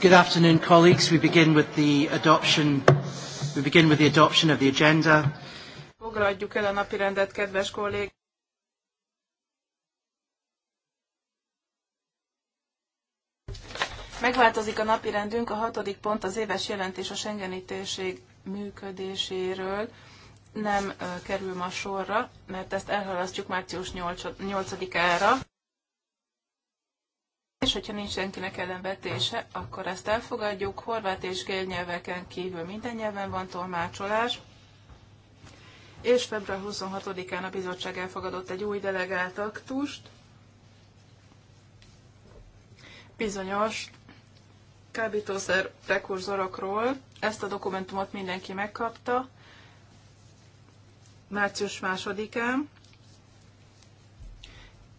Good afternoon, colleagues. We begin with the adoption. We begin with the adoption of the agenda. Foglaljuk el a napi rendet, kedves kollég. Megváltozik a napi rendünk, a hatodik pont az éves jelentés a Schengeni térség működéséről nem uh, kerül ma sorra, mert ezt elhalasztjuk március 8-ára. 8 és hogyha nincs senkinek ellenvetése, akkor ezt elfogadjuk. Horvát és gél nyelveken kívül minden nyelven van tolmácsolás, és február 26-án a bizottság elfogadott egy új delegált aktust, bizonyos kábítószer prekurzorokról. Ezt a dokumentumot mindenki megkapta március 2-án.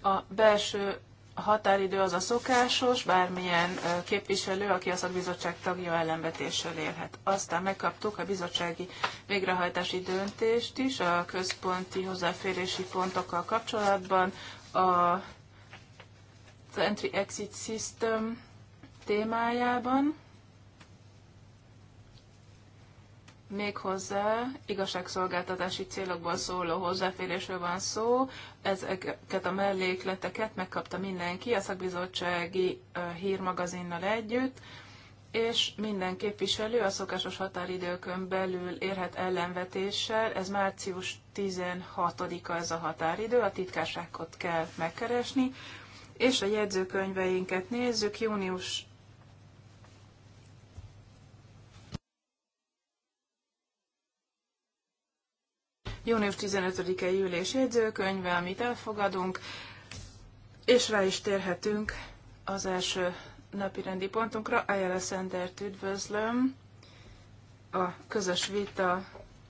A belső a határidő az a szokásos, bármilyen képviselő, aki a szakbizottság tagja ellenvetéssel élhet. Aztán megkaptuk a bizottsági végrehajtási döntést is a központi hozzáférési pontokkal kapcsolatban, a Entry-Exit System témájában. méghozzá igazságszolgáltatási célokból szóló hozzáférésről van szó. Ezeket a mellékleteket megkapta mindenki a szakbizottsági hírmagazinnal együtt, és minden képviselő a szokásos határidőkön belül érhet ellenvetéssel. Ez március 16-a ez a határidő, a titkárságot kell megkeresni, és a jegyzőkönyveinket nézzük, június június 15-i ülés jegyzőkönyve, amit elfogadunk, és rá is térhetünk az első napi rendi pontunkra. Ayala Szentert üdvözlöm a közös vita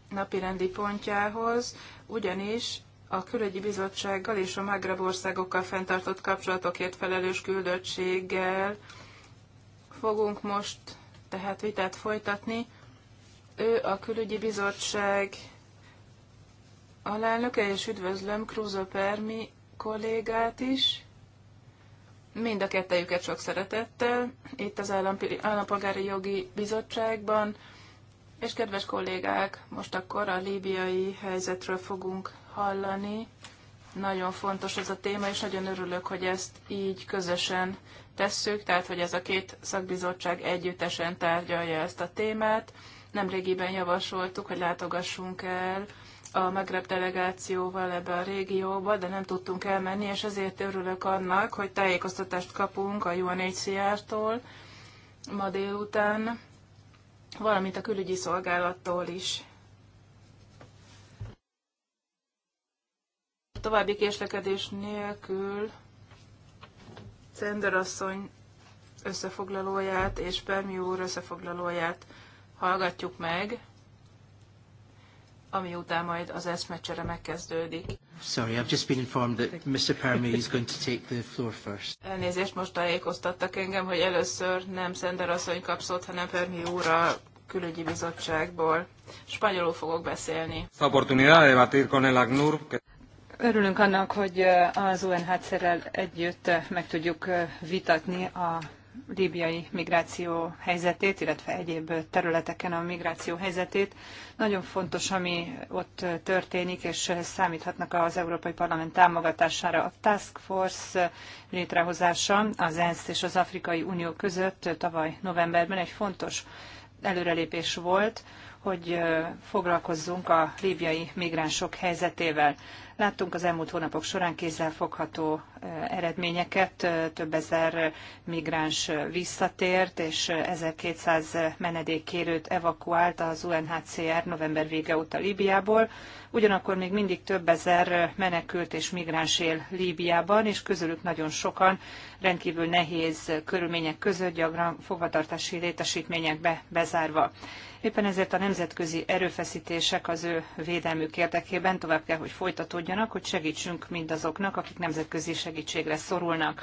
napi rendi pontjához, ugyanis a külügyi bizottsággal és a Magrab országokkal fenntartott kapcsolatokért felelős küldöttséggel fogunk most tehát vitát folytatni. Ő a külügyi bizottság alelnöke, és üdvözlöm Krúza Permi kollégát is. Mind a kettejüket sok szeretettel, itt az Állampolgári Jogi Bizottságban. És kedves kollégák, most akkor a líbiai helyzetről fogunk hallani. Nagyon fontos ez a téma, és nagyon örülök, hogy ezt így közösen tesszük, tehát hogy ez a két szakbizottság együttesen tárgyalja ezt a témát. Nemrégiben javasoltuk, hogy látogassunk el a Magreb delegációval ebbe a régióba, de nem tudtunk elmenni, és ezért örülök annak, hogy tájékoztatást kapunk a UNHCR-tól ma délután, valamint a külügyi szolgálattól is. További késlekedés nélkül asszony összefoglalóját és Permi úr összefoglalóját hallgatjuk meg ami után majd az eszmecsere megkezdődik. Sorry, I've just been informed that Mr. Permi is going to take the floor first. Elnézést, most tájékoztattak engem, hogy először nem Szender asszony kapszott, hanem Permi úr a külügyi bizottságból. Spanyolul fogok beszélni. Örülünk annak, hogy az UNHCR-rel együtt meg tudjuk vitatni a líbiai migráció helyzetét, illetve egyéb területeken a migráció helyzetét. Nagyon fontos, ami ott történik, és számíthatnak az Európai Parlament támogatására. A Task Force létrehozása az ENSZ és az Afrikai Unió között tavaly novemberben egy fontos előrelépés volt hogy foglalkozzunk a líbiai migránsok helyzetével. Láttunk az elmúlt hónapok során kézzelfogható eredményeket, több ezer migráns visszatért, és 1200 menedékkérőt evakuált az UNHCR november vége óta Líbiából. Ugyanakkor még mindig több ezer menekült és migráns él Líbiában, és közülük nagyon sokan rendkívül nehéz körülmények között, gyakran fogvatartási létesítményekbe bezárva. Éppen ezért a nemzetközi erőfeszítések az ő védelmük érdekében tovább kell, hogy folytatódjanak, hogy segítsünk mindazoknak, akik nemzetközi segítségre szorulnak.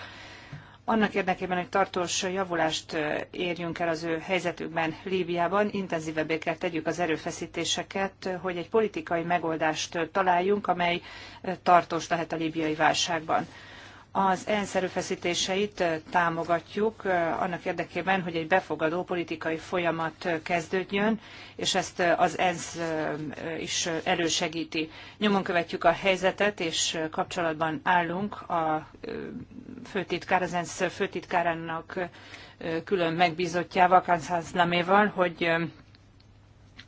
Annak érdekében, hogy tartós javulást érjünk el az ő helyzetükben Líbiában, intenzívebbé kell tegyük az erőfeszítéseket, hogy egy politikai megoldást találjunk, amely tartós lehet a líbiai válságban az ENSZ erőfeszítéseit támogatjuk annak érdekében, hogy egy befogadó politikai folyamat kezdődjön, és ezt az ENSZ is elősegíti. Nyomon követjük a helyzetet, és kapcsolatban állunk a főtitkár, az ENSZ főtitkárának külön megbízottjával, Kansas Laméval, hogy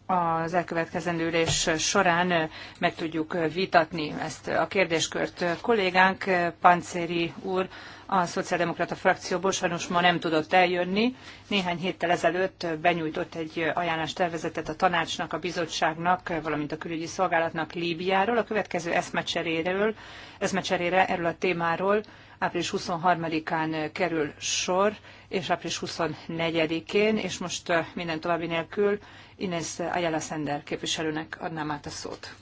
az elkövetkezendő ülés során meg tudjuk vitatni ezt a kérdéskört. Kollégánk Pancéri úr a Szociáldemokrata frakcióból sajnos ma nem tudott eljönni. Néhány héttel ezelőtt benyújtott egy ajánlástervezetet a tanácsnak, a bizottságnak, valamint a külügyi szolgálatnak Líbiáról. A következő eszmecseréről, eszmecserére erről a témáról április 23-án kerül sor, és április 24-én, és most minden további nélkül Inés Ayala Sender képviselőnek adnám át a szót.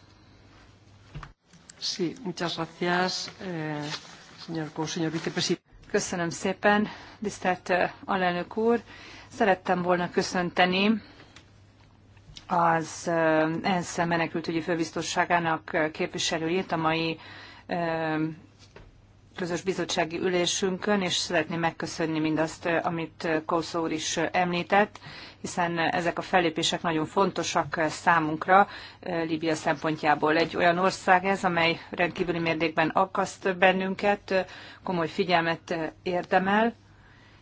Sí, muchas gracias, eh, señor, señor vicepresidente. Köszönöm szépen, tisztelt eh, alelnök úr. Szerettem volna köszönteni az eh, ENSZ menekültügyi főbiztosságának képviselőjét a mai közös bizottsági ülésünkön, és szeretném megköszönni mindazt, amit Kószó úr is említett, hiszen ezek a fellépések nagyon fontosak számunkra Líbia szempontjából. Egy olyan ország ez, amely rendkívüli mértékben akaszt bennünket, komoly figyelmet érdemel,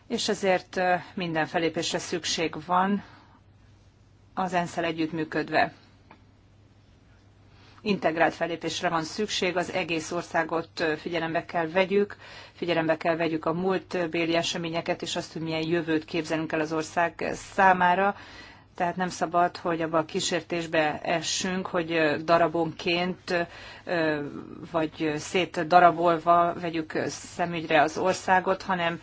és ezért minden fellépésre szükség van az ENSZ-el együttműködve integrált felépésre van szükség, az egész országot figyelembe kell vegyük, figyelembe kell vegyük a múltbéli eseményeket, és azt, hogy milyen jövőt képzelünk el az ország számára. Tehát nem szabad, hogy abba a kísértésbe essünk, hogy darabonként vagy szét darabolva vegyük szemügyre az országot, hanem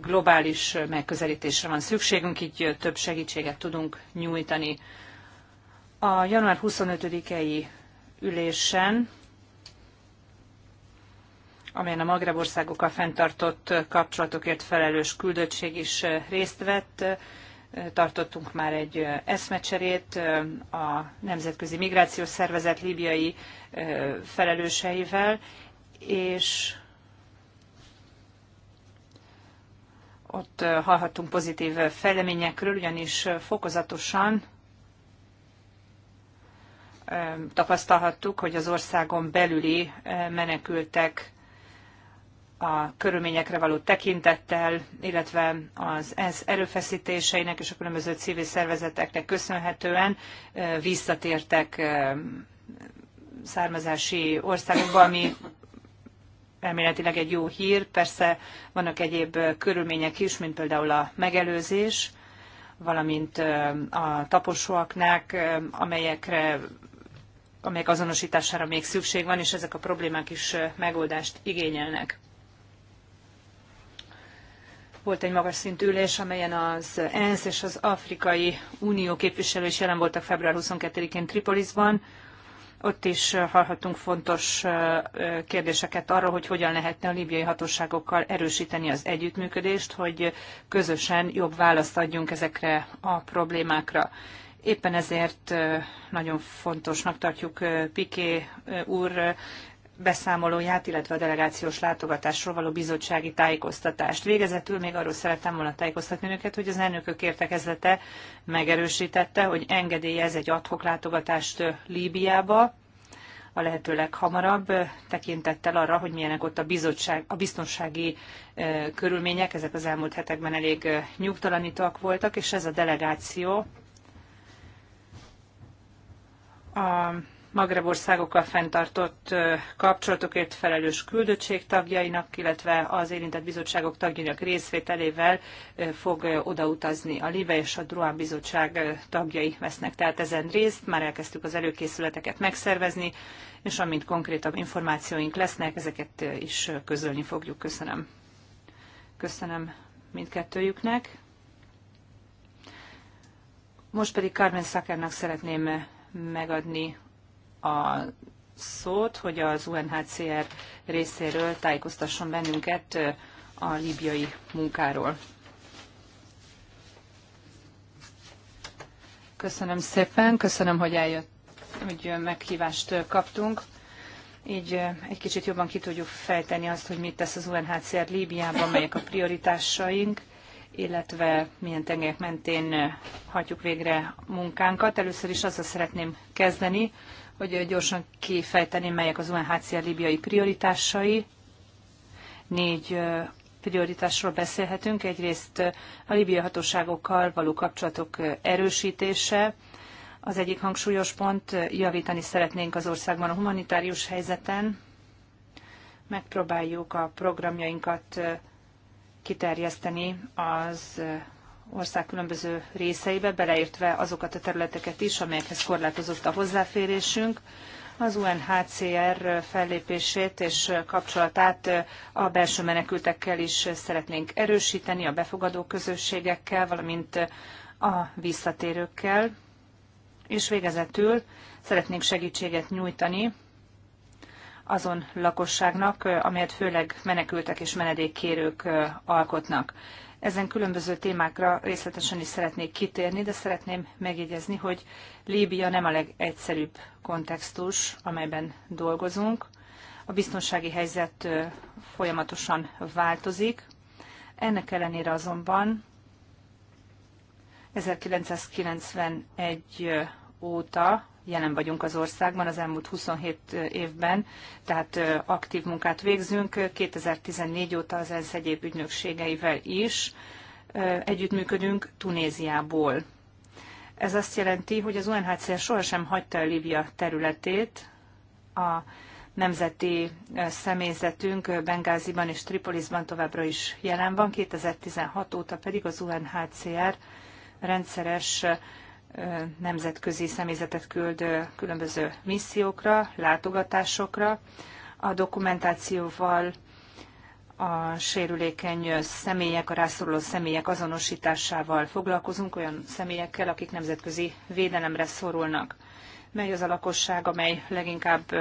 globális megközelítésre van szükségünk, így több segítséget tudunk nyújtani. A január 25-i ülésen, amelyen a Magreb országokkal fenntartott kapcsolatokért felelős küldöttség is részt vett, tartottunk már egy eszmecserét a Nemzetközi Migrációs Szervezet líbiai felelőseivel, és ott hallhattunk pozitív fejleményekről, ugyanis fokozatosan tapasztalhattuk, hogy az országon belüli menekültek a körülményekre való tekintettel, illetve az ENSZ erőfeszítéseinek és a különböző civil szervezeteknek köszönhetően visszatértek származási országokba, ami elméletileg egy jó hír. Persze vannak egyéb körülmények is, mint például a megelőzés, valamint a taposóaknák, amelyekre amelyek azonosítására még szükség van, és ezek a problémák is megoldást igényelnek. Volt egy magas szintű ülés, amelyen az ENSZ és az Afrikai Unió képviselői is jelen voltak február 22-én Tripolisban. Ott is hallhattunk fontos kérdéseket arról, hogy hogyan lehetne a libiai hatóságokkal erősíteni az együttműködést, hogy közösen jobb választ adjunk ezekre a problémákra. Éppen ezért nagyon fontosnak tartjuk Piké úr beszámolóját, illetve a delegációs látogatásról való bizottsági tájékoztatást. Végezetül még arról szerettem volna tájékoztatni önöket, hogy az elnökök értekezlete megerősítette, hogy engedélyez egy adhok látogatást Líbiába, a lehető leghamarabb, tekintettel arra, hogy milyenek ott a, bizottság, a biztonsági körülmények, ezek az elmúlt hetekben elég nyugtalanítóak voltak, és ez a delegáció a Magreb országokkal fenntartott kapcsolatokért felelős küldöttség tagjainak, illetve az érintett bizottságok tagjainak részvételével fog odautazni a Libe és a Druán bizottság tagjai vesznek tehát ezen részt. Már elkezdtük az előkészületeket megszervezni, és amint konkrétabb információink lesznek, ezeket is közölni fogjuk. Köszönöm. Köszönöm mindkettőjüknek. Most pedig Carmen Szakernak szeretném megadni a szót, hogy az UNHCR részéről tájékoztasson bennünket a libiai munkáról. Köszönöm szépen, köszönöm, hogy eljött, hogy meghívást kaptunk. Így egy kicsit jobban ki tudjuk fejteni azt, hogy mit tesz az UNHCR Líbiában, melyek a prioritásaink illetve milyen tengelyek mentén hagyjuk végre munkánkat. Először is azzal szeretném kezdeni, hogy gyorsan kifejteném, melyek az UNHCR libiai prioritásai. Négy prioritásról beszélhetünk. Egyrészt a libiai hatóságokkal való kapcsolatok erősítése. Az egyik hangsúlyos pont, javítani szeretnénk az országban a humanitárius helyzeten. Megpróbáljuk a programjainkat kiterjeszteni az ország különböző részeibe, beleértve azokat a területeket is, amelyekhez korlátozott a hozzáférésünk. Az UNHCR fellépését és kapcsolatát a belső menekültekkel is szeretnénk erősíteni, a befogadó közösségekkel, valamint a visszatérőkkel. És végezetül szeretnénk segítséget nyújtani azon lakosságnak, amelyet főleg menekültek és menedékkérők alkotnak. Ezen különböző témákra részletesen is szeretnék kitérni, de szeretném megjegyezni, hogy Líbia nem a legegyszerűbb kontextus, amelyben dolgozunk. A biztonsági helyzet folyamatosan változik. Ennek ellenére azonban 1991 óta jelen vagyunk az országban az elmúlt 27 évben, tehát aktív munkát végzünk 2014 óta az ENSZ egyéb ügynökségeivel is. Együttműködünk Tunéziából. Ez azt jelenti, hogy az UNHCR sohasem hagyta a Líbia területét. A nemzeti személyzetünk Bengáziban és Tripolisban továbbra is jelen van, 2016 óta pedig az UNHCR rendszeres nemzetközi személyzetet küld különböző missziókra, látogatásokra. A dokumentációval a sérülékeny személyek, a rászoruló személyek azonosításával foglalkozunk, olyan személyekkel, akik nemzetközi védelemre szorulnak mely az a lakosság, amely leginkább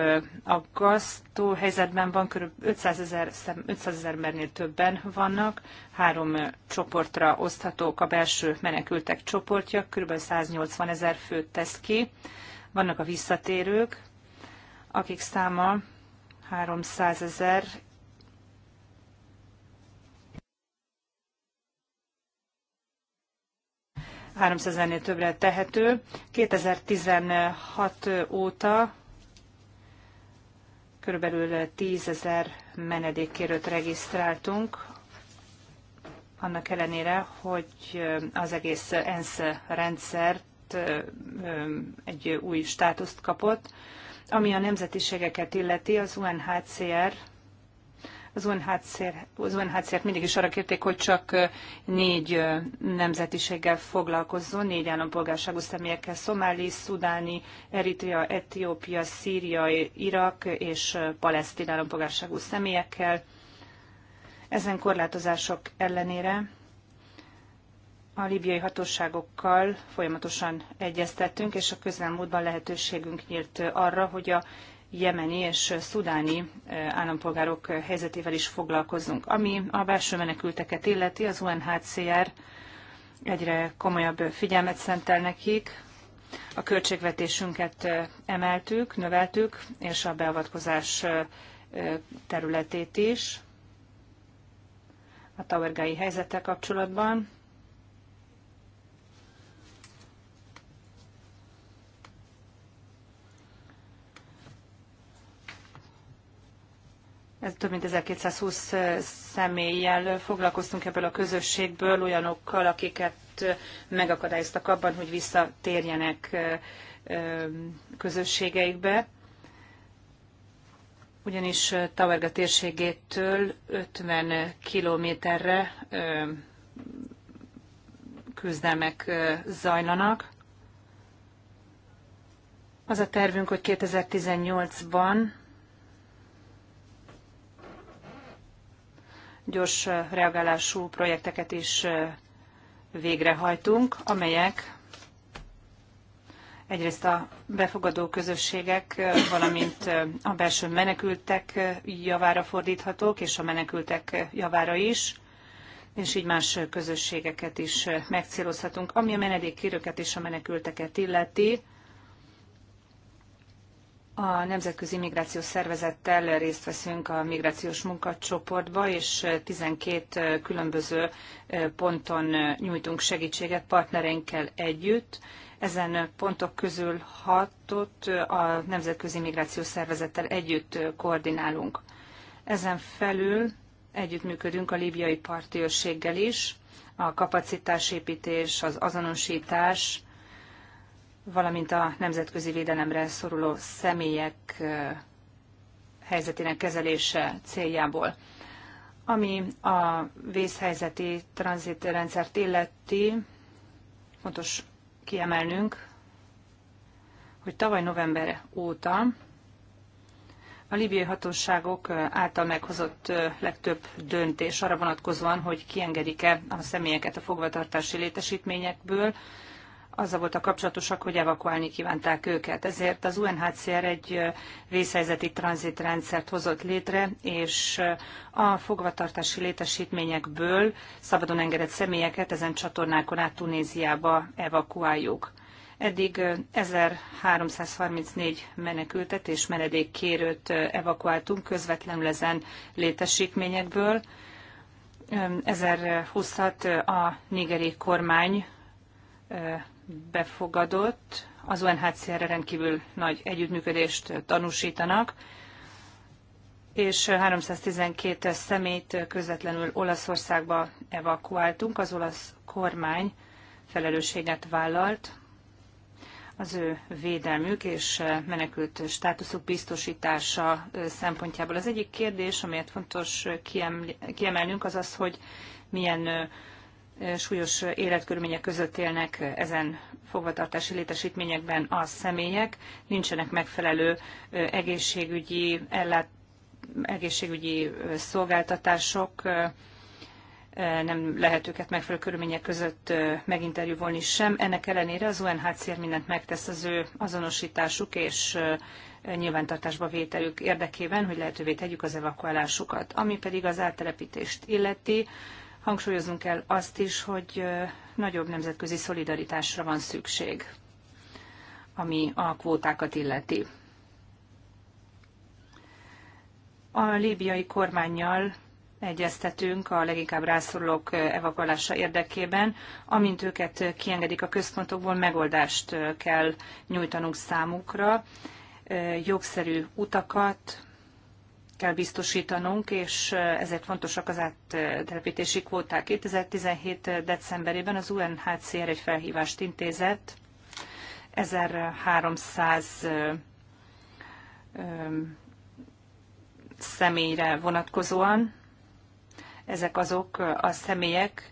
aggasztó helyzetben van, kb. 500 ezer 500 000 embernél többen vannak, három csoportra oszthatók a belső menekültek csoportja, kb. 180 ezer főt tesz ki, vannak a visszatérők, akik száma 300 ezer 300-nél többre tehető. 2016 óta körülbelül 10 ezer menedékkérőt regisztráltunk, annak ellenére, hogy az egész ENSZ rendszert egy új státuszt kapott. Ami a nemzetiségeket illeti, az UNHCR az UNHCR, az UNHCR mindig is arra kérték, hogy csak négy nemzetiséggel foglalkozzon, négy állampolgárságú személyekkel, szomáli, szudáni, Eritrea, Etiópia, Szíria, Irak és palesztin állampolgárságú személyekkel. Ezen korlátozások ellenére a libiai hatóságokkal folyamatosan egyeztettünk, és a közelmúltban lehetőségünk nyílt arra, hogy a jemeni és szudáni állampolgárok helyzetével is foglalkozunk. Ami a belső menekülteket illeti, az UNHCR egyre komolyabb figyelmet szentel nekik. A költségvetésünket emeltük, növeltük, és a beavatkozás területét is a Towergai helyzettel kapcsolatban. több mint 1220 személlyel foglalkoztunk ebből a közösségből, olyanokkal, akiket megakadályoztak abban, hogy visszatérjenek közösségeikbe. Ugyanis Taverga térségétől 50 kilométerre küzdelmek zajlanak. Az a tervünk, hogy 2018-ban gyors reagálású projekteket is végrehajtunk, amelyek egyrészt a befogadó közösségek, valamint a belső menekültek javára fordíthatók, és a menekültek javára is, és így más közösségeket is megcélozhatunk. Ami a menedékkérőket és a menekülteket illeti, a Nemzetközi Migrációs Szervezettel részt veszünk a migrációs munkacsoportba, és 12 különböző ponton nyújtunk segítséget partnereinkkel együtt. Ezen pontok közül hatot a Nemzetközi Migrációs Szervezettel együtt koordinálunk. Ezen felül együttműködünk a líbiai partiőrséggel is, a kapacitásépítés, az azonosítás, valamint a nemzetközi védelemre szoruló személyek helyzetének kezelése céljából. Ami a vészhelyzeti tranzitrendszert illeti, fontos kiemelnünk, hogy tavaly november óta a libiai hatóságok által meghozott legtöbb döntés arra vonatkozóan, hogy kiengedik-e a személyeket a fogvatartási létesítményekből, azzal voltak kapcsolatosak, hogy evakuálni kívánták őket. Ezért az UNHCR egy vészhelyzeti tranzitrendszert hozott létre, és a fogvatartási létesítményekből szabadon engedett személyeket ezen csatornákon át Tunéziába evakuáljuk. Eddig 1334 menekültet és menedékkérőt evakuáltunk közvetlenül ezen létesítményekből. 1026 a nigeri kormány befogadott. Az UNHCR-re rendkívül nagy együttműködést tanúsítanak, és 312 szemét közvetlenül Olaszországba evakuáltunk. Az olasz kormány felelősséget vállalt az ő védelmük és menekült státuszuk biztosítása szempontjából. Az egyik kérdés, amelyet fontos kiemelnünk, az az, hogy milyen súlyos életkörülmények között élnek ezen fogvatartási létesítményekben a személyek, nincsenek megfelelő egészségügyi, ellát, egészségügyi szolgáltatások, nem lehet őket megfelelő körülmények között meginterjúvolni sem. Ennek ellenére az UNHCR mindent megtesz az ő azonosításuk és nyilvántartásba vételük érdekében, hogy lehetővé tegyük az evakuálásukat. Ami pedig az áttelepítést illeti, hangsúlyoznunk kell azt is, hogy nagyobb nemzetközi szolidaritásra van szükség, ami a kvótákat illeti. A líbiai kormányjal egyeztetünk a leginkább rászorulók evakuálása érdekében. Amint őket kiengedik a központokból, megoldást kell nyújtanunk számukra, jogszerű utakat, kell biztosítanunk, és ezért fontosak az áttelepítési kvóták. 2017. decemberében az UNHCR egy felhívást intézett 1300 személyre vonatkozóan. Ezek azok a személyek,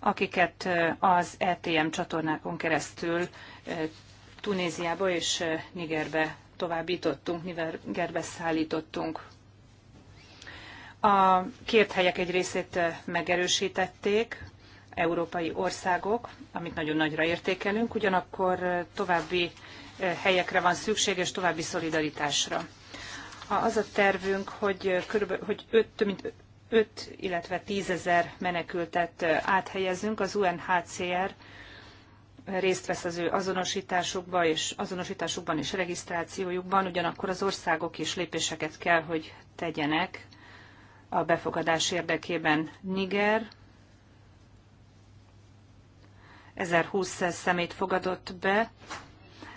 akiket az ETM csatornákon keresztül Tunéziába és Nigerbe továbbítottunk, Nigerbe szállítottunk. A kért helyek egy részét megerősítették, európai országok, amit nagyon nagyra értékelünk, ugyanakkor további helyekre van szükség, és további szolidaritásra. Az a tervünk, hogy, körülbelül, hogy öt, több mint 5, illetve 10 ezer menekültet áthelyezünk. Az UNHCR részt vesz az ő azonosításukban és, azonosításukban és regisztrációjukban, ugyanakkor az országok is lépéseket kell, hogy tegyenek a befogadás érdekében Niger 1020 szemét fogadott be,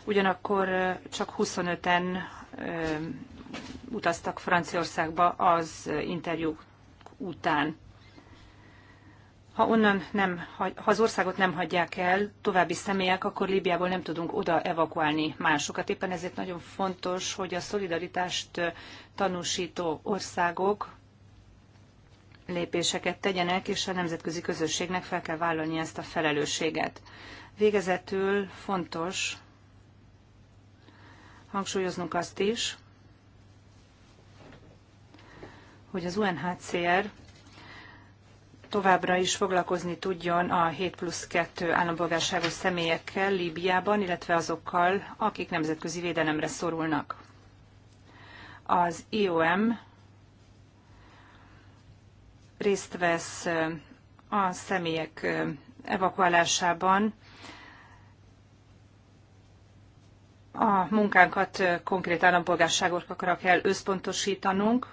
ugyanakkor csak 25-en utaztak Franciaországba az interjú után. Ha onnan nem, ha az országot nem hagyják el további személyek, akkor Líbiából nem tudunk oda evakuálni másokat. Éppen ezért nagyon fontos, hogy a szolidaritást tanúsító országok lépéseket tegyenek, és a nemzetközi közösségnek fel kell vállalni ezt a felelősséget. Végezetül fontos hangsúlyoznunk azt is, hogy az UNHCR továbbra is foglalkozni tudjon a 7 plusz 2 állampolgárságos személyekkel Líbiában, illetve azokkal, akik nemzetközi védelemre szorulnak. Az IOM részt vesz a személyek evakuálásában, a munkánkat konkrét állampolgárságokra kell összpontosítanunk.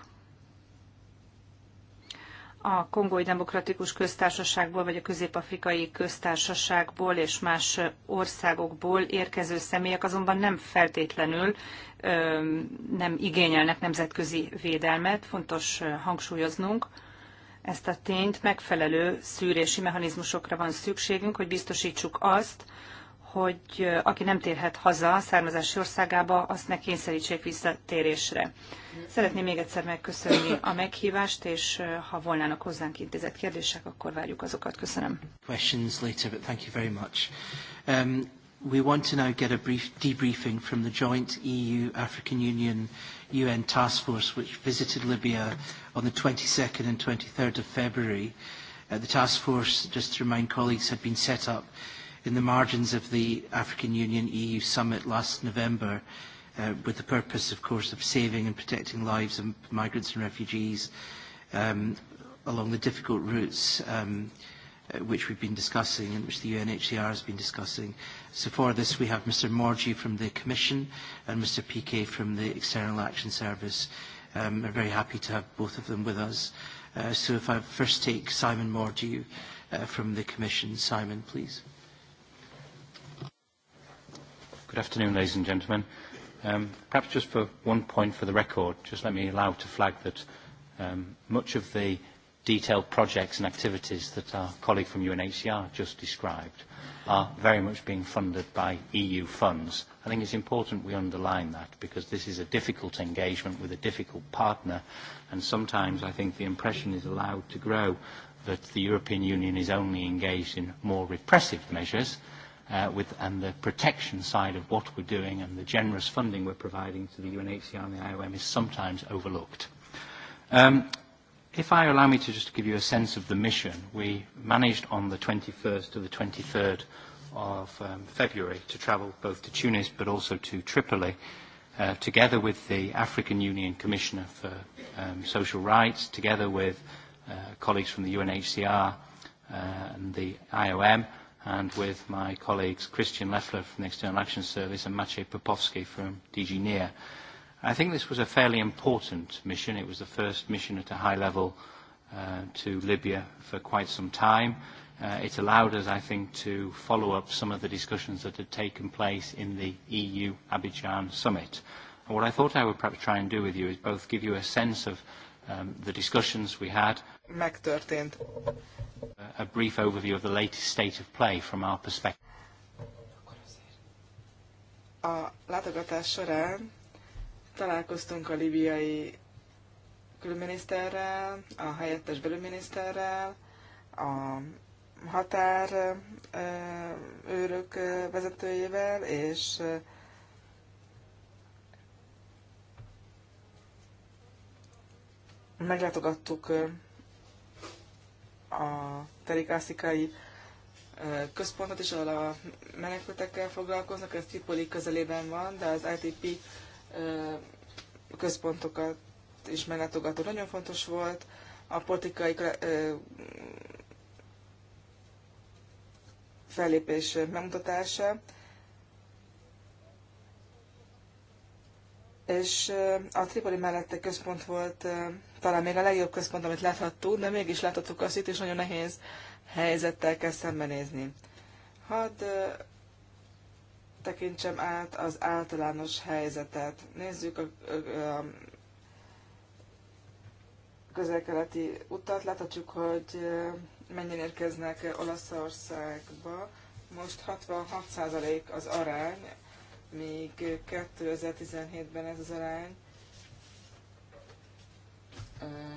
A Kongói Demokratikus Köztársaságból vagy a Közép-Afrikai Köztársaságból és más országokból érkező személyek azonban nem feltétlenül nem igényelnek nemzetközi védelmet, fontos hangsúlyoznunk ezt a tényt, megfelelő szűrési mechanizmusokra van szükségünk, hogy biztosítsuk azt, hogy aki nem térhet haza a származási országába, azt ne kényszerítsék visszatérésre. Szeretném még egyszer megköszönni a meghívást, és ha volnának hozzánk intézett kérdések, akkor várjuk azokat. Köszönöm. Questions later, but thank you very much. Um, we want to now get a brief debriefing from the joint EU-African Union UN task force, which visited Libya on the 22nd and 23rd of February. Uh, the task force, just to remind colleagues, had been set up in the margins of the African Union EU summit last November uh, with the purpose, of course, of saving and protecting lives of migrants and refugees um, along the difficult routes um, uh, which we've been discussing and which the UNHCR has been discussing. So for this we have Mr Morgi from the Commission and Mr Piquet from the External Action Service Um, we're very happy to have both of them with us. Uh, so if I first take Simon Moore to you uh, from the Commission. Simon, please. Good afternoon, ladies and gentlemen. Um, perhaps just for one point for the record, just let me allow to flag that um, much of the detailed projects and activities that our colleague from UNHCR just described are very much being funded by EU funds. I think it's important we underline that because this is a difficult engagement with a difficult partner and sometimes I think the impression is allowed to grow that the European Union is only engaged in more repressive measures uh, with, and the protection side of what we're doing and the generous funding we're providing to the UNHCR and the IOM is sometimes overlooked. Um, If I allow me to just give you a sense of the mission, we managed on the 21st to the 23rd of um, February to travel both to Tunis but also to Tripoli, uh, together with the African Union Commissioner for um, Social Rights, together with uh, colleagues from the UNHCR uh, and the IOM, and with my colleagues Christian Leffler from the External Action Service and Maciej Popovsky from DG NEAR. I think this was a fairly important mission. It was the first mission at a high level uh, to Libya for quite some time. Uh, it allowed us, I think, to follow up some of the discussions that had taken place in the EU-Abidjan summit. And what I thought I would perhaps try and do with you is both give you a sense of um, the discussions we had, megtörtént. Uh, a brief overview of the latest state of play from our perspective. A látogatás során Találkoztunk a libiai külügyminiszterrel, a helyettes belügyminiszterrel, a határ őrök vezetőjével, és meglátogattuk a terikászikai központot is, ahol a menekültekkel foglalkoznak, ez Tripoli közelében van, de az ITP központokat is meglátogató nagyon fontos volt. A politikai fellépés megmutatása, és a Tripoli mellette központ volt talán még a legjobb központ, amit láthattunk, de mégis láthattuk azt itt, és nagyon nehéz helyzettel kell szembenézni. Hadd tekintsem át az általános helyzetet. Nézzük a, a, a közel-keleti utat, láthatjuk, hogy mennyien érkeznek Olaszországba. Most 66% az arány, míg 2017-ben ez az arány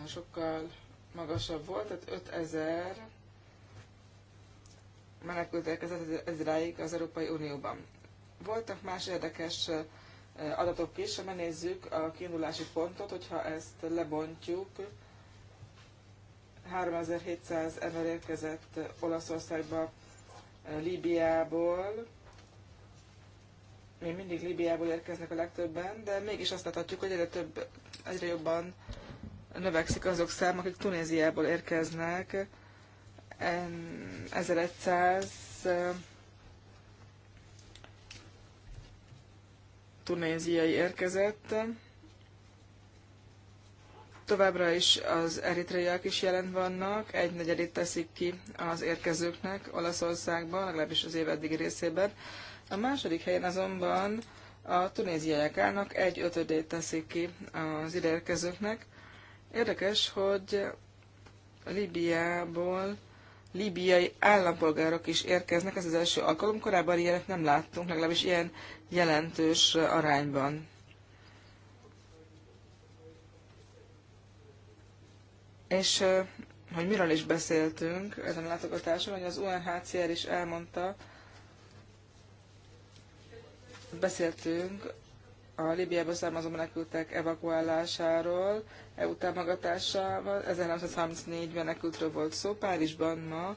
sokkal magasabb volt, tehát 5000 menekült érkezett ezráig az Európai Unióban. Voltak más érdekes adatok is, ha megnézzük a kiindulási pontot, hogyha ezt lebontjuk, 3700 ember érkezett Olaszországba Líbiából, még mindig Líbiából érkeznek a legtöbben, de mégis azt láthatjuk, hogy egyre több, egyre jobban növekszik azok szám, akik Tunéziából érkeznek. 1100 tunéziai érkezett. Továbbra is az eritreiak is jelen vannak, egy negyedét teszik ki az érkezőknek Olaszországban, legalábbis az éveddig részében. A második helyen azonban a tunéziaiak állnak, egy ötödét teszik ki az ideérkezőknek. Érdekes, hogy Libiából libiai állampolgárok is érkeznek, ez az első alkalom, korábban ilyenek nem láttunk, legalábbis ilyen jelentős arányban. És hogy miről is beszéltünk ezen a látogatáson, hogy az UNHCR is elmondta, beszéltünk a Libiába származó menekültek evakuálásáról, EU támogatásával, 1934 menekültről volt szó, Párizsban ma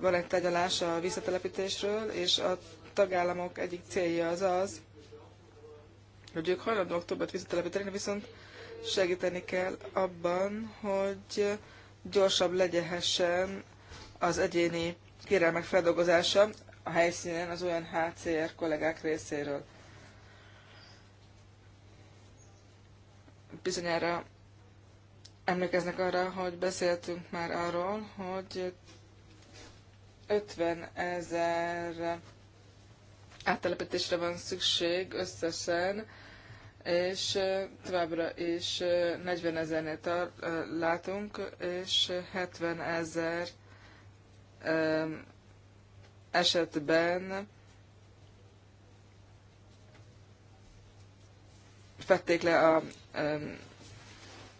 van egy tegyalás a visszatelepítésről, és a tagállamok egyik célja az az, hogy ők hajlandóak többet visszatelepíteni, viszont segíteni kell abban, hogy gyorsabb legyehessen az egyéni kérelmek feldolgozása a helyszínen az olyan HCR kollégák részéről. Bizonyára emlékeznek arra, hogy beszéltünk már arról, hogy 50 ezer áttelepítésre van szükség összesen, és továbbra is 40 ezernél látunk, és 70 ezer esetben fették le a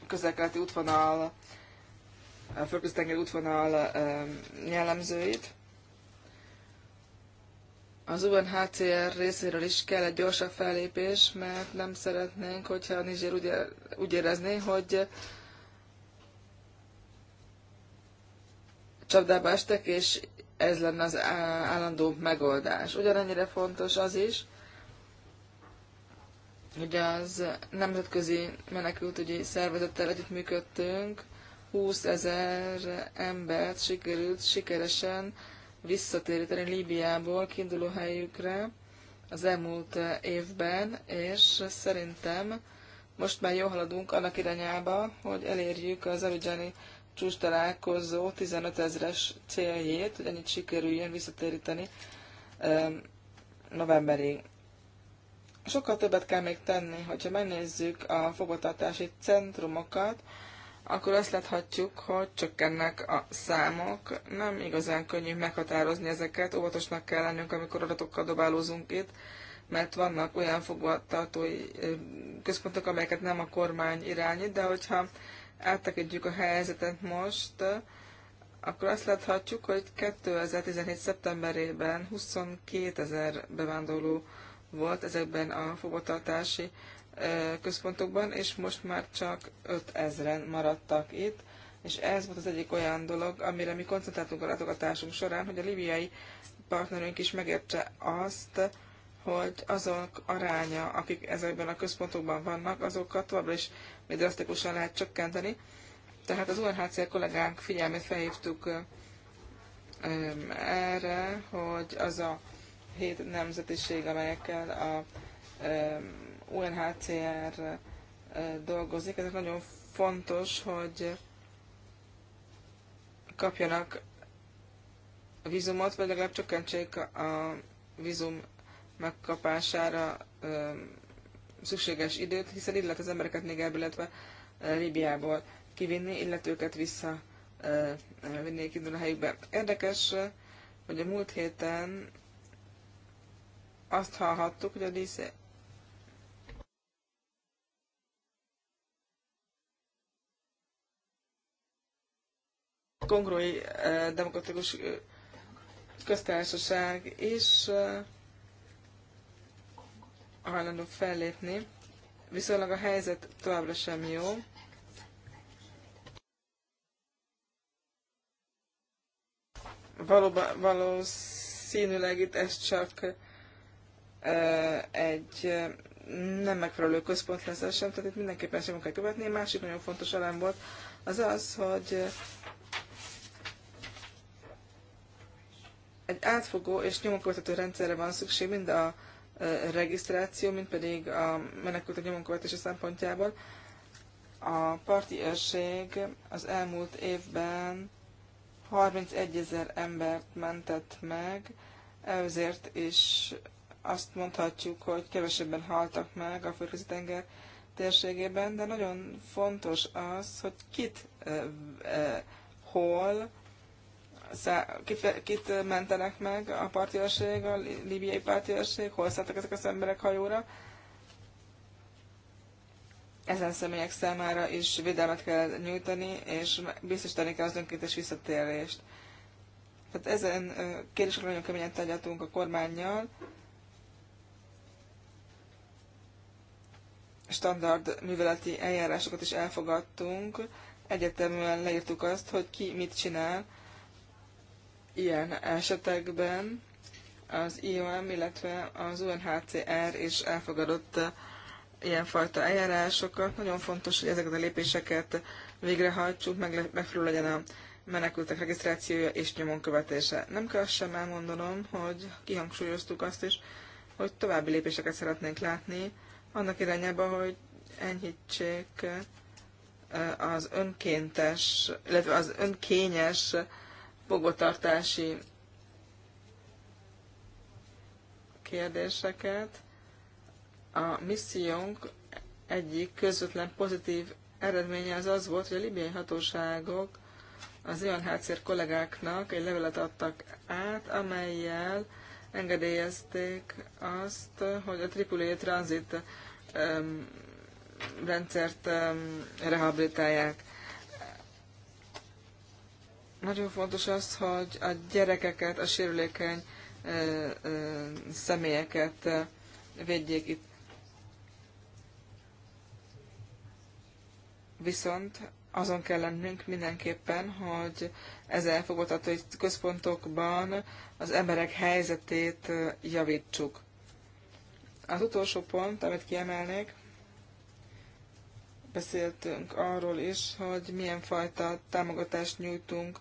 közelkeleti útvonal, a földközi útvonal jellemzőit az UNHCR részéről is kell egy gyorsabb fellépés, mert nem szeretnénk, hogyha a Niger úgy, úgy érezné, hogy csapdába estek, és ez lenne az állandó megoldás. Ugyanennyire fontos az is, hogy az nemzetközi menekültügyi szervezettel együttműködtünk, 20 ezer embert sikerült sikeresen visszatéríteni Líbiából kiinduló helyükre az elmúlt évben, és szerintem most már jól haladunk annak irányába, hogy elérjük az abidzsáni csúcs találkozó 15 ezres céljét, hogy ennyit sikerüljön visszatéríteni novemberig. Sokkal többet kell még tenni, hogyha megnézzük a fogvatartási centrumokat, akkor azt láthatjuk, hogy csökkennek a számok. Nem igazán könnyű meghatározni ezeket, óvatosnak kell lennünk, amikor adatokkal dobálózunk itt, mert vannak olyan fogvatartói központok, amelyeket nem a kormány irányít, de hogyha áttekintjük a helyzetet most, akkor azt láthatjuk, hogy 2017. szeptemberében 22 ezer bevándorló volt ezekben a fogvatartási központokban, és most már csak 5000-en maradtak itt, és ez volt az egyik olyan dolog, amire mi koncentráltunk a látogatásunk során, hogy a libiai partnerünk is megértse azt, hogy azok aránya, akik ezekben a központokban vannak, azokat továbbra is még drasztikusan lehet csökkenteni. Tehát az UNHCR kollégánk figyelmét felhívtuk erre, hogy az a hét nemzetiség, amelyekkel a UNHCR dolgozik, ezért nagyon fontos, hogy kapjanak vízumot, vagy legalább csökkentsék a vízum megkapására szükséges időt, hiszen így lehet az embereket még ebből, illetve Líbiából kivinni, illetve őket vissza vinnék indul a helyükbe. Érdekes, hogy a múlt héten azt hallhattuk, hogy a kongrói eh, demokratikus eh, köztársaság is eh, hajlandó fellépni, viszonylag a helyzet továbbra sem jó. Valóba, valószínűleg itt ez csak egy nem megfelelő lesz, sem, tehát itt mindenképpen sem kell követni. Másik nagyon fontos elem volt az az, hogy Egy átfogó és nyomonkövetető rendszerre van szükség mind a regisztráció, mint pedig a menekültek nyomonkövetése szempontjából. A parti őrség az elmúlt évben 31 ezer embert mentett meg, ezért is azt mondhatjuk, hogy kevesebben haltak meg a földközi tenger térségében, de nagyon fontos az, hogy kit, eh, eh, hol kit, kit mentenek meg a partiőrség, a libiai partiőrség, hol szálltak ezek az emberek hajóra. Ezen személyek számára is védelmet kell nyújtani, és biztosítani kell az önkéntes visszatérést. Tehát ezen kérdésre nagyon keményen tárgyaltunk a kormányjal. Standard műveleti eljárásokat is elfogadtunk. Egyeteműen leírtuk azt, hogy ki mit csinál, ilyen esetekben az IOM, illetve az UNHCR is elfogadott ilyenfajta eljárásokat. Nagyon fontos, hogy ezeket a lépéseket végrehajtsuk, meg, megfelelő legyen a menekültek regisztrációja és nyomon követése. Nem kell azt sem elmondanom, hogy kihangsúlyoztuk azt is, hogy további lépéseket szeretnénk látni, annak irányába, hogy enyhítsék az önkéntes, illetve az önkényes fogotartási kérdéseket. A missziónk egyik közvetlen pozitív eredménye az az volt, hogy a libiai hatóságok az hátszér kollégáknak egy levelet adtak át, amelyel engedélyezték azt, hogy a Tripoli tranzit rendszert rehabilitálják. Nagyon fontos az, hogy a gyerekeket, a sérülékeny személyeket védjék itt. Viszont azon kell lennünk mindenképpen, hogy ez elfogadható, hogy központokban az emberek helyzetét javítsuk. Az utolsó pont, amit kiemelnék, beszéltünk arról is, hogy milyen fajta támogatást nyújtunk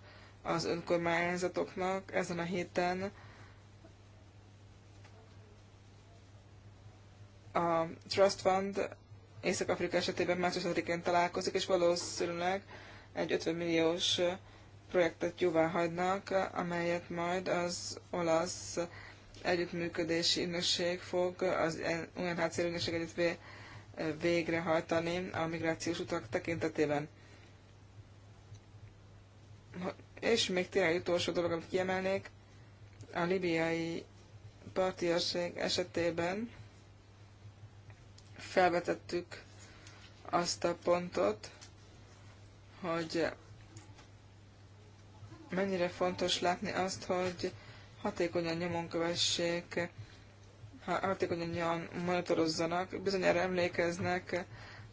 az önkormányzatoknak ezen a héten a Trust Fund Észak-Afrika esetében március 5-én találkozik, és valószínűleg egy 50 milliós projektet jóvá hagynak, amelyet majd az olasz együttműködési ügynökség fog az UNHCR ügynökség együtt végrehajtani a migrációs utak tekintetében. És még tényleg utolsó dolog, amit kiemelnék, a libiai partiasség esetében felvetettük azt a pontot, hogy mennyire fontos látni azt, hogy hatékonyan nyomon kövessék, hatékonyan monitorozzanak. Bizonyára emlékeznek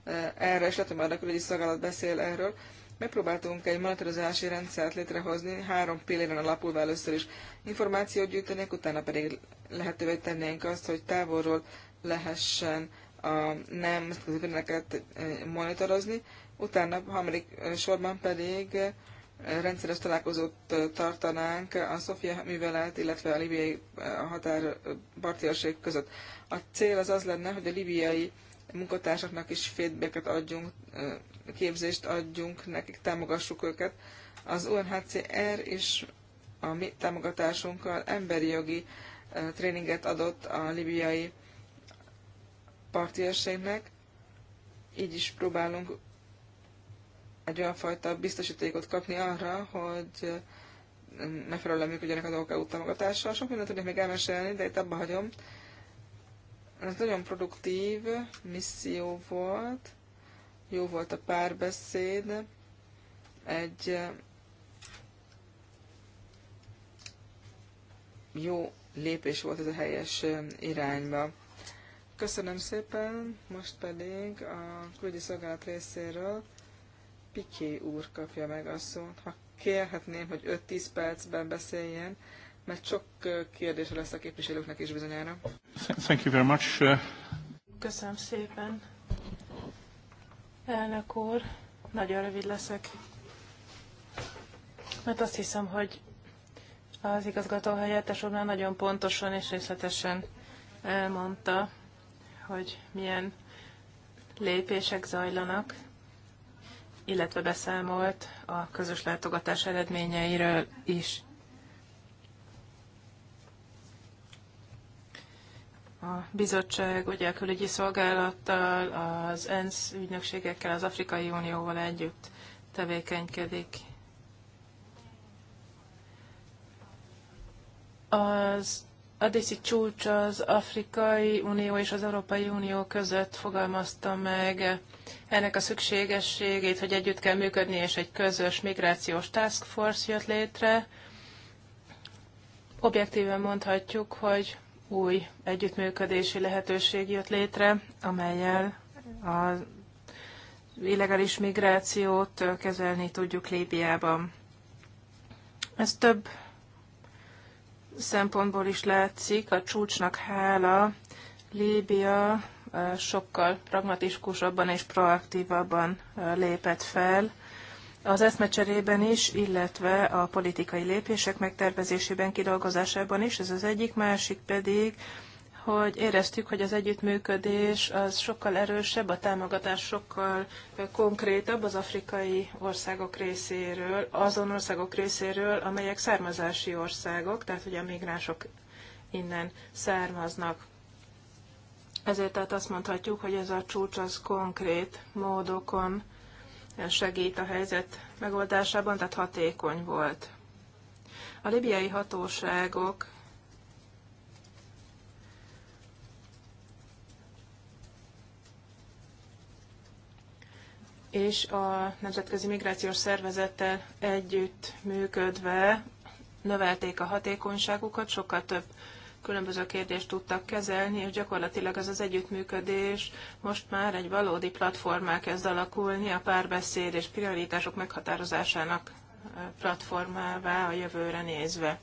eh, erre, és lehet, hogy majd a külügyi szolgálat beszél erről. Megpróbáltunk egy monitorozási rendszert létrehozni, három pilléren alapulva először is információt gyűjtenék, utána pedig lehetővé tennénk azt, hogy távolról lehessen a nemzetközi bűnöket eh, monitorozni, utána harmadik eh, sorban pedig eh, rendszeres találkozót tartanánk a Szofia művelet, illetve a libiai határparti között. A cél az az lenne, hogy a libiai munkatársaknak is feedbacket adjunk, képzést adjunk, nekik támogassuk őket. Az UNHCR is a mi támogatásunkkal emberi jogi tréninget adott a libiai partiőrségnek. Így is próbálunk egy olyan fajta biztosítékot kapni arra, hogy megfelelően működjenek a dolgok EU támogatással. Sok mindent tudnék még elmesélni, de itt abba hagyom. Ez nagyon produktív misszió volt, jó volt a párbeszéd, egy eh, jó lépés volt ez a helyes eh, irányba. Köszönöm szépen, most pedig a külügyi szolgálat részéről Piki úr kapja meg a szót. Ha kérhetném, hogy 5-10 percben beszéljen, mert sok kérdése lesz a képviselőknek is bizonyára. Thank you very much. Uh, Köszönöm szépen. Elnök úr, nagyon rövid leszek, mert azt hiszem, hogy az igazgató helyettes úr már nagyon pontosan és részletesen elmondta, hogy milyen lépések zajlanak, illetve beszámolt a közös látogatás eredményeiről is. a bizottság ugye a külügyi szolgálattal, az ENSZ ügynökségekkel, az Afrikai Unióval együtt tevékenykedik. Az Adészi csúcs az Afrikai Unió és az Európai Unió között fogalmazta meg ennek a szükségességét, hogy együtt kell működni, és egy közös migrációs task force jött létre. Objektíven mondhatjuk, hogy új együttműködési lehetőség jött létre, amelyel az illegális migrációt kezelni tudjuk Líbiában. Ez több szempontból is látszik, a csúcsnak hála Líbia eh, sokkal pragmatikusabban és proaktívabban eh, lépett fel az eszmecserében is, illetve a politikai lépések megtervezésében, kidolgozásában is. Ez az egyik, másik pedig, hogy éreztük, hogy az együttműködés az sokkal erősebb, a támogatás sokkal konkrétabb az afrikai országok részéről, azon országok részéről, amelyek származási országok, tehát hogy a migránsok innen származnak. Ezért tehát azt mondhatjuk, hogy ez a csúcs az konkrét módokon segít a helyzet megoldásában, tehát hatékony volt. A libiai hatóságok és a Nemzetközi Migrációs Szervezettel együtt működve növelték a hatékonyságukat, sokkal több különböző kérdést tudtak kezelni, és gyakorlatilag az az együttműködés most már egy valódi platformá kezd alakulni a párbeszéd és prioritások meghatározásának platformává a jövőre nézve.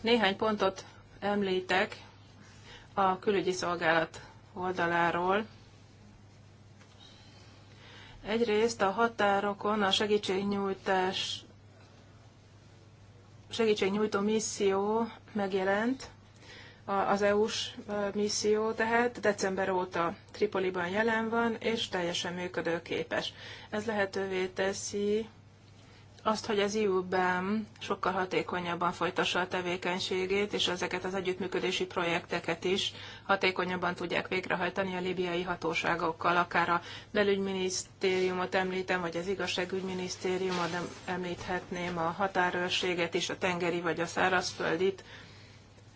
Néhány pontot említek a külügyi szolgálat oldaláról. Egyrészt a határokon a segítségnyújtás segítségnyújtó misszió megjelent, az EU-s misszió tehát december óta Tripoliban jelen van, és teljesen működőképes. Ez lehetővé teszi azt, hogy az EU-ben sokkal hatékonyabban folytassa a tevékenységét, és ezeket az együttműködési projekteket is hatékonyabban tudják végrehajtani a libiai hatóságokkal, akár a belügyminisztériumot említem, vagy az igazságügyminisztériumot említhetném, a határőrséget is, a tengeri vagy a szárazföldit,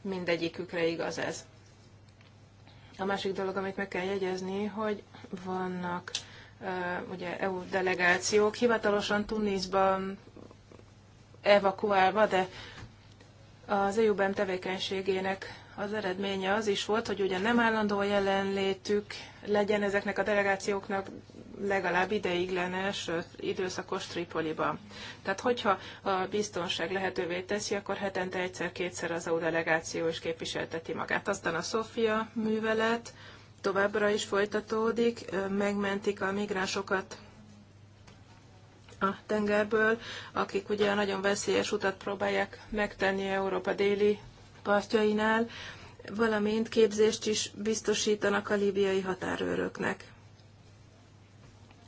mindegyikükre igaz ez. A másik dolog, amit meg kell jegyezni, hogy vannak ugye EU delegációk hivatalosan Tunisban evakuálva, de az EU-ben tevékenységének az eredménye az is volt, hogy ugye nem állandó jelenlétük legyen ezeknek a delegációknak legalább ideiglenes, időszakos Tripoliban. Tehát hogyha a biztonság lehetővé teszi, akkor hetente egyszer-kétszer az EU delegáció is képviselteti magát. Aztán a Sofia művelet, továbbra is folytatódik, megmentik a migránsokat a tengerből, akik ugye nagyon veszélyes utat próbálják megtenni Európa déli partjainál, valamint képzést is biztosítanak a líbiai határőröknek.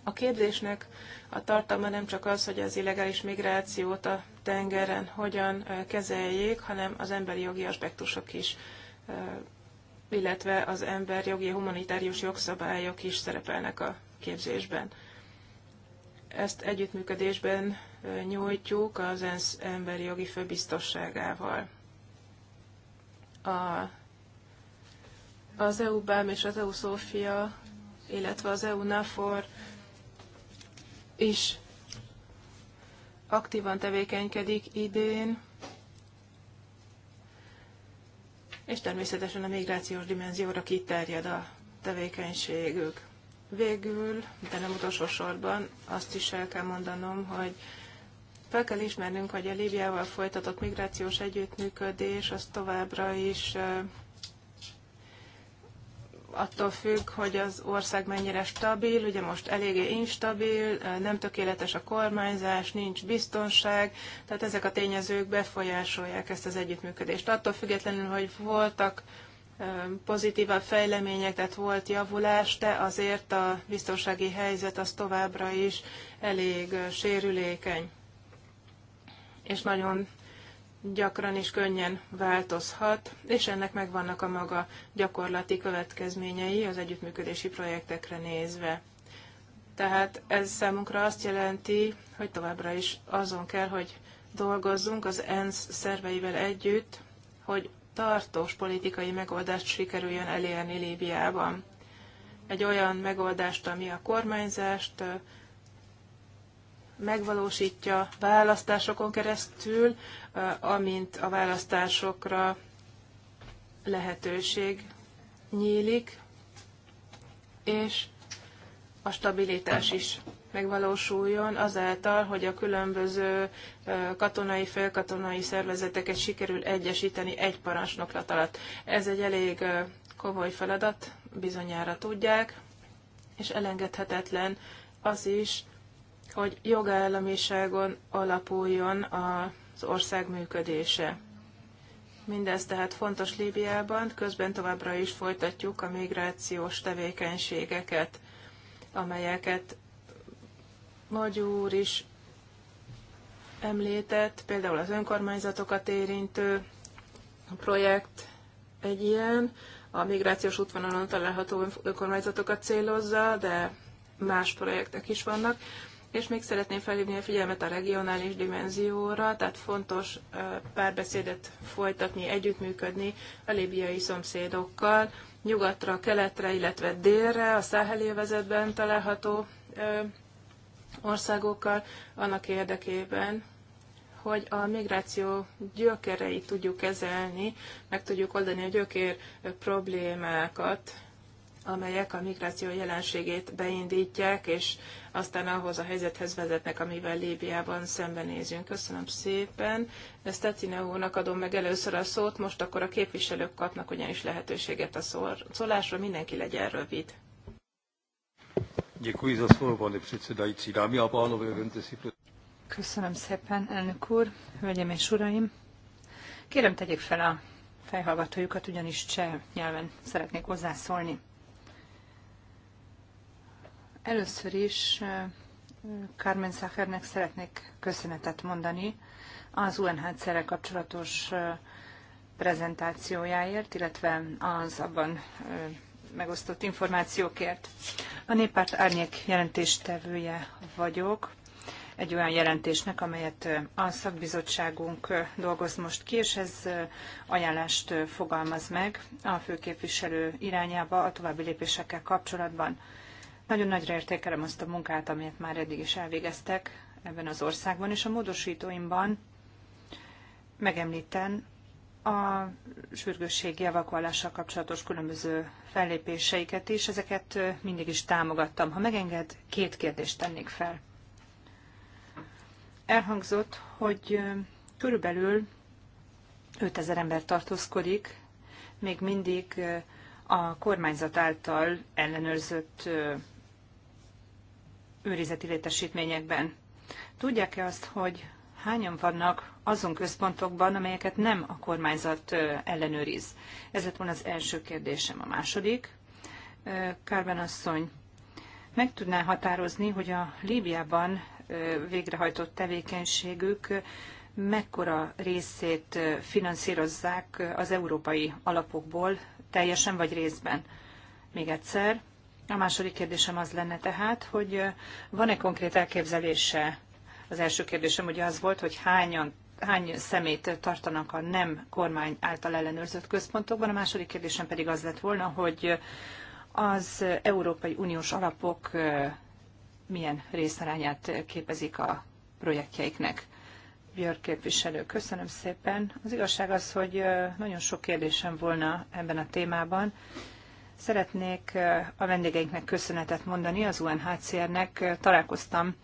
A képzésnek a tartalma nem csak az, hogy az illegális migrációt a tengeren hogyan kezeljék, hanem az emberi jogi aspektusok is illetve az emberjogi humanitárius jogszabályok is szerepelnek a képzésben. Ezt együttműködésben nyújtjuk az ENSZ emberi jogi főbiztosságával. A, az EU-BÁM és az EU-SZOFIA, illetve az EU-NAFOR is aktívan tevékenykedik idén és természetesen a migrációs dimenzióra kiterjed a tevékenységük. Végül, de nem utolsó sorban, azt is el kell mondanom, hogy fel kell ismernünk, hogy a Líbiával folytatott migrációs együttműködés az továbbra is attól függ, hogy az ország mennyire stabil, ugye most eléggé instabil, nem tökéletes a kormányzás, nincs biztonság, tehát ezek a tényezők befolyásolják ezt az együttműködést. Attól függetlenül, hogy voltak pozitívabb fejlemények, tehát volt javulás, de azért a biztonsági helyzet az továbbra is elég sérülékeny, és nagyon gyakran és könnyen változhat, és ennek megvannak a maga gyakorlati következményei az együttműködési projektekre nézve. Tehát ez számunkra azt jelenti, hogy továbbra is azon kell, hogy dolgozzunk az ENSZ szerveivel együtt, hogy tartós politikai megoldást sikerüljön elérni Líbiában. Egy olyan megoldást, ami a kormányzást, megvalósítja választásokon keresztül, amint a választásokra lehetőség nyílik, és a stabilitás is megvalósuljon azáltal, hogy a különböző katonai, felkatonai szervezeteket sikerül egyesíteni egy parancsnoklat alatt. Ez egy elég komoly feladat, bizonyára tudják, és elengedhetetlen az is, hogy jogállamiságon alapuljon az ország működése. Mindez tehát fontos Líbiában, közben továbbra is folytatjuk a migrációs tevékenységeket, amelyeket Magyar úr is említett, például az önkormányzatokat érintő projekt egy ilyen, a migrációs útvonalon található önkormányzatokat célozza, de más projektek is vannak. És még szeretném felhívni a figyelmet a regionális dimenzióra, tehát fontos párbeszédet folytatni, együttműködni a libiai szomszédokkal, nyugatra, keletre, illetve délre, a száheli övezetben található országokkal, annak érdekében, hogy a migráció gyökereit tudjuk kezelni, meg tudjuk oldani a gyökér problémákat, amelyek a migráció jelenségét beindítják, és aztán ahhoz a helyzethez vezetnek, amivel Líbiában szembenézünk. Köszönöm szépen. Ezt Tetine úrnak adom meg először a szót, most akkor a képviselők kapnak ugyanis lehetőséget a szólásra, mindenki legyen rövid. a Köszönöm szépen, elnök úr, hölgyeim és uraim. Kérem, tegyék fel a fejhallgatójukat, ugyanis cseh nyelven szeretnék hozzászólni. Először is Carmen Szachernek szeretnék köszönetet mondani az UNHCR-rel kapcsolatos prezentációjáért, illetve az abban megosztott információkért. A néppárt árnyék jelentéstevője vagyok egy olyan jelentésnek, amelyet a szakbizottságunk dolgoz most ki, és ez ajánlást fogalmaz meg a főképviselő irányába a további lépésekkel kapcsolatban. Nagyon nagyra értékelem azt a munkát, amit már eddig is elvégeztek ebben az országban, és a módosítóimban megemlíten a sürgősségi evakuálással kapcsolatos különböző fellépéseiket is, ezeket mindig is támogattam. Ha megenged, két kérdést tennék fel. Elhangzott, hogy körülbelül 5000 ember tartózkodik, még mindig a kormányzat által ellenőrzött őrizeti létesítményekben. Tudják-e azt, hogy hányan vannak azon központokban, amelyeket nem a kormányzat ellenőriz? Ez lett volna az első kérdésem. A második, Kárben asszony, meg tudná határozni, hogy a Líbiában végrehajtott tevékenységük mekkora részét finanszírozzák az európai alapokból, teljesen vagy részben? Még egyszer, a második kérdésem az lenne tehát, hogy van-e konkrét elképzelése? Az első kérdésem ugye az volt, hogy hányan hány szemét tartanak a nem kormány által ellenőrzött központokban. A második kérdésem pedig az lett volna, hogy az Európai Uniós alapok milyen részarányát képezik a projektjeiknek. Björk képviselő, köszönöm szépen. Az igazság az, hogy nagyon sok kérdésem volna ebben a témában, Szeretnék a vendégeinknek köszönetet mondani, az UNHCR-nek. Találkoztam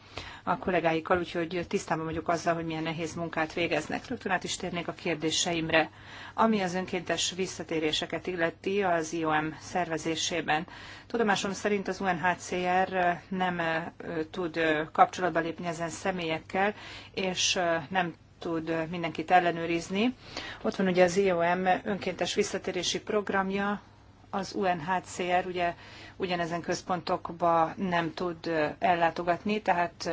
a kollégáikkal, úgyhogy tisztában vagyok azzal, hogy milyen nehéz munkát végeznek. Rögtön át is térnék a kérdéseimre. Ami az önkéntes visszatéréseket illeti az IOM szervezésében. Tudomásom szerint az UNHCR nem tud kapcsolatba lépni ezen személyekkel, és nem tud mindenkit ellenőrizni. Ott van ugye az IOM önkéntes visszatérési programja, az UNHCR ugye ugyanezen központokba nem tud ellátogatni, tehát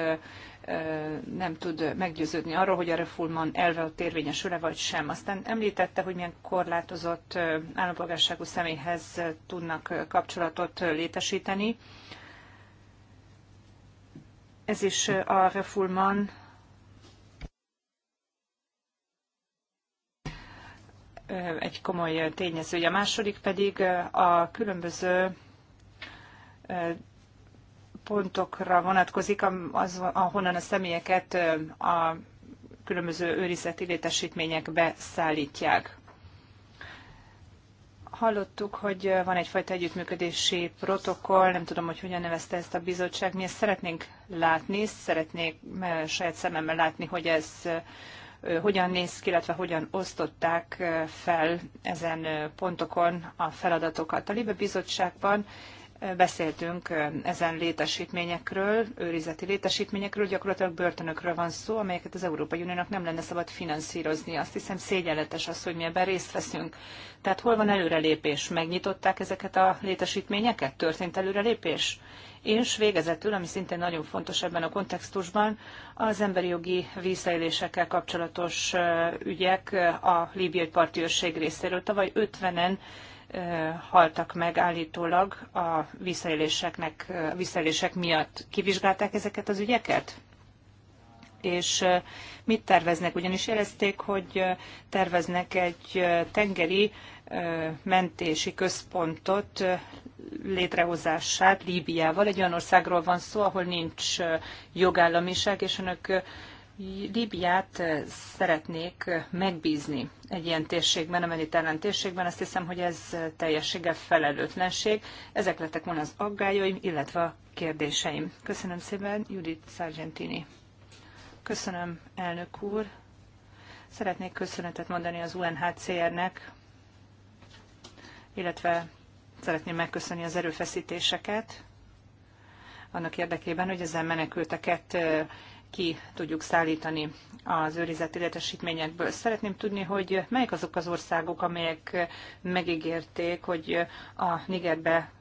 nem tud meggyőződni arról, hogy a Refulman elve ott érvényesül-e vagy sem. Aztán említette, hogy milyen korlátozott állampolgárságú személyhez tudnak kapcsolatot létesíteni. Ez is a Refulman egy komoly tényező. A második pedig a különböző pontokra vonatkozik, az, ahonnan a személyeket a különböző őrizeti létesítmények beszállítják. Hallottuk, hogy van egyfajta együttműködési protokoll, nem tudom, hogy hogyan nevezte ezt a bizottság. Mi ezt szeretnénk látni, szeretnék saját szememmel látni, hogy ez hogyan néz ki, illetve hogyan osztották fel ezen pontokon a feladatokat. A Libe Bizottságban beszéltünk ezen létesítményekről, őrizeti létesítményekről, gyakorlatilag börtönökről van szó, amelyeket az Európai Uniónak nem lenne szabad finanszírozni. Azt hiszem szégyenletes az, hogy mi ebben részt veszünk. Tehát hol van előrelépés? Megnyitották ezeket a létesítményeket? Történt előrelépés? És végezetül, ami szintén nagyon fontos ebben a kontextusban, az emberi jogi visszaélésekkel kapcsolatos ügyek a líbiai parti részéről. Tavaly 50-en haltak meg állítólag a visszaéléseknek, a visszaélések miatt. Kivizsgálták ezeket az ügyeket? És mit terveznek? Ugyanis jelezték, hogy terveznek egy tengeri mentési központot létrehozását Líbiával. Egy olyan országról van szó, ahol nincs jogállamiság, és önök Líbiát szeretnék megbízni egy ilyen térségben, a mediterrán térségben. Azt hiszem, hogy ez teljessége felelőtlenség. Ezek lettek volna az aggályaim, illetve a kérdéseim. Köszönöm szépen, Judith Sargentini. Köszönöm, elnök úr. Szeretnék köszönetet mondani az UNHCR-nek, illetve szeretném megköszönni az erőfeszítéseket annak érdekében, hogy ezen menekülteket ki tudjuk szállítani az őrizett életesítményekből. Szeretném tudni, hogy melyik azok az országok, amelyek megígérték, hogy a Nigerbe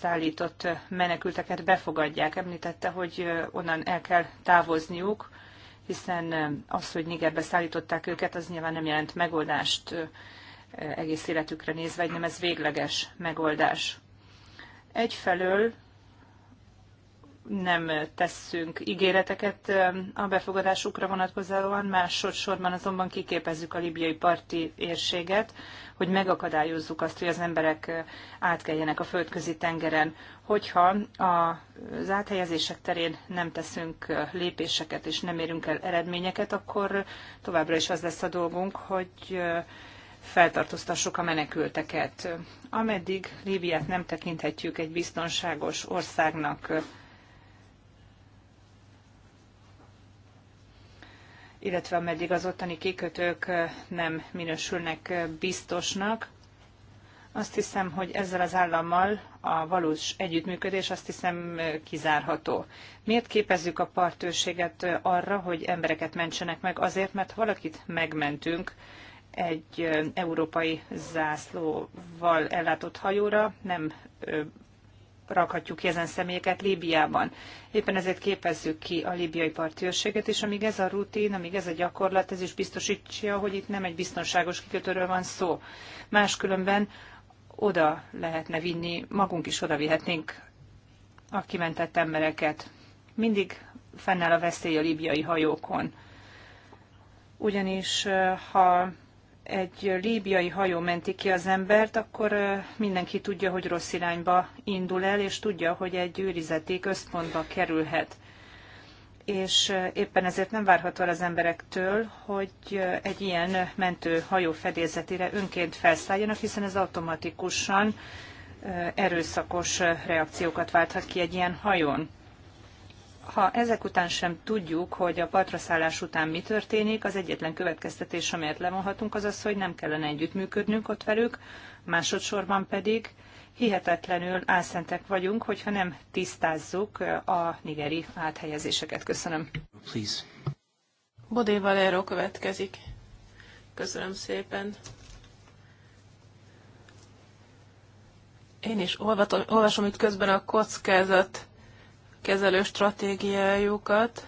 szállított menekülteket befogadják. Említette, hogy onnan el kell távozniuk, hiszen az, hogy Nigerbe szállították őket, az nyilván nem jelent megoldást egész életükre nézve, vagy nem ez végleges megoldás. Egyfelől nem tesszünk ígéreteket um, a befogadásukra vonatkozóan, másodszorban azonban kiképezzük a libiai parti érséget, hogy megakadályozzuk azt, hogy az emberek uh, átkeljenek a földközi tengeren. Hogyha az áthelyezések terén nem teszünk uh, lépéseket és nem érünk el eredményeket, akkor továbbra is az lesz a dolgunk, hogy uh, feltartóztassuk a menekülteket. Ameddig Líbiát nem tekinthetjük egy biztonságos országnak, illetve ameddig az ottani kikötők nem minősülnek biztosnak. Azt hiszem, hogy ezzel az állammal a valós együttműködés azt hiszem kizárható. Miért képezzük a partőrséget arra, hogy embereket mentsenek meg? Azért, mert valakit megmentünk egy európai zászlóval ellátott hajóra, nem rakhatjuk ki ezen személyeket Líbiában. Éppen ezért képezzük ki a líbiai partőrséget, és amíg ez a rutin, amíg ez a gyakorlat, ez is biztosítja, hogy itt nem egy biztonságos kikötőről van szó. Máskülönben oda lehetne vinni, magunk is oda vihetnénk a kimentett embereket. Mindig fennáll a veszély a líbiai hajókon. Ugyanis eh, ha egy líbiai hajó menti ki az embert, akkor mindenki tudja, hogy rossz irányba indul el, és tudja, hogy egy őrizeti összpontba kerülhet. És éppen ezért nem várható el az emberektől, hogy egy ilyen mentő hajó fedélzetére önként felszálljanak, hiszen ez automatikusan erőszakos reakciókat válthat ki egy ilyen hajón ha ezek után sem tudjuk, hogy a patraszállás után mi történik, az egyetlen következtetés, amelyet levonhatunk, az az, hogy nem kellene együttműködnünk ott velük, másodszorban pedig hihetetlenül álszentek vagyunk, hogyha nem tisztázzuk a nigeri áthelyezéseket. Köszönöm. Please. Bodé Valero következik. Köszönöm szépen. Én is olvatom, olvasom itt közben a kockázat kezelő stratégiájukat,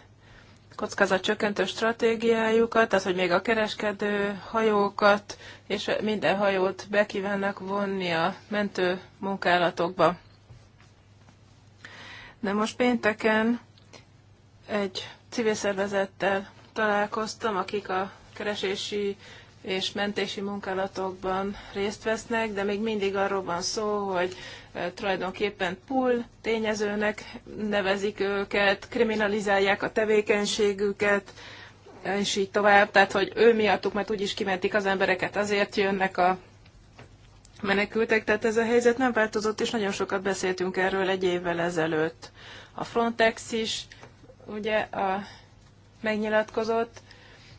kockázatcsökkentő stratégiájukat, az, hogy még a kereskedő hajókat és minden hajót bekívánnak vonni a mentő munkálatokba. De most pénteken egy civil szervezettel találkoztam, akik a keresési és mentési munkálatokban részt vesznek, de még mindig arról van szó, hogy tulajdonképpen pull tényezőnek nevezik őket, kriminalizálják a tevékenységüket, és így tovább. Tehát, hogy ő miattuk, mert úgyis kimentik az embereket, azért jönnek a menekültek. Tehát ez a helyzet nem változott, és nagyon sokat beszéltünk erről egy évvel ezelőtt. A Frontex is ugye a, megnyilatkozott,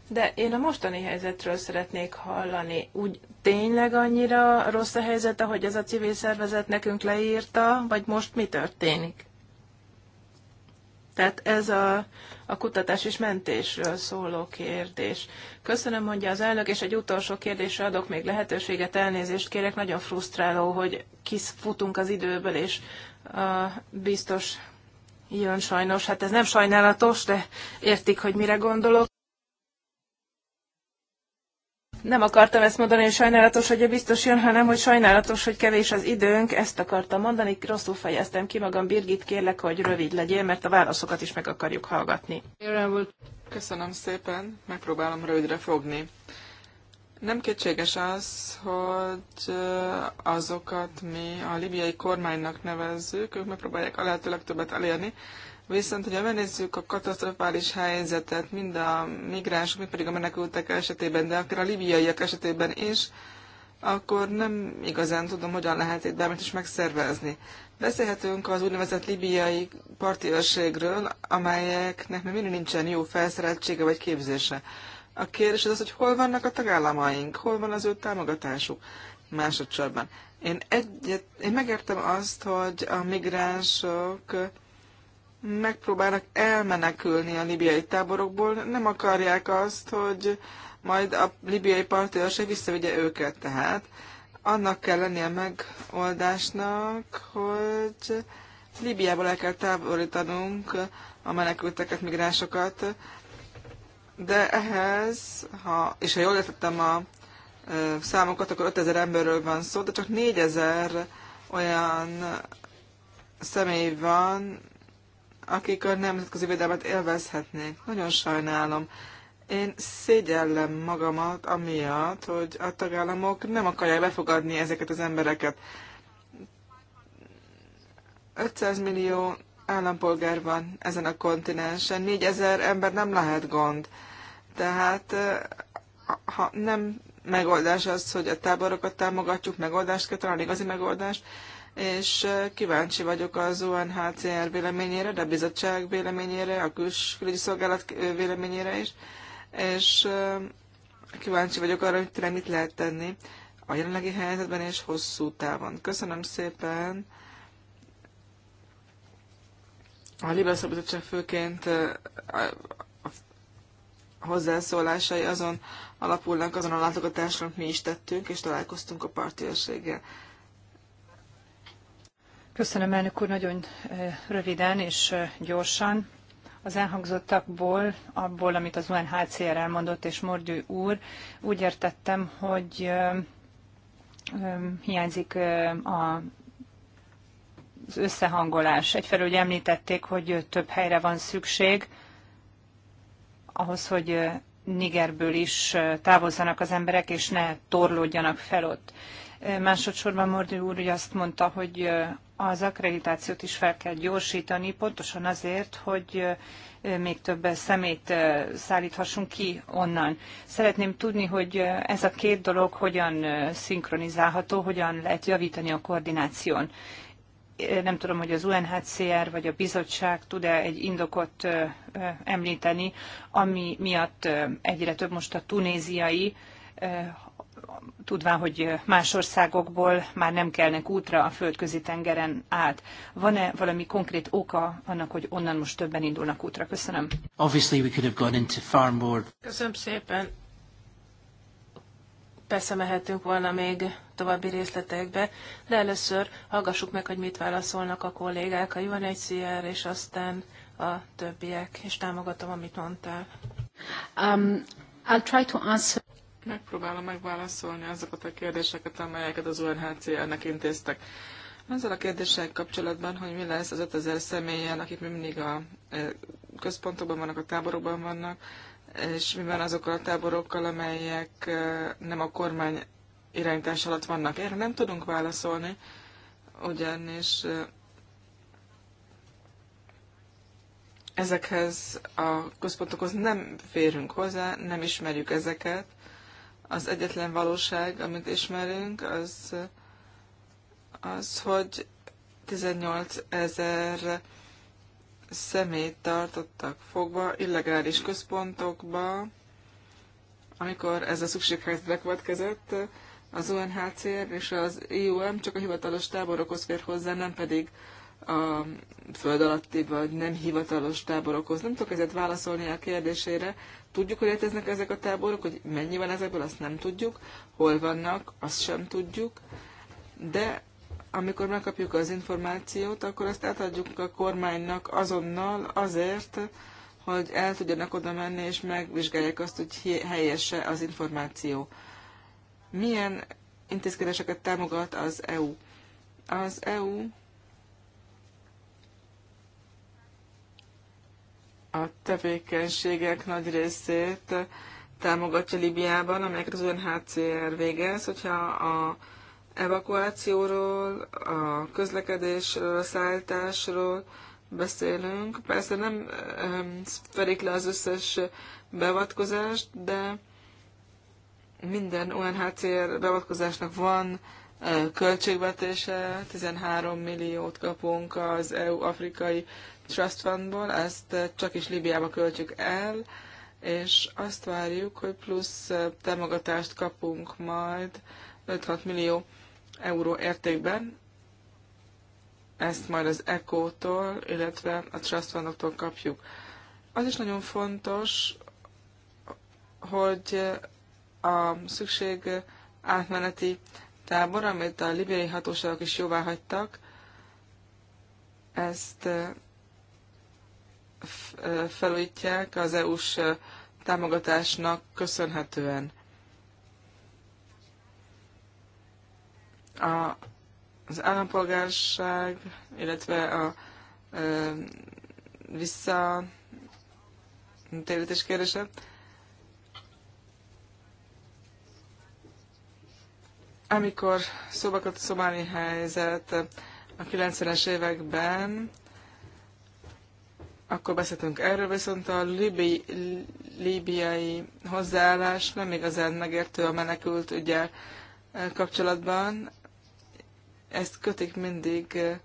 de én a mostani helyzetről szeretnék hallani. Úgy tényleg annyira rossz a helyzet, ahogy ez a civil szervezet nekünk leírta, vagy most mi történik? Tehát ez a, a kutatás és mentésről szóló kérdés. Köszönöm, mondja az elnök, és egy utolsó kérdésre adok még lehetőséget, elnézést kérek. Nagyon frusztráló, hogy kifutunk az időből, és uh, biztos jön sajnos. Hát ez nem sajnálatos, de értik, hogy mire gondolok. Nem akartam ezt mondani, hogy sajnálatos, hogy a biztos jön, hanem hogy sajnálatos, hogy kevés az időnk. Ezt akartam mondani, rosszul fejeztem ki magam. Birgit, kérlek, hogy rövid legyél, mert a válaszokat is meg akarjuk hallgatni. Köszönöm szépen, megpróbálom rövidre fogni. Nem kétséges az, hogy azokat mi a libiai kormánynak nevezzük, ők megpróbálják a lehető legtöbbet elérni, Viszont, hogyha megnézzük a katasztrofális helyzetet, mind a migránsok, mind pedig a menekültek esetében, de akár a libiaiak esetében is, akkor nem igazán tudom, hogyan lehet itt bármit is megszervezni. Beszélhetünk az úgynevezett libiai partiőrségről, amelyeknek még mindig nincsen jó felszereltsége vagy képzése. A kérdés az az, hogy hol vannak a tagállamaink, hol van az ő támogatásuk másodszorban. Én, egyet, én megértem azt, hogy a migránsok megpróbálnak elmenekülni a libiai táborokból, nem akarják azt, hogy majd a libiai partőrség visszavigye őket. Tehát annak kell lennie a megoldásnak, hogy Libiából el kell távolítanunk a menekülteket, migránsokat, de ehhez, ha, és ha jól értettem a számokat, akkor 5000 emberről van szó, de csak 4000 olyan személy van, akik a nemzetközi védelmet élvezhetnék. Nagyon sajnálom. Én szégyellem magamat amiatt, hogy a tagállamok nem akarják befogadni ezeket az embereket. 500 millió állampolgár van ezen a kontinensen, 4000 ember nem lehet gond. Tehát ha nem megoldás az, hogy a táborokat támogatjuk, megoldást kell találni, igazi megoldást, és kíváncsi vagyok az UNHCR véleményére, de a bizottság véleményére, a külügyi szolgálat véleményére is, és kíváncsi vagyok arra, hogy tényleg mit lehet tenni a jelenlegi helyzetben és hosszú távon. Köszönöm szépen! A Libeszak Bizottság főként a hozzászólásai azon alapulnak, azon a látogatáson, amit mi is tettünk, és találkoztunk a partőrséggel. Köszönöm, elnök úr, nagyon röviden és gyorsan. Az elhangzottakból, abból, amit az UNHCR elmondott, és Mordő úr, úgy értettem, hogy hiányzik a az összehangolás. Egyfelől ugye említették, hogy több helyre van szükség ahhoz, hogy Nigerből is távozzanak az emberek, és ne torlódjanak fel ott. Másodszorban Mordi úr ugye azt mondta, hogy az akkreditációt is fel kell gyorsítani, pontosan azért, hogy még több szemét szállíthassunk ki onnan. Szeretném tudni, hogy ez a két dolog hogyan szinkronizálható, hogyan lehet javítani a koordináción. Nem tudom, hogy az UNHCR vagy a bizottság tud-e egy indokot említeni, ami miatt egyre több most a tunéziai tudván, hogy más országokból már nem kelnek útra a földközi tengeren át. Van-e valami konkrét oka annak, hogy onnan most többen indulnak útra? Köszönöm. Obviously we could have gone into far more. Köszönöm szépen. Persze mehetünk volna még további részletekbe, de először hallgassuk meg, hogy mit válaszolnak a kollégák, a UNHCR, és aztán a többiek, és támogatom, amit mondtál. Um, I'll try to answer. Megpróbálom megválaszolni azokat a kérdéseket, amelyeket az UNHCR-nek intéztek. Azzal a kérdéssel kapcsolatban, hogy mi lesz az 5000 személyen, akik mi mindig a e, központokban vannak, a táborokban vannak, és mi van azokkal a táborokkal, amelyek e, nem a kormány irányítás alatt vannak. Erre nem tudunk válaszolni, ugyanis e, ezekhez a központokhoz nem férünk hozzá, nem ismerjük ezeket, az egyetlen valóság, amit ismerünk, az, az hogy 18 ezer szemét tartottak fogva illegális központokba, amikor ez a szükséghelyzet bekövetkezett, az UNHCR és az IUM csak a hivatalos táborokhoz fér hozzá, nem pedig a föld alatti vagy nem hivatalos táborokhoz. Nem tudok ezért válaszolni a kérdésére. Tudjuk, hogy léteznek ezek a táborok, hogy mennyi van ezekből, azt nem tudjuk. Hol vannak, azt sem tudjuk. De amikor megkapjuk az információt, akkor ezt átadjuk a kormánynak azonnal azért, hogy el tudjanak oda menni és megvizsgálják azt, hogy helyese az információ. Milyen intézkedéseket támogat az EU? Az EU a tevékenységek nagy részét támogatja Libiában, amelyeket az UNHCR végez, hogyha a evakuációról, a közlekedésről, a szállításról beszélünk. Persze nem ehm, fedik le az összes beavatkozást, de minden UNHCR beavatkozásnak van ehm, költségvetése, 13 milliót kapunk az EU afrikai Trust Fundból, ezt csak is Líbiába költjük el, és azt várjuk, hogy plusz támogatást kapunk majd 5-6 millió euró értékben, ezt majd az ECO-tól, illetve a Trust Fundoktól kapjuk. Az is nagyon fontos, hogy a szükség átmeneti tábor, amit a libiai hatóságok is jóvá hagytak, ezt felújítják az EU-s támogatásnak köszönhetően. A, az állampolgárság, illetve a ö, visszatérítés kérdése. Amikor szóba a szomáli helyzet a 90-es években, akkor beszéltünk erről, viszont a libi, libiai hozzáállás nem igazán megértő a menekült ügyel e, kapcsolatban. Ezt kötik mindig, e,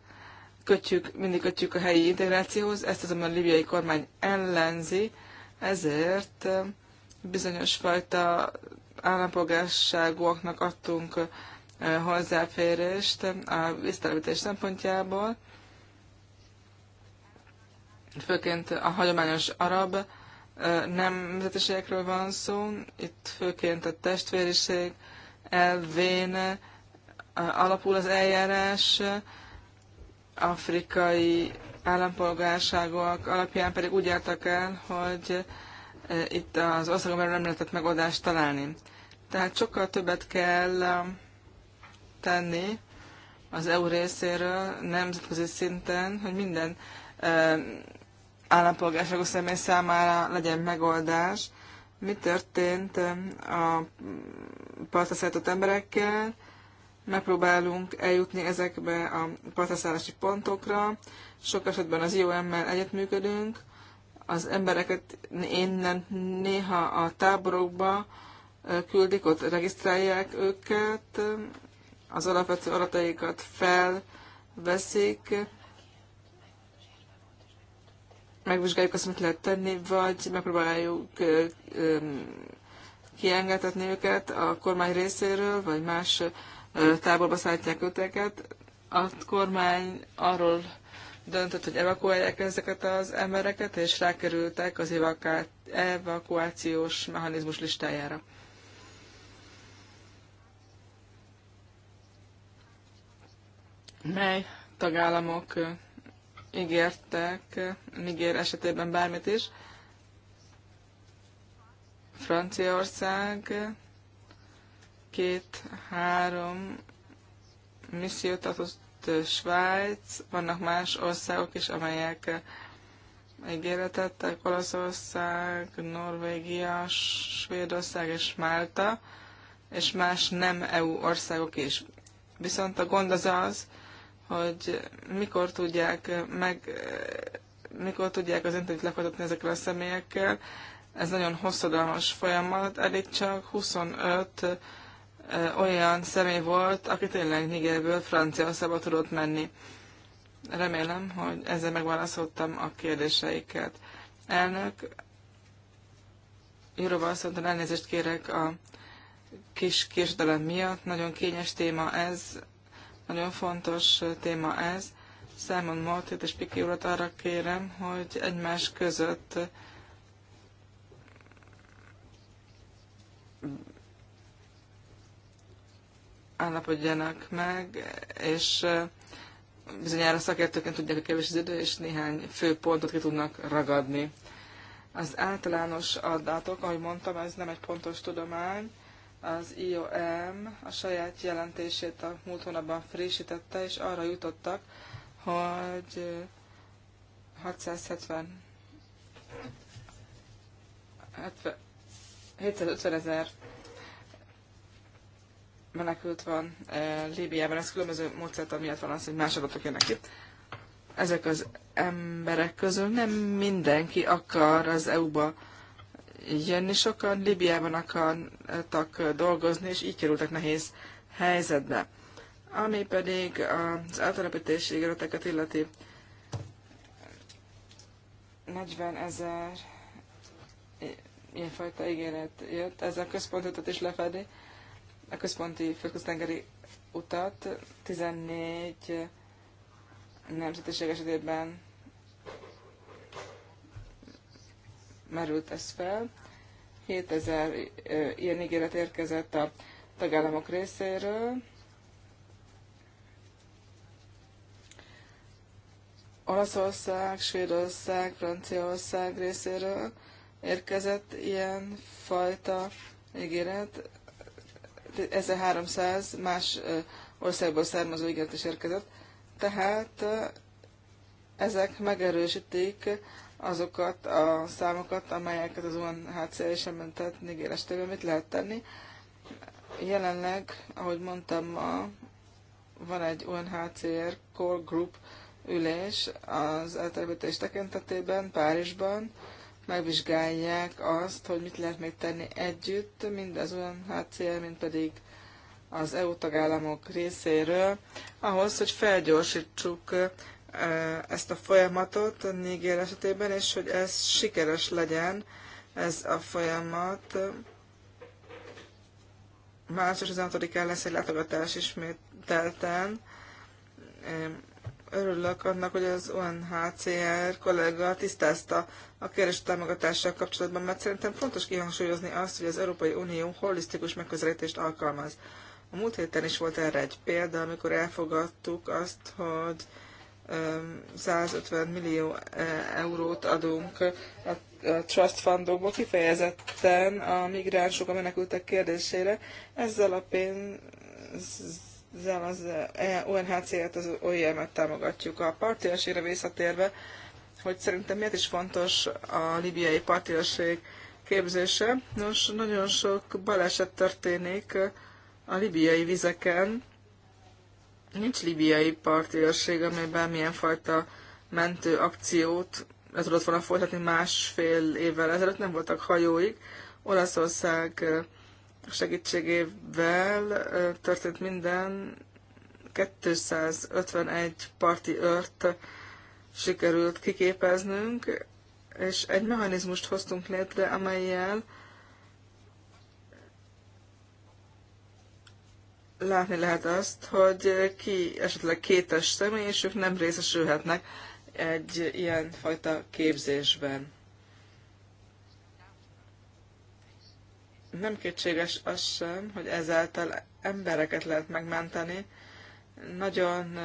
kötjük, mindig kötjük a helyi integrációhoz, ezt azonban a libiai kormány ellenzi, ezért e, bizonyos fajta állampolgárságúaknak adtunk hozzáférést a visszatelepítés szempontjából, főként a hagyományos arab nemzetiségekről van szó, itt főként a testvériség elvén alapul az eljárás, afrikai állampolgárságok alapján pedig úgy jártak el, hogy itt az országon belül nem lehetett megoldást találni. Tehát sokkal többet kell tenni az EU részéről nemzetközi szinten, hogy minden állampolgárságú személy számára legyen megoldás. Mi történt a partaszállított emberekkel? Megpróbálunk eljutni ezekbe a partaszállási pontokra. Sok esetben az IOM-mel együttműködünk. Az embereket én nem néha a táborokba küldik, ott regisztrálják őket, az alapvető adataikat felveszik, megvizsgáljuk azt, mit lehet tenni, vagy megpróbáljuk kiengedhetni őket a kormány részéről, vagy más táborba szállítják őket. A kormány arról döntött, hogy evakuálják ezeket az embereket, és rákerültek az evakuációs mechanizmus listájára. Mely tagállamok ígértek Niger esetében bármit is. Franciaország két-három missziót adott Svájc, vannak más országok is, amelyek ígéretettek, Olaszország, Norvégia, Svédország és Málta, és más nem EU országok is. Viszont a gond az az, hogy mikor tudják meg, mikor tudják az interjút lefolytatni ezekkel a személyekkel. Ez nagyon hosszadalmas folyamat, eddig csak 25 olyan személy volt, aki tényleg Nigerből Franciaországba tudott menni. Remélem, hogy ezzel megválaszoltam a kérdéseiket. Elnök, Jurova asszonytól elnézést kérek a kis késdelem miatt. Nagyon kényes téma ez, nagyon fontos téma ez. Simon Mortit és Piki urat arra kérem, hogy egymás között állapodjanak meg, és bizonyára szakértőként tudják a kevés idő, és néhány fő pontot ki tudnak ragadni. Az általános adatok, ahogy mondtam, ez nem egy pontos tudomány, az IOM a saját jelentését a múlt hónapban frissítette, és arra jutottak, hogy 670 750 ezer menekült van Líbiában. Ez különböző módszert miatt van az, hogy más adatok jönnek itt. Ezek az emberek közül nem mindenki akar az EU-ba jönni. Sokan Libiában akartak dolgozni, és így kerültek nehéz helyzetbe. Ami pedig az eltelepítési ígéreteket illeti 40 ezer ilyenfajta ígéret jött. Ez a központi utat is lefedi, a központi fölköztengeri utat. 14 nemzetiség esetében merült ez fel. 7000 ilyen ígéret érkezett a tagállamok részéről. Olaszország, Svédország, Franciaország részéről érkezett ilyen fajta ígéret. 1300 más országból származó ígéret is érkezett. Tehát ezek megerősítik azokat a számokat, amelyeket az UNHCR is említett Niger estében, mit lehet tenni. Jelenleg, ahogy mondtam, ma van egy UNHCR Core Group ülés az elterültés tekintetében Párizsban. Megvizsgálják azt, hogy mit lehet még tenni együtt, mind az UNHCR, mind pedig az EU tagállamok részéről, ahhoz, hogy felgyorsítsuk Eh, ezt a folyamatot Niger esetében, és hogy ez sikeres legyen, ez a folyamat. Március 16-án lesz egy látogatás ismételten. Örülök annak, hogy az UNHCR kollega tisztázta a kérdés támogatással kapcsolatban, mert szerintem fontos kihangsúlyozni azt, hogy az Európai Unió holisztikus megközelítést alkalmaz. A múlt héten is volt erre egy példa, amikor elfogadtuk azt, hogy 150 millió eurót adunk a trust fundokból kifejezetten a migránsok, a menekültek kérdésére. Ezzel a pénzzel az UNHCR-t, az OIM-et támogatjuk. A partiasére visszatérve, hogy szerintem miért is fontos a libiai partiőrség képzése. Nos, nagyon sok baleset történik a libiai vizeken, Nincs libiai partőrség, amely bármilyen fajta mentő akciót le tudott volna folytatni másfél évvel ezelőtt, nem voltak hajóik. Olaszország segítségével történt minden, 251 parti ört sikerült kiképeznünk, és egy mechanizmust hoztunk létre, amelyel látni lehet azt, hogy ki esetleg kétes személy, és ők nem részesülhetnek egy ilyen fajta képzésben. Nem kétséges az sem, hogy ezáltal embereket lehet megmenteni. Nagyon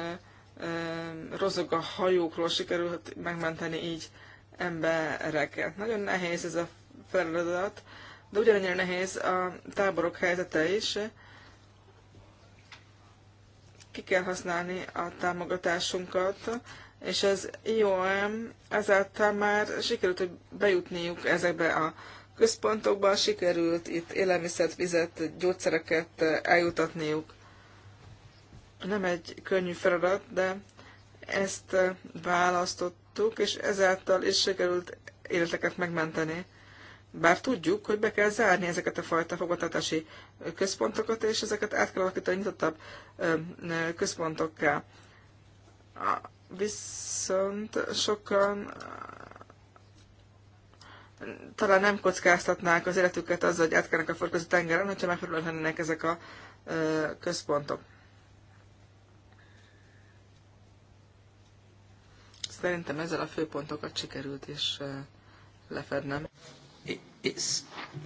rozog a hajókról sikerült megmenteni így embereket. Nagyon nehéz ez a feladat, de ugyanannyira nehéz a táborok helyzete is, ki kell használni a támogatásunkat, és az IOM ezáltal már sikerült, hogy bejutniuk ezekbe a központokba, sikerült itt élelmiszert, vizet, gyógyszereket eljutatniuk. Nem egy könnyű feladat, de ezt választottuk, és ezáltal is sikerült életeket megmenteni. Bár tudjuk, hogy be kell zárni ezeket a fajta fogadtatási központokat, és ezeket át kell alakítani nyitottabb központokká. Viszont sokan talán nem kockáztatnák az életüket azzal, hogy átkelnek a földközi tengeren, hogyha megfelelően lennének ezek a központok. Szerintem ezzel a főpontokat sikerült is lefednem it's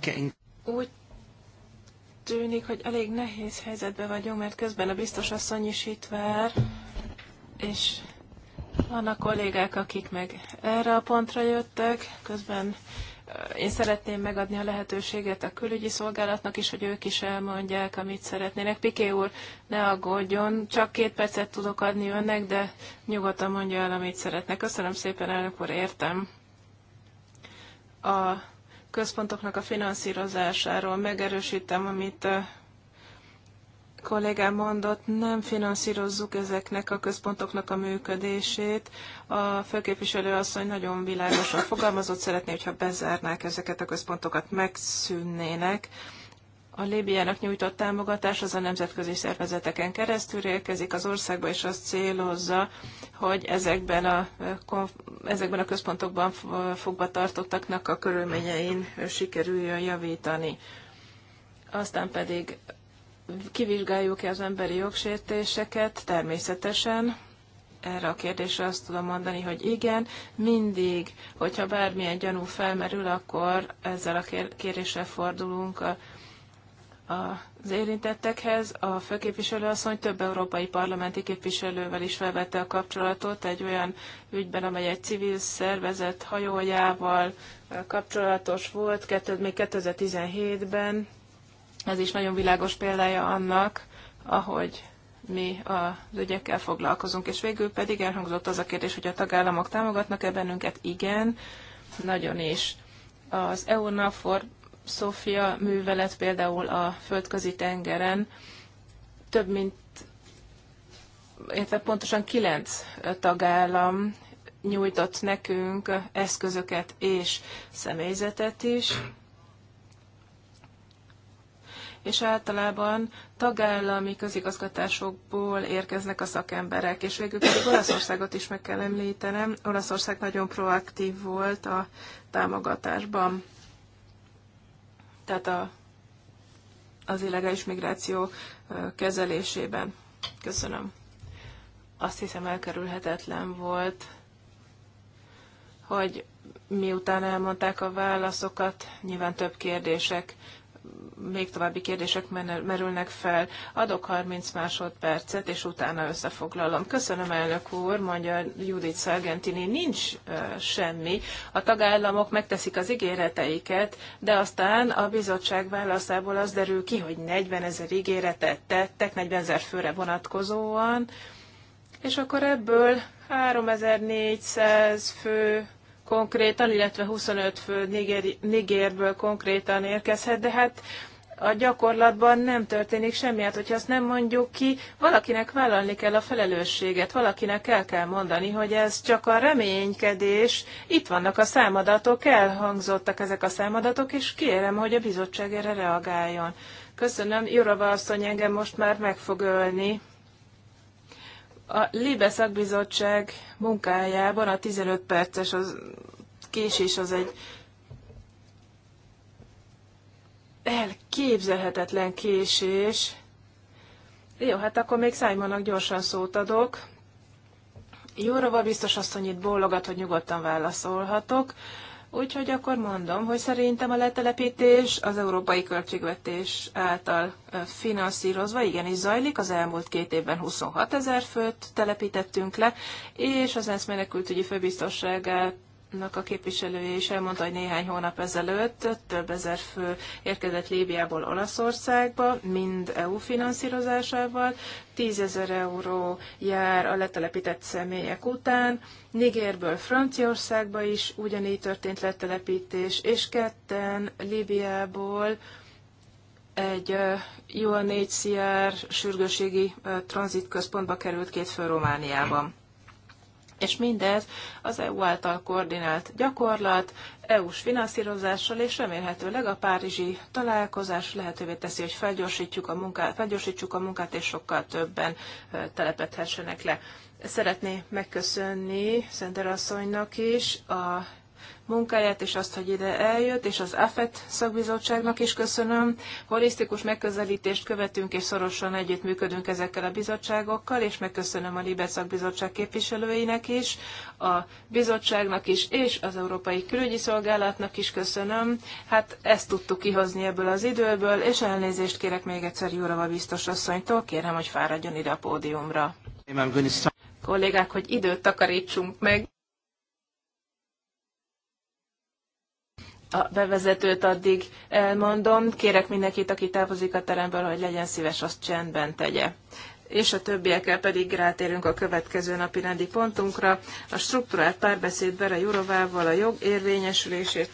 getting... Úgy tűnik, hogy elég nehéz helyzetben vagyunk, mert közben a biztos asszony is itt vár, és vannak kollégák, akik meg erre a pontra jöttek, közben én szeretném megadni a lehetőséget a külügyi szolgálatnak is, hogy ők is elmondják, amit szeretnének. Piké úr, ne aggódjon, csak két percet tudok adni önnek, de nyugodtan mondja el, amit szeretne. Köszönöm szépen, elnök úr, értem a központoknak a finanszírozásáról. Megerősítem, amit a kollégám mondott, nem finanszírozzuk ezeknek a központoknak a működését. A főképviselő asszony nagyon világosan fogalmazott, szeretné, hogyha bezárnák ezeket a központokat, megszűnnének a Líbiának nyújtott támogatás az a nemzetközi szervezeteken keresztül érkezik az országba, és azt célozza, hogy ezekben a, ezekben a központokban fogva tartottaknak a körülményein sikerüljön javítani. Aztán pedig kivizsgáljuk-e az emberi jogsértéseket? Természetesen. Erre a kérdésre azt tudom mondani, hogy igen, mindig, hogyha bármilyen gyanú felmerül, akkor ezzel a kéréssel fordulunk a az érintettekhez. A főképviselő asszony több európai parlamenti képviselővel is felvette a kapcsolatot egy olyan ügyben, amely egy civil szervezet hajójával kapcsolatos volt, még 2017-ben. Ez is nagyon világos példája annak, ahogy mi az ügyekkel foglalkozunk. És végül pedig elhangzott az a kérdés, hogy a tagállamok támogatnak-e bennünket? Igen, nagyon is. Az EU-NAFOR Sofia művelet például a földközi tengeren több mint, illetve pontosan kilenc tagállam nyújtott nekünk eszközöket és személyzetet is, és általában tagállami közigazgatásokból érkeznek a szakemberek, és végül pedig Olaszországot is meg kell említenem. Olaszország nagyon proaktív volt a támogatásban tehát a, az illegális migráció kezelésében. Köszönöm. Azt hiszem elkerülhetetlen volt, hogy miután elmondták a válaszokat, nyilván több kérdések még további kérdések merülnek fel. Adok 30 másodpercet, és utána összefoglalom. Köszönöm, elnök úr, mondja Judit Sargentini. Nincs semmi. A tagállamok megteszik az ígéreteiket, de aztán a bizottság válaszából az derül ki, hogy 40 ezer ígéretet tettek, 40 ezer főre vonatkozóan, és akkor ebből 3400 fő konkrétan, illetve 25 fő Niger, Nigerből konkrétan érkezhet, de hát a gyakorlatban nem történik semmi. Hát, hogyha azt nem mondjuk ki, valakinek vállalni kell a felelősséget, valakinek el kell mondani, hogy ez csak a reménykedés, itt vannak a számadatok, elhangzottak ezek a számadatok, és kérem, hogy a bizottság erre reagáljon. Köszönöm, Jurova asszony engem most már meg fog ölni. A Libe szakbizottság munkájában a 15 perces az késés az egy elképzelhetetlen késés. Jó, hát akkor még Simonnak gyorsan szót adok. Jóra, biztos hogy itt bólogat, hogy nyugodtan válaszolhatok. Úgyhogy akkor mondom, hogy szerintem a letelepítés az európai költségvetés által finanszírozva igenis zajlik. Az elmúlt két évben 26 ezer főt telepítettünk le, és az ENSZ menekültügyi főbiztosságát Nak a képviselője is elmondta, hogy néhány hónap ezelőtt több ezer fő érkezett Líbiából Olaszországba, mind EU finanszírozásával. Tízezer euró jár a letelepített személyek után. Nigérből Franciaországba is ugyanígy történt letelepítés, és ketten Líbiából egy UNHCR sürgőségi tranzitközpontba került két fő Romániában. És mindez az EU által koordinált gyakorlat, EU-s finanszírozással, és remélhetőleg a párizsi találkozás lehetővé teszi, hogy felgyorsítjuk a munkát, felgyorsítsuk a munkát és sokkal többen telepedhessenek le. Szeretné megköszönni Szenter asszonynak is a munkáját és azt, hogy ide eljött, és az AFET szakbizottságnak is köszönöm. Holisztikus megközelítést követünk, és szorosan együttműködünk ezekkel a bizottságokkal, és megköszönöm a Libet szakbizottság képviselőinek is, a bizottságnak is, és az Európai Külügyi Szolgálatnak is köszönöm. Hát ezt tudtuk kihozni ebből az időből, és elnézést kérek még egyszer Jurava biztos asszonytól, kérem, hogy fáradjon ide a pódiumra. Kollégák, hogy időt takarítsunk meg. a bevezetőt addig elmondom. Kérek mindenkit, aki távozik a teremből, hogy legyen szíves, azt csendben tegye és a többiekkel pedig rátérünk a következő napi rendi pontunkra, a struktúrált párbeszéd a Jurovával a jog érvényesülését,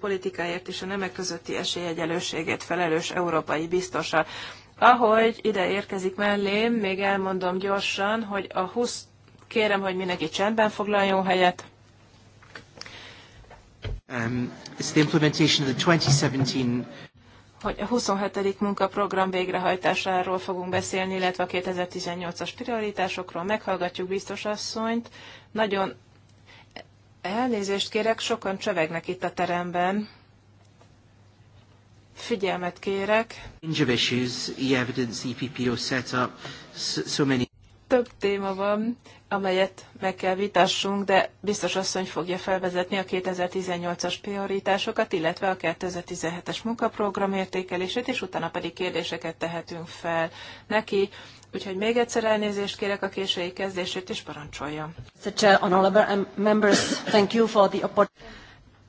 politikáért és a nemek közötti esélyegyelőségét felelős európai biztosa. Ahogy ide érkezik mellém, még elmondom gyorsan, hogy a 20 Kérem, hogy mindenki csendben foglaljon helyet. Um, it's 2017 hogy a 27. munkaprogram végrehajtásáról fogunk beszélni, illetve a 2018-as prioritásokról meghallgatjuk biztos asszonyt. Nagyon elnézést kérek, sokan csövegnek itt a teremben. Figyelmet kérek. Több téma van, amelyet meg kell vitassunk, de biztos asszony fogja felvezetni a 2018-as prioritásokat, illetve a 2017-es munkaprogram értékelését, és utána pedig kérdéseket tehetünk fel neki. Úgyhogy még egyszer elnézést kérek a késői kezdését, és parancsoljam.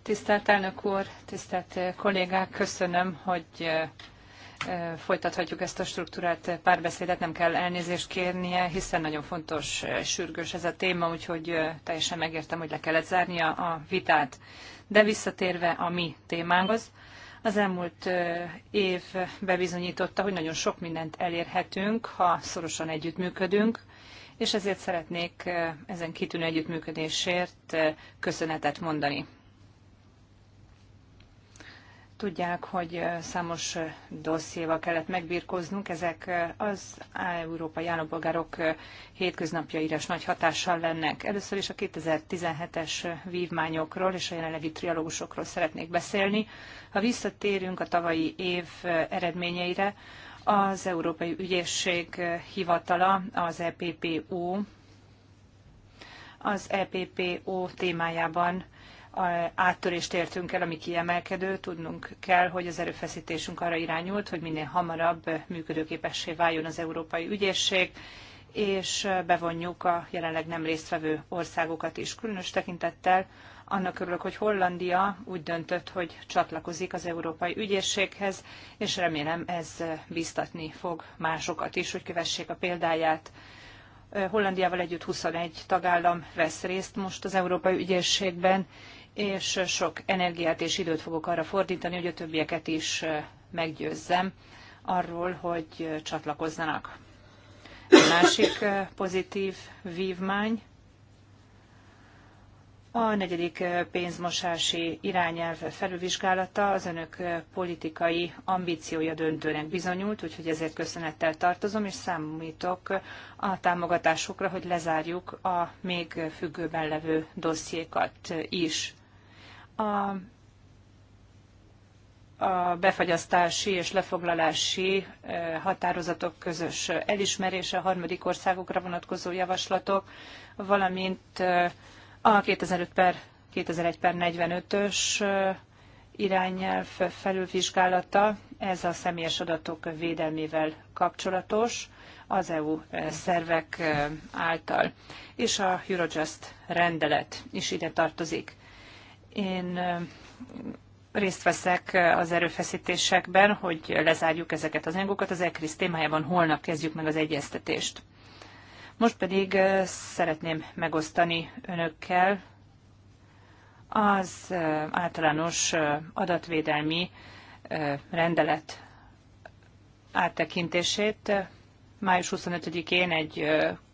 Tisztelt elnök úr, tisztelt eh, kollégák, köszönöm, hogy eh, folytathatjuk ezt a struktúrát párbeszédet, nem kell elnézést kérnie, hiszen nagyon fontos, sürgős ez a téma, úgyhogy teljesen megértem, hogy le kellett zárnia a vitát. De visszatérve a mi témánkhoz, az elmúlt év bebizonyította, hogy nagyon sok mindent elérhetünk, ha szorosan együttműködünk, és ezért szeretnék ezen kitűnő együttműködésért köszönetet mondani. Tudják, hogy számos dossziéval kellett megbírkoznunk, ezek az európai állampolgárok hétköznapjaira is nagy hatással lennek. Először is a 2017-es vívmányokról és a jelenlegi trialógusokról szeretnék beszélni. Ha visszatérünk a tavalyi év eredményeire, az Európai Ügyészség Hivatala, az EPPO, az EPPO témájában áttörést értünk el, ami kiemelkedő. Tudnunk kell, hogy az erőfeszítésünk arra irányult, hogy minél hamarabb működőképessé váljon az Európai Ügyészség, és bevonjuk a jelenleg nem résztvevő országokat is. Különös tekintettel annak örülök, hogy Hollandia úgy döntött, hogy csatlakozik az Európai Ügyészséghez, és remélem ez biztatni fog másokat is, hogy kövessék a példáját. Hollandiával együtt 21 tagállam vesz részt most az Európai Ügyészségben, és sok energiát és időt fogok arra fordítani, hogy a többieket is meggyőzzem arról, hogy csatlakozzanak. A másik pozitív vívmány a negyedik pénzmosási irányelv felülvizsgálata az önök politikai ambíciója döntőnek bizonyult, úgyhogy ezért köszönettel tartozom, és számítok a támogatásukra, hogy lezárjuk a még függőben levő dossziékat is. A, a befagyasztási és lefoglalási határozatok közös elismerése, a harmadik országokra vonatkozó javaslatok, valamint a 2005 per 2001 per 45-ös irányelv felülvizsgálata, ez a személyes adatok védelmével kapcsolatos az EU szervek által, és a Eurojust rendelet is ide tartozik. Én részt veszek az erőfeszítésekben, hogy lezárjuk ezeket az anyagokat. Az ECRIS témájában holnap kezdjük meg az egyeztetést. Most pedig szeretném megosztani önökkel az általános adatvédelmi rendelet áttekintését. Május 25-én egy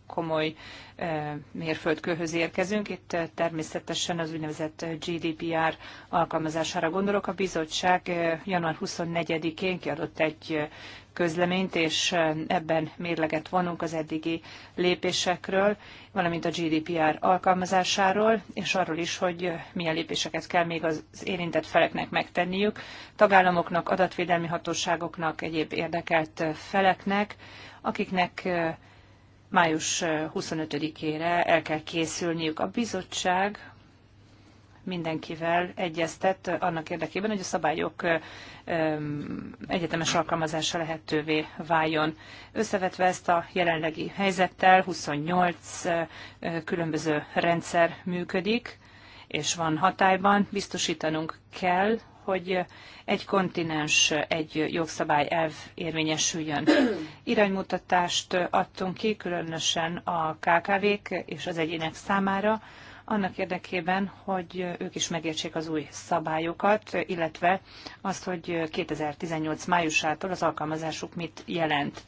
komoly eh, mérföldkőhöz érkezünk. Itt eh, természetesen az úgynevezett GDPR alkalmazására gondolok. A bizottság eh, január 24-én kiadott egy közleményt, és ebben mérleget vonunk az eddigi lépésekről, valamint a GDPR alkalmazásáról, és arról is, hogy milyen lépéseket kell még az érintett feleknek megtenniük, tagállamoknak, adatvédelmi hatóságoknak, egyéb érdekelt feleknek, akiknek május 25-ére el kell készülniük. A bizottság mindenkivel egyeztet annak érdekében, hogy a szabályok egyetemes alkalmazása lehetővé váljon. Összevetve ezt a jelenlegi helyzettel, 28 különböző rendszer működik, és van hatályban, biztosítanunk kell, hogy egy kontinens, egy jogszabály elv érvényesüljön. Iránymutatást adtunk ki, különösen a KKV-k és az egyének számára, annak érdekében, hogy ők is megértsék az új szabályokat, illetve azt, hogy 2018 májusától az alkalmazásuk mit jelent.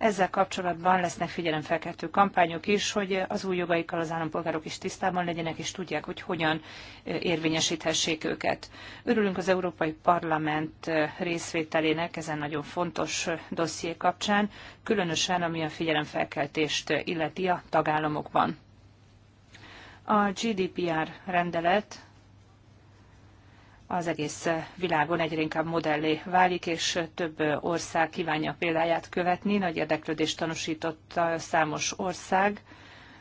Ezzel kapcsolatban lesznek figyelemfelkeltő kampányok is, hogy az új jogaikkal az állampolgárok is tisztában legyenek, és tudják, hogy hogyan érvényesíthessék őket. Örülünk az Európai Parlament részvételének ezen nagyon fontos dosszié kapcsán, különösen ami a figyelemfelkeltést illeti a tagállamokban. A GDPR rendelet az egész világon egyre inkább modellé válik, és több ország kívánja példáját követni. Nagy érdeklődést tanúsított számos ország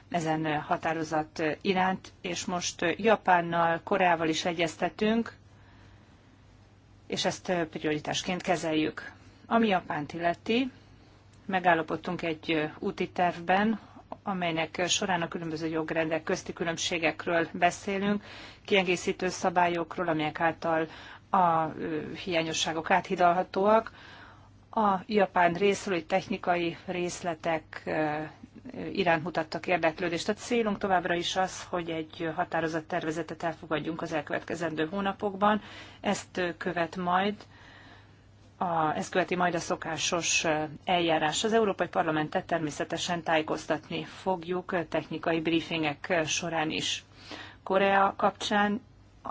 ezen határozat iránt, és most Japánnal, Koreával is egyeztetünk, és ezt prioritásként kezeljük. Ami Japánt illeti, megállapodtunk egy úti tervben, amelynek során a különböző jogrendek közti különbségekről beszélünk, kiegészítő szabályokról, amelyek által a hiányosságok áthidalhatóak. A japán részről, hogy technikai részletek iránt mutattak érdeklődést. A célunk továbbra is az, hogy egy határozattervezetet elfogadjunk az elkövetkezendő hónapokban. Ezt követ majd a, ezt követi majd a szokásos eljárás. Az Európai Parlamentet természetesen tájékoztatni fogjuk technikai briefingek során is. Korea kapcsán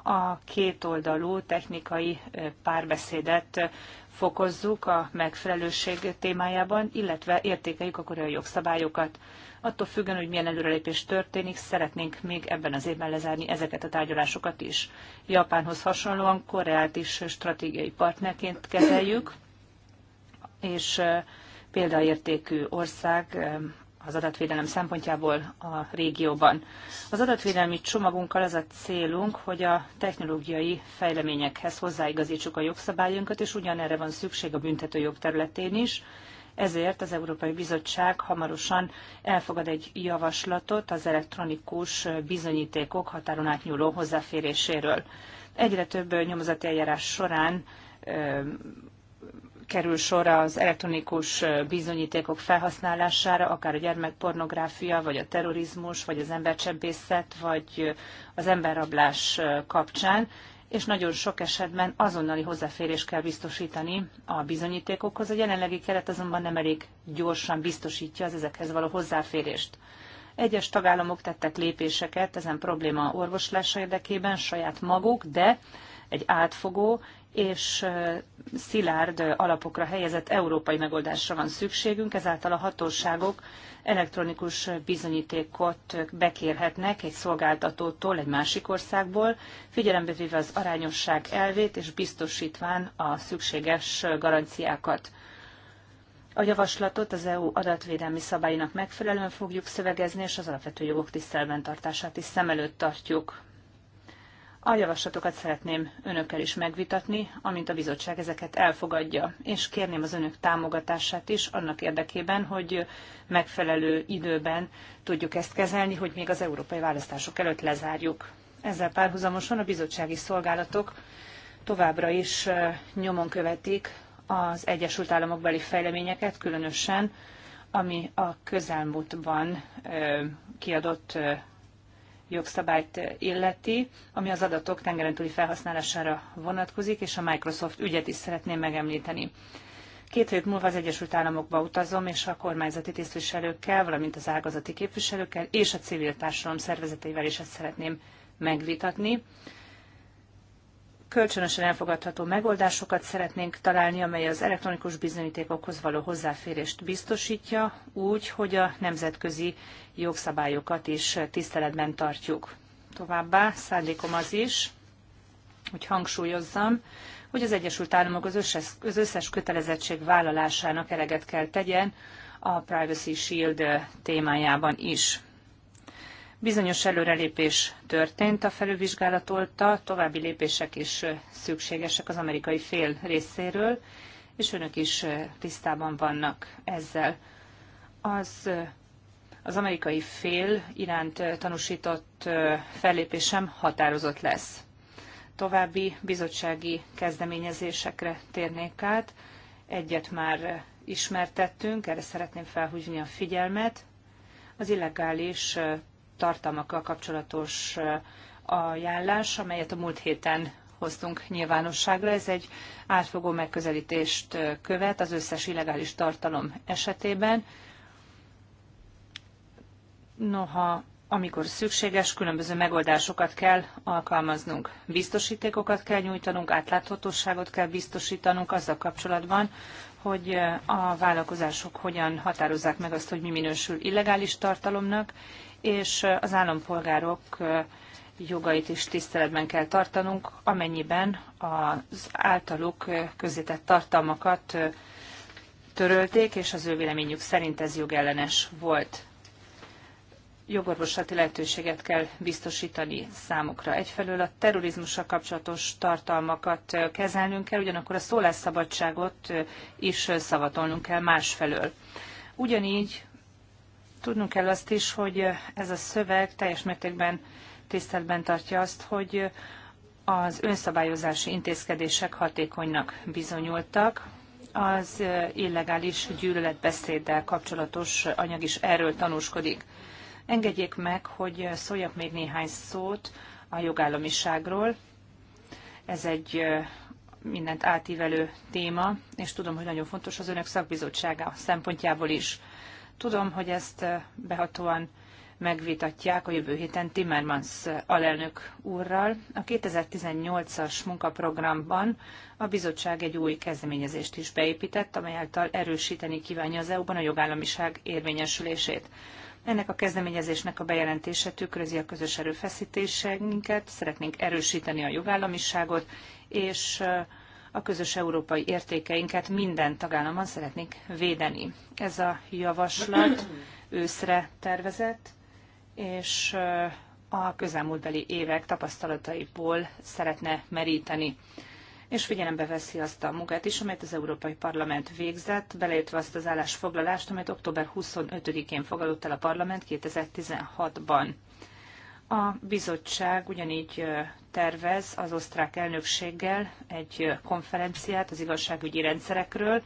a kétoldalú technikai párbeszédet fokozzuk a megfelelőség témájában, illetve értékeljük a koreai jogszabályokat. Attól függően, hogy milyen előrelépés történik, szeretnénk még ebben az évben lezárni ezeket a tárgyalásokat is. Japánhoz hasonlóan Koreát is stratégiai partnerként kezeljük, és eh, példaértékű ország eh, az adatvédelem szempontjából a régióban. Az adatvédelmi csomagunkkal az a célunk, hogy a technológiai fejleményekhez hozzáigazítsuk a jogszabályunkat, és ugyanerre van szükség a büntetőjog területén is, ezért az Európai Bizottság hamarosan elfogad egy javaslatot az elektronikus bizonyítékok határon átnyúló hozzáféréséről. Egyre több nyomozati eljárás során kerül sor az elektronikus bizonyítékok felhasználására, akár a gyermekpornográfia, vagy a terrorizmus, vagy az embercsempészet, vagy az emberrablás kapcsán, és nagyon sok esetben azonnali hozzáférés kell biztosítani a bizonyítékokhoz. A jelenlegi keret azonban nem elég gyorsan biztosítja az ezekhez való hozzáférést. Egyes tagállamok tettek lépéseket ezen probléma orvoslása érdekében saját maguk, de egy átfogó és szilárd alapokra helyezett európai megoldásra van szükségünk, ezáltal a hatóságok elektronikus bizonyítékot bekérhetnek egy szolgáltatótól egy másik országból, figyelembe véve az arányosság elvét és biztosítván a szükséges garanciákat. A javaslatot az EU adatvédelmi szabálynak megfelelően fogjuk szövegezni, és az alapvető jogok tiszteletben tartását is szem előtt tartjuk. A javaslatokat szeretném önökkel is megvitatni, amint a bizottság ezeket elfogadja, és kérném az önök támogatását is annak érdekében, hogy megfelelő időben tudjuk ezt kezelni, hogy még az európai választások előtt lezárjuk. Ezzel párhuzamosan a bizottsági szolgálatok továbbra is nyomon követik az Egyesült Államok beli fejleményeket, különösen ami a közelmúltban kiadott jogszabályt illeti, ami az adatok tengeren túli felhasználására vonatkozik, és a Microsoft ügyet is szeretném megemlíteni. Két hét múlva az Egyesült Államokba utazom, és a kormányzati tisztviselőkkel, valamint az ágazati képviselőkkel és a civil társadalom szervezeteivel is ezt szeretném megvitatni, kölcsönösen elfogadható megoldásokat szeretnénk találni, amely az elektronikus bizonyítékokhoz való hozzáférést biztosítja, úgy, hogy a nemzetközi jogszabályokat is tiszteletben tartjuk. Továbbá szándékom az is, hogy hangsúlyozzam, hogy az Egyesült Államok az összes, az összes kötelezettség vállalásának eleget kell tegyen a Privacy Shield eh, témájában is. Bizonyos előrelépés történt a felülvizsgálat óta, további lépések is szükségesek az amerikai fél részéről, és önök is tisztában vannak ezzel. Az, az amerikai fél iránt tanúsított fellépésem határozott lesz. További bizottsági kezdeményezésekre térnék át. Egyet már ismertettünk, erre szeretném felhúzni a figyelmet. Az illegális tartalmakkal kapcsolatos ajánlás, amelyet a múlt héten hoztunk nyilvánosságra. Ez egy átfogó megközelítést követ az összes illegális tartalom esetében. Noha, amikor szükséges, különböző megoldásokat kell alkalmaznunk. Biztosítékokat kell nyújtanunk, átláthatóságot kell biztosítanunk azzal kapcsolatban, hogy a vállalkozások hogyan határozzák meg azt, hogy mi minősül illegális tartalomnak, és az állampolgárok jogait is tiszteletben kell tartanunk, amennyiben az általuk közített tartalmakat törölték, és az ő véleményük szerint ez jogellenes volt. Jogorvoslati lehetőséget kell biztosítani számukra. Egyfelől a terrorizmussal kapcsolatos tartalmakat kezelnünk kell, ugyanakkor a szólásszabadságot is szavatolnunk kell másfelől. Ugyanígy Tudnunk kell azt is, hogy ez a szöveg teljes mértékben tiszteletben tartja azt, hogy az önszabályozási intézkedések hatékonynak bizonyultak. Az illegális gyűlöletbeszéddel kapcsolatos anyag is erről tanúskodik. Engedjék meg, hogy szóljak még néhány szót a jogállamiságról. Ez egy mindent átívelő téma, és tudom, hogy nagyon fontos az önök szakbizottsága szempontjából is. Tudom, hogy ezt eh, behatóan megvitatják a jövő héten Timmermans eh, alelnök úrral. A 2018-as munkaprogramban a bizottság egy új kezdeményezést is beépített, amely által erősíteni kívánja az EU-ban a jogállamiság érvényesülését. Ennek a kezdeményezésnek a bejelentése tükrözi a közös erőfeszítéseinket, szeretnénk erősíteni a jogállamiságot, és eh, a közös európai értékeinket minden tagállamban szeretnék védeni. Ez a javaslat őszre tervezett, és a közelmúltbeli évek tapasztalataiból szeretne meríteni és figyelembe veszi azt a munkát is, amelyet az Európai Parlament végzett, beleértve azt az állásfoglalást, amelyet október 25-én fogadott el a parlament 2016-ban. A bizottság ugyanígy tervez az osztrák elnökséggel egy konferenciát az igazságügyi rendszerekről.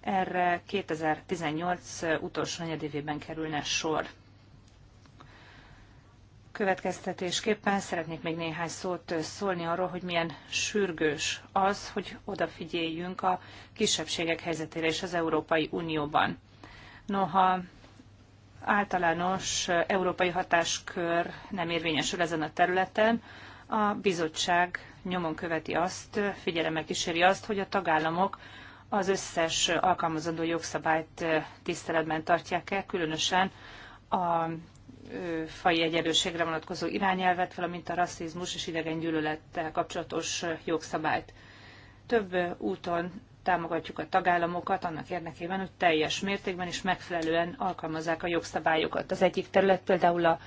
Erre 2018 utolsó negyedévében kerülne sor. Következtetésképpen szeretnék még néhány szót szólni arról, hogy milyen sürgős az, hogy odafigyeljünk a kisebbségek helyzetére és az Európai Unióban. Noha általános európai hatáskör nem érvényesül ezen a területen. A bizottság nyomon követi azt, figyelemmel kíséri azt, hogy a tagállamok az összes alkalmazandó jogszabályt tiszteletben tartják-e, különösen a faji egyenlőségre vonatkozó irányelvet, valamint a rasszizmus és idegen gyűlölettel kapcsolatos jogszabályt. Több úton támogatjuk a tagállamokat annak érdekében, hogy teljes mértékben és megfelelően alkalmazzák a jogszabályokat. Az egyik terület például a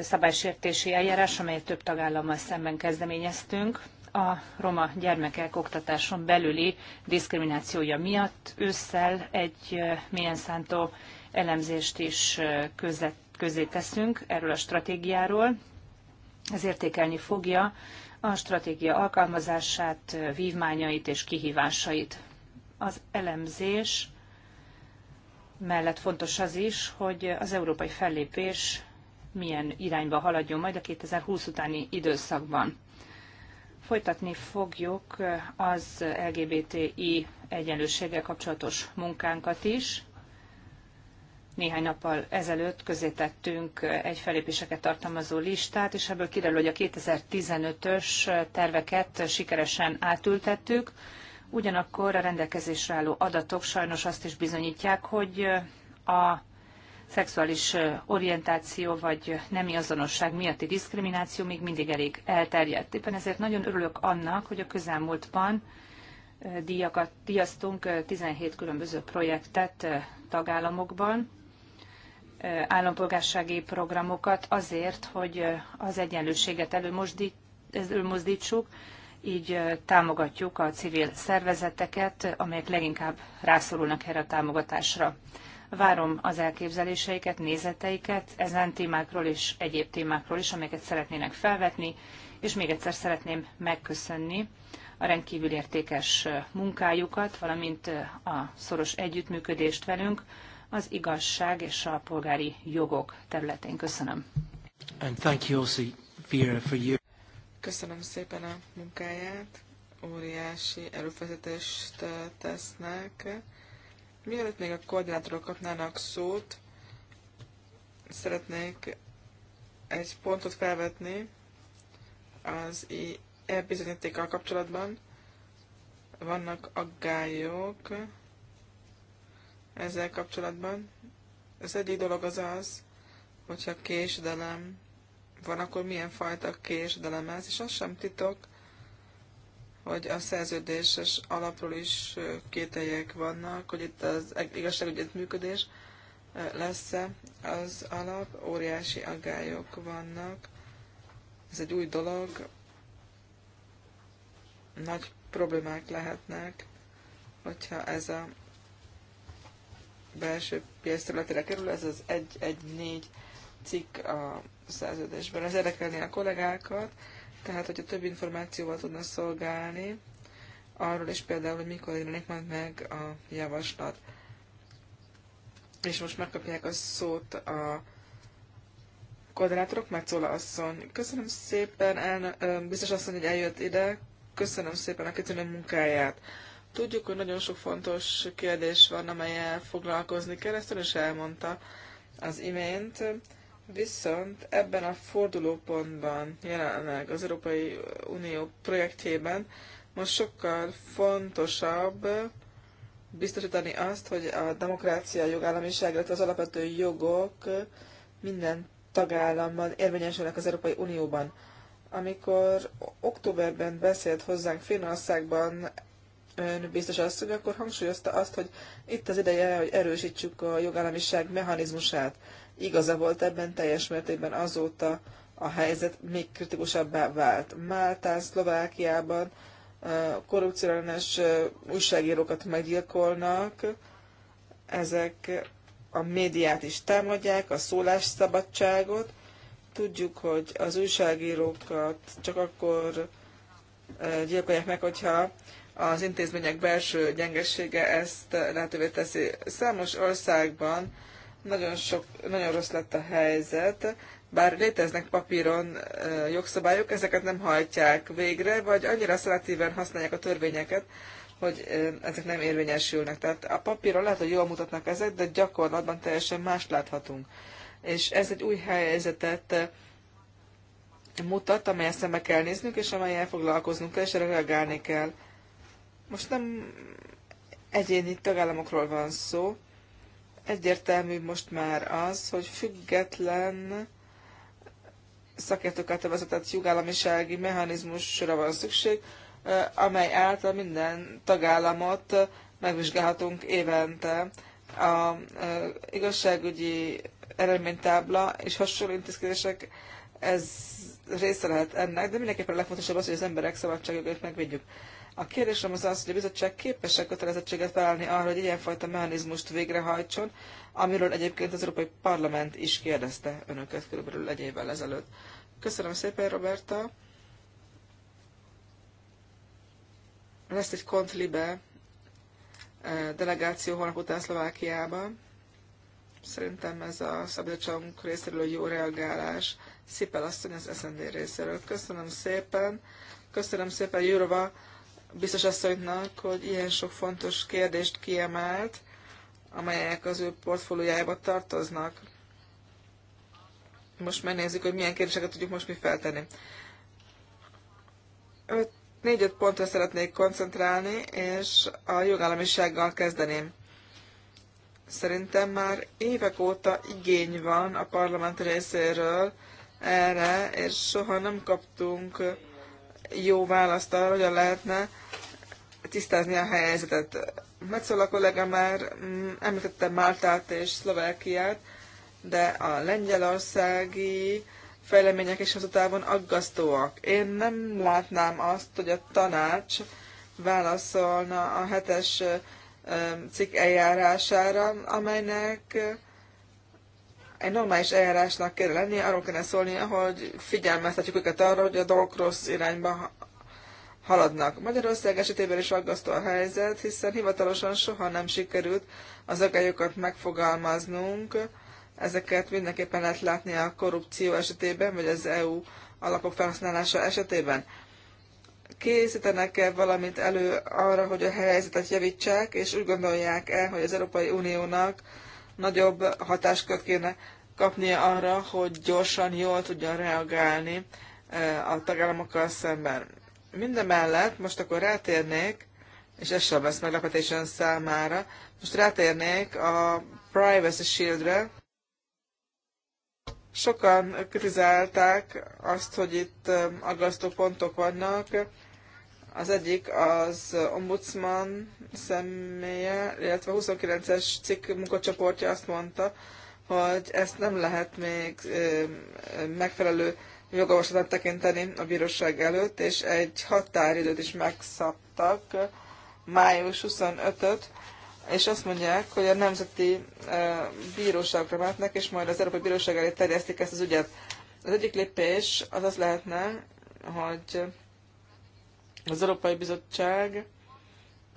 szabálysértési eljárás, amelyet több tagállammal szemben kezdeményeztünk, a roma gyermekek oktatáson belüli diszkriminációja miatt ősszel egy milyen szántó elemzést is közé teszünk erről a stratégiáról. Ez értékelni fogja a stratégia alkalmazását, vívmányait és kihívásait. Az elemzés mellett fontos az is, hogy az európai fellépés milyen irányba haladjon majd a 2020 utáni időszakban. Folytatni fogjuk az LGBTI egyenlőséggel kapcsolatos munkánkat is, néhány nappal ezelőtt tettünk egy felépéseket tartalmazó listát, és ebből kiderül, hogy a 2015-ös terveket sikeresen átültettük. Ugyanakkor a rendelkezésre álló adatok sajnos azt is bizonyítják, hogy a szexuális orientáció vagy nemi azonosság miatti diszkrimináció még mindig elég elterjedt. Éppen ezért nagyon örülök annak, hogy a közelmúltban díjakat, díjaztunk 17 különböző projektet tagállamokban, állampolgársági programokat azért, hogy az egyenlőséget előmozdítsuk, így támogatjuk a civil szervezeteket, amelyek leginkább rászorulnak erre a támogatásra. Várom az elképzeléseiket, nézeteiket ezen témákról és egyéb témákról is, amelyeket szeretnének felvetni, és még egyszer szeretném megköszönni a rendkívül értékes munkájukat, valamint a szoros együttműködést velünk, az igazság és a polgári jogok területén. Köszönöm. And thank you also, Vera, for you. Köszönöm szépen a munkáját. Óriási erőfeszítést eh, tesznek. Mielőtt még a koordinátorok kapnának szót, szeretnék egy pontot felvetni az e-bizonyítékkal kapcsolatban. Vannak aggályok ezzel kapcsolatban. Az egyik dolog az az, hogyha késdelem van, akkor milyen fajta késdelem ez, és az sem titok, hogy a szerződéses alapról is kételjek vannak, hogy itt az igazságügyet működés lesz-e az alap, óriási aggályok vannak. Ez egy új dolog, nagy problémák lehetnek, hogyha ez a belső piac területére kerül, ez az 1.1.4 cikk a szerződésben. Ez érdekelné a kollégákat, tehát hogyha több információval tudna szolgálni, arról is például, hogy mikor jelenik majd meg a javaslat. És most megkapják a szót a koordinátorok, mert Szóla asszony. Köszönöm szépen, elnö- biztos asszony, hogy eljött ide. Köszönöm szépen a kitűnő munkáját. Tudjuk, hogy nagyon sok fontos kérdés van, amelyel foglalkozni kell, ezt ön is elmondta az imént. Viszont ebben a fordulópontban jelenleg az Európai Unió projektjében most sokkal fontosabb biztosítani azt, hogy a demokrácia, a jogállamiság, illetve az alapvető jogok minden tagállamban érvényesülnek az Európai Unióban. Amikor októberben beszélt hozzánk Finnországban ön biztos asszony, akkor hangsúlyozta azt, hogy itt az ideje, hogy erősítsük a jogállamiság mechanizmusát. Igaza volt ebben teljes mértékben azóta a helyzet még kritikusabbá vált. Máltán, Szlovákiában korrupcióellenes újságírókat meggyilkolnak, ezek a médiát is támadják, a szólásszabadságot. Tudjuk, hogy az újságírókat csak akkor gyilkolják meg, hogyha az intézmények belső gyengessége ezt lehetővé teszi. Számos országban nagyon, sok, nagyon rossz lett a helyzet, bár léteznek papíron jogszabályok, ezeket nem hajtják végre, vagy annyira szelektíven használják a törvényeket, hogy ezek nem érvényesülnek. Tehát a papíron lehet, hogy jól mutatnak ezek, de gyakorlatban teljesen más láthatunk. És ez egy új helyzetet mutat, amelyet szembe kell néznünk, és amelyen foglalkoznunk kell, és erre reagálni kell. Most nem egyéni tagállamokról van szó. Egyértelmű most már az, hogy független szakértők által vezetett jogállamisági mechanizmusra van szükség, amely által minden tagállamot megvizsgálhatunk évente. A igazságügyi eredménytábla és hasonló intézkedések ez része lehet ennek, de mindenképpen a legfontosabb az, hogy az emberek szabadságjogait megvédjük. A kérdésem az az, hogy a bizottság képes-e kötelezettséget vállalni arra, hogy ilyenfajta mechanizmust végrehajtson, amiről egyébként az Európai Parlament is kérdezte önöket körülbelül egy évvel ezelőtt. Köszönöm szépen, Roberta. Lesz egy kontlibe eh, delegáció holnap után Szlovákiában. Szerintem ez a szabadságunk részéről jó reagálás. Szépen asszony az SND részéről. Köszönöm szépen. Köszönöm szépen, Jurova biztos asszonynak, hogy ilyen sok fontos kérdést kiemelt, amelyek az ő portfóliójába tartoznak. Most megnézzük, hogy milyen kérdéseket tudjuk most mi feltenni. Négy-öt pontra szeretnék koncentrálni, és a jogállamisággal kezdeném. Szerintem már évek óta igény van a parlament részéről erre, és soha nem kaptunk jó választ arra, hogyan lehetne tisztázni a helyzetet. a kollega már mm, említette Máltát és Szlovákiát, de a lengyelországi fejlemények is hazatávon aggasztóak. Én nem látnám azt, hogy a tanács válaszolna a hetes cikk eljárására, amelynek egy normális eljárásnak kell lenni, arról kellene szólnia, hogy figyelmeztetjük őket arra, hogy a dolgok rossz irányba haladnak. Magyarország esetében is aggasztó a helyzet, hiszen hivatalosan soha nem sikerült az agályokat megfogalmaznunk, ezeket mindenképpen lehet látni a korrupció esetében, vagy az EU alapok felhasználása esetében. Készítenek-e valamit elő arra, hogy a helyzetet javítsák, és úgy gondolják el, hogy az Európai Uniónak nagyobb hatáskört kéne kapnia arra, hogy gyorsan, jól tudjon reagálni e, a tagállamokkal szemben. Mindemellett most akkor rátérnék, és ez sem lesz meglepetésen számára, most rátérnék a Privacy Shieldre. Sokan kritizálták azt, hogy itt e, aggasztó pontok vannak, az egyik az ombudsman személye, illetve a 29-es cikk munkacsoportja azt mondta, hogy ezt nem lehet még megfelelő jogorvoslatát tekinteni a bíróság előtt, és egy határidőt is megszabtak, május 25-öt, és azt mondják, hogy a nemzeti bíróságra mehetnek, és majd az Európai Bíróság elé terjesztik ezt az ügyet. Az egyik lépés az az lehetne, hogy az Európai Bizottság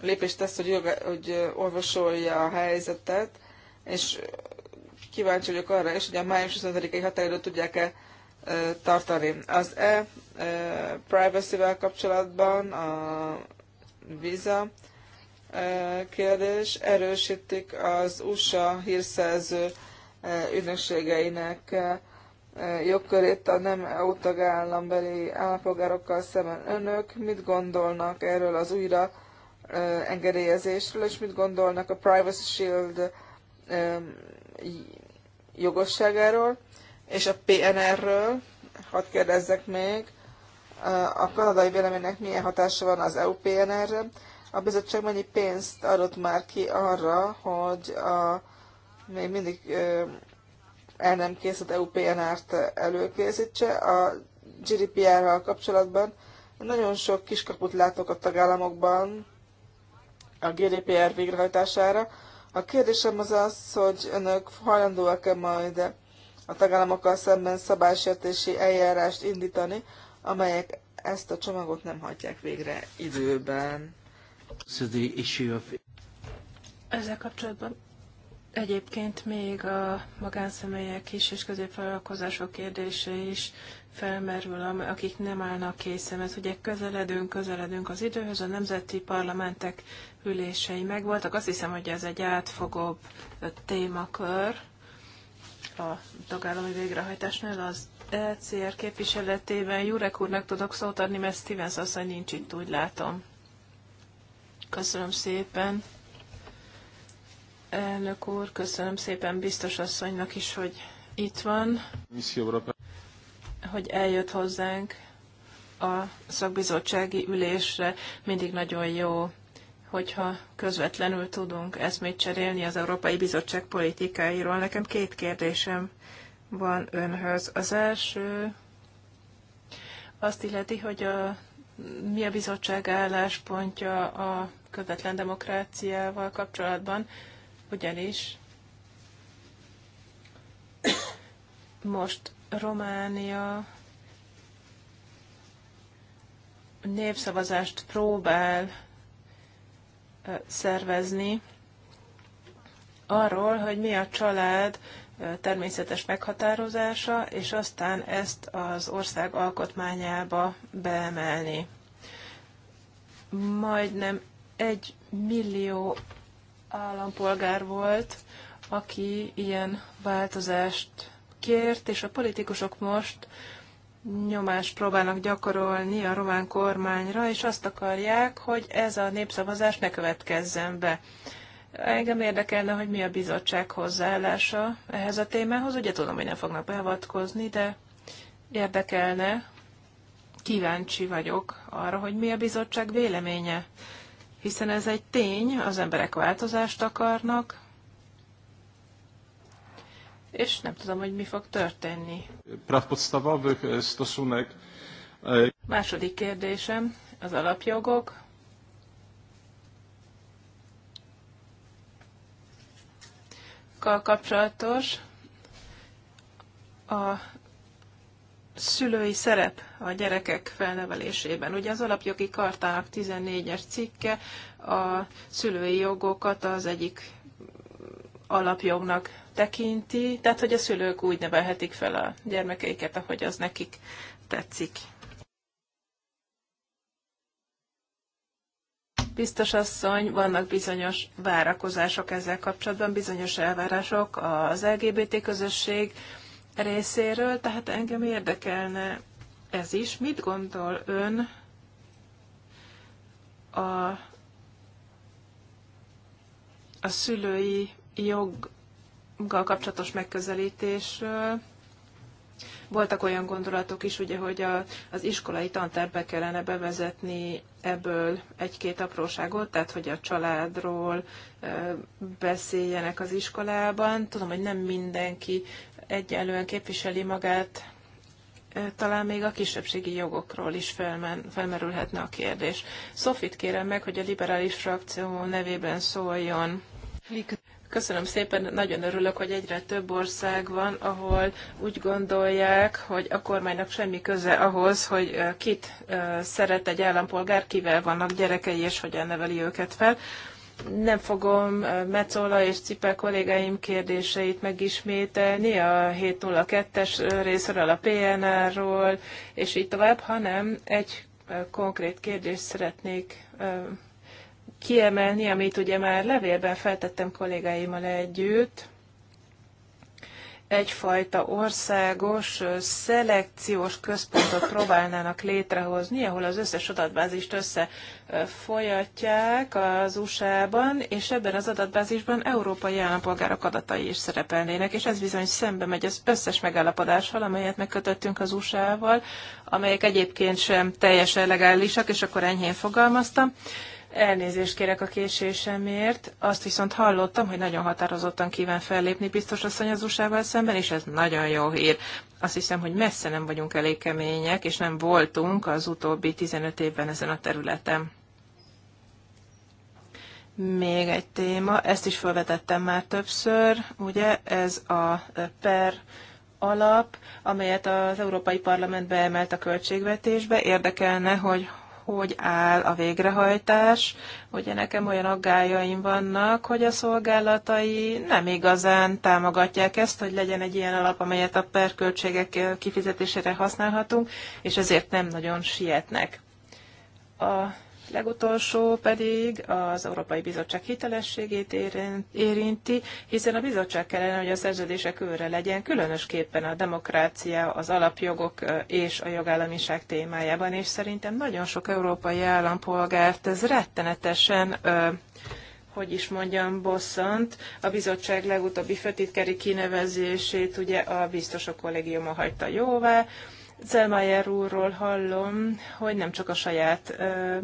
lépést tesz, hogy, joga, hogy orvosolja a helyzetet, és kíváncsi vagyok arra is, hogy a május 25-i határidőt tudják-e tartani. Az e-privacy-vel kapcsolatban a víza kérdés erősítik az USA hírszerző ügynökségeinek E, jogkörét a nem EU tagállambeli állampolgárokkal szemben. Önök mit gondolnak erről az újra e, engedélyezésről, és mit gondolnak a Privacy Shield e, jogosságáról, és a PNR-ről, hadd kérdezzek még, a kanadai véleménynek milyen hatása van az EU PNR-re, a bizottság mennyi pénzt adott már ki arra, hogy a még mindig el nem készült EU PNR-t előkészítse. A GDPR-ral kapcsolatban nagyon sok kiskaput látok a tagállamokban a GDPR végrehajtására. A kérdésem az az, hogy önök hajlandóak-e majd a tagállamokkal szemben szabálysértési eljárást indítani, amelyek ezt a csomagot nem hagyják végre időben. So the issue of... Ezzel kapcsolatban Egyébként még a magánszemélyek is és középvállalkozások kérdése is felmerül, akik nem állnak készen. Mert ugye közeledünk, közeledünk az időhöz, a nemzeti parlamentek ülései megvoltak. Azt hiszem, hogy ez egy átfogóbb témakör a tagállami végrehajtásnál az ECR képviseletében. Jurek úrnak tudok szót adni, mert Stevens asszony nincs itt, úgy látom. Köszönöm szépen elnök úr, köszönöm szépen biztos asszonynak is, hogy itt van, hogy eljött hozzánk a szakbizottsági ülésre. Mindig nagyon jó, hogyha közvetlenül tudunk eszmét cserélni az Európai Bizottság politikáiról. Nekem két kérdésem van önhöz. Az első azt illeti, hogy a, mi a bizottság álláspontja a közvetlen demokráciával kapcsolatban ugyanis most Románia népszavazást próbál szervezni arról, hogy mi a család természetes meghatározása, és aztán ezt az ország alkotmányába beemelni. Majdnem egy millió állampolgár volt, aki ilyen változást kért, és a politikusok most nyomást próbálnak gyakorolni a román kormányra, és azt akarják, hogy ez a népszavazás ne következzen be. Engem érdekelne, hogy mi a bizottság hozzáállása ehhez a témához. Ugye tudom, hogy nem fognak beavatkozni, de érdekelne, kíváncsi vagyok arra, hogy mi a bizottság véleménye hiszen ez egy tény, az emberek változást akarnak, és nem tudom, hogy mi fog történni. E, stosunek. E, Második kérdésem, az alapjogok. kapcsolatos a szülői szerep a gyerekek felnevelésében. Ugye az alapjogi kartának 14-es cikke a szülői jogokat az egyik alapjognak tekinti, tehát hogy a szülők úgy nevelhetik fel a gyermekeiket, ahogy az nekik tetszik. Biztos asszony, vannak bizonyos várakozások ezzel kapcsolatban, bizonyos elvárások az LGBT közösség, részéről, tehát engem érdekelne ez is. Mit gondol ön a, a szülői joggal kapcsolatos megközelítésről? Voltak olyan gondolatok is, ugye, hogy a, az iskolai tanterbe kellene bevezetni ebből egy-két apróságot, tehát hogy a családról beszéljenek az iskolában. Tudom, hogy nem mindenki egyenlően képviseli magát, talán még a kisebbségi jogokról is felmen, felmerülhetne a kérdés. Sofit kérem meg, hogy a liberális frakció nevében szóljon. Köszönöm szépen, nagyon örülök, hogy egyre több ország van, ahol úgy gondolják, hogy a kormánynak semmi köze ahhoz, hogy kit szeret egy állampolgár, kivel vannak gyerekei és hogyan neveli őket fel nem fogom eh, Metzola és Cipe kollégáim kérdéseit megismételni a 702-es eh, részről, a PNR-ról, és így tovább, hanem egy eh, konkrét kérdést szeretnék kiemelni, amit ugye már levélben feltettem kollégáimmal együtt, egyfajta országos szelekciós központot próbálnának létrehozni, ahol az összes adatbázist összefolyatják az USA-ban, és ebben az adatbázisban európai állampolgárok adatai is szerepelnének, és ez bizony szembe megy az összes megállapodással, amelyet megkötöttünk az USA-val, amelyek egyébként sem teljesen legálisak, és akkor enyhén fogalmaztam. Elnézést kérek a késésemért. Azt viszont hallottam, hogy nagyon határozottan kíván fellépni biztos asszony az szemben, és ez nagyon jó hír. Azt hiszem, hogy messze nem vagyunk elég kemények, és nem voltunk az utóbbi 15 évben ezen a területen. Még egy téma, ezt is felvetettem már többször, ugye ez a per alap, amelyet az Európai Parlament beemelt a költségvetésbe. Érdekelne, hogy hogy áll a végrehajtás. Ugye nekem olyan aggájaim vannak, hogy a szolgálatai nem igazán támogatják ezt, hogy legyen egy ilyen alap, amelyet a perköltségek kifizetésére használhatunk, és ezért nem nagyon sietnek. A Legutolsó pedig az Európai Bizottság hitelességét érinti, hiszen a bizottság kellene, hogy a szerződések őre legyen, különösképpen a demokrácia, az alapjogok és a jogállamiság témájában, és szerintem nagyon sok európai állampolgárt ez rettenetesen hogy is mondjam, bosszant. A bizottság legutóbbi főtitkári kinevezését ugye a biztosok kollégiuma hagyta jóvá. Zelmayer úrról hallom, hogy nem csak a saját ö,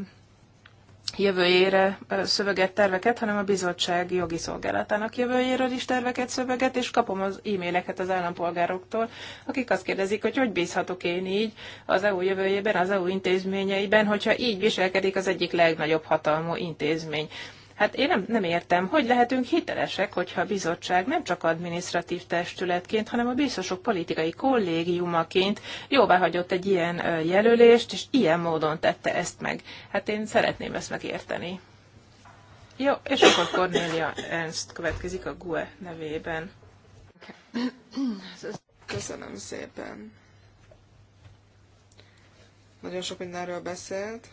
jövőjére szöveget, terveket, hanem a bizottság jogi szolgálatának jövőjéről is terveket, szöveget, és kapom az e-maileket az állampolgároktól, akik azt kérdezik, hogy hogy bízhatok én így az EU jövőjében, az EU intézményeiben, hogyha így viselkedik az egyik legnagyobb hatalmú intézmény. Hát én nem, nem értem, hogy lehetünk hitelesek, hogyha a bizottság nem csak adminisztratív testületként, hanem a biztosok politikai kollégiumaként hagyott egy ilyen jelölést, és ilyen módon tette ezt meg. Hát én szeretném ezt megérteni. Jó, és akkor Cornélia Ernst következik a GUE nevében. Köszönöm szépen. Nagyon sok mindenről beszélt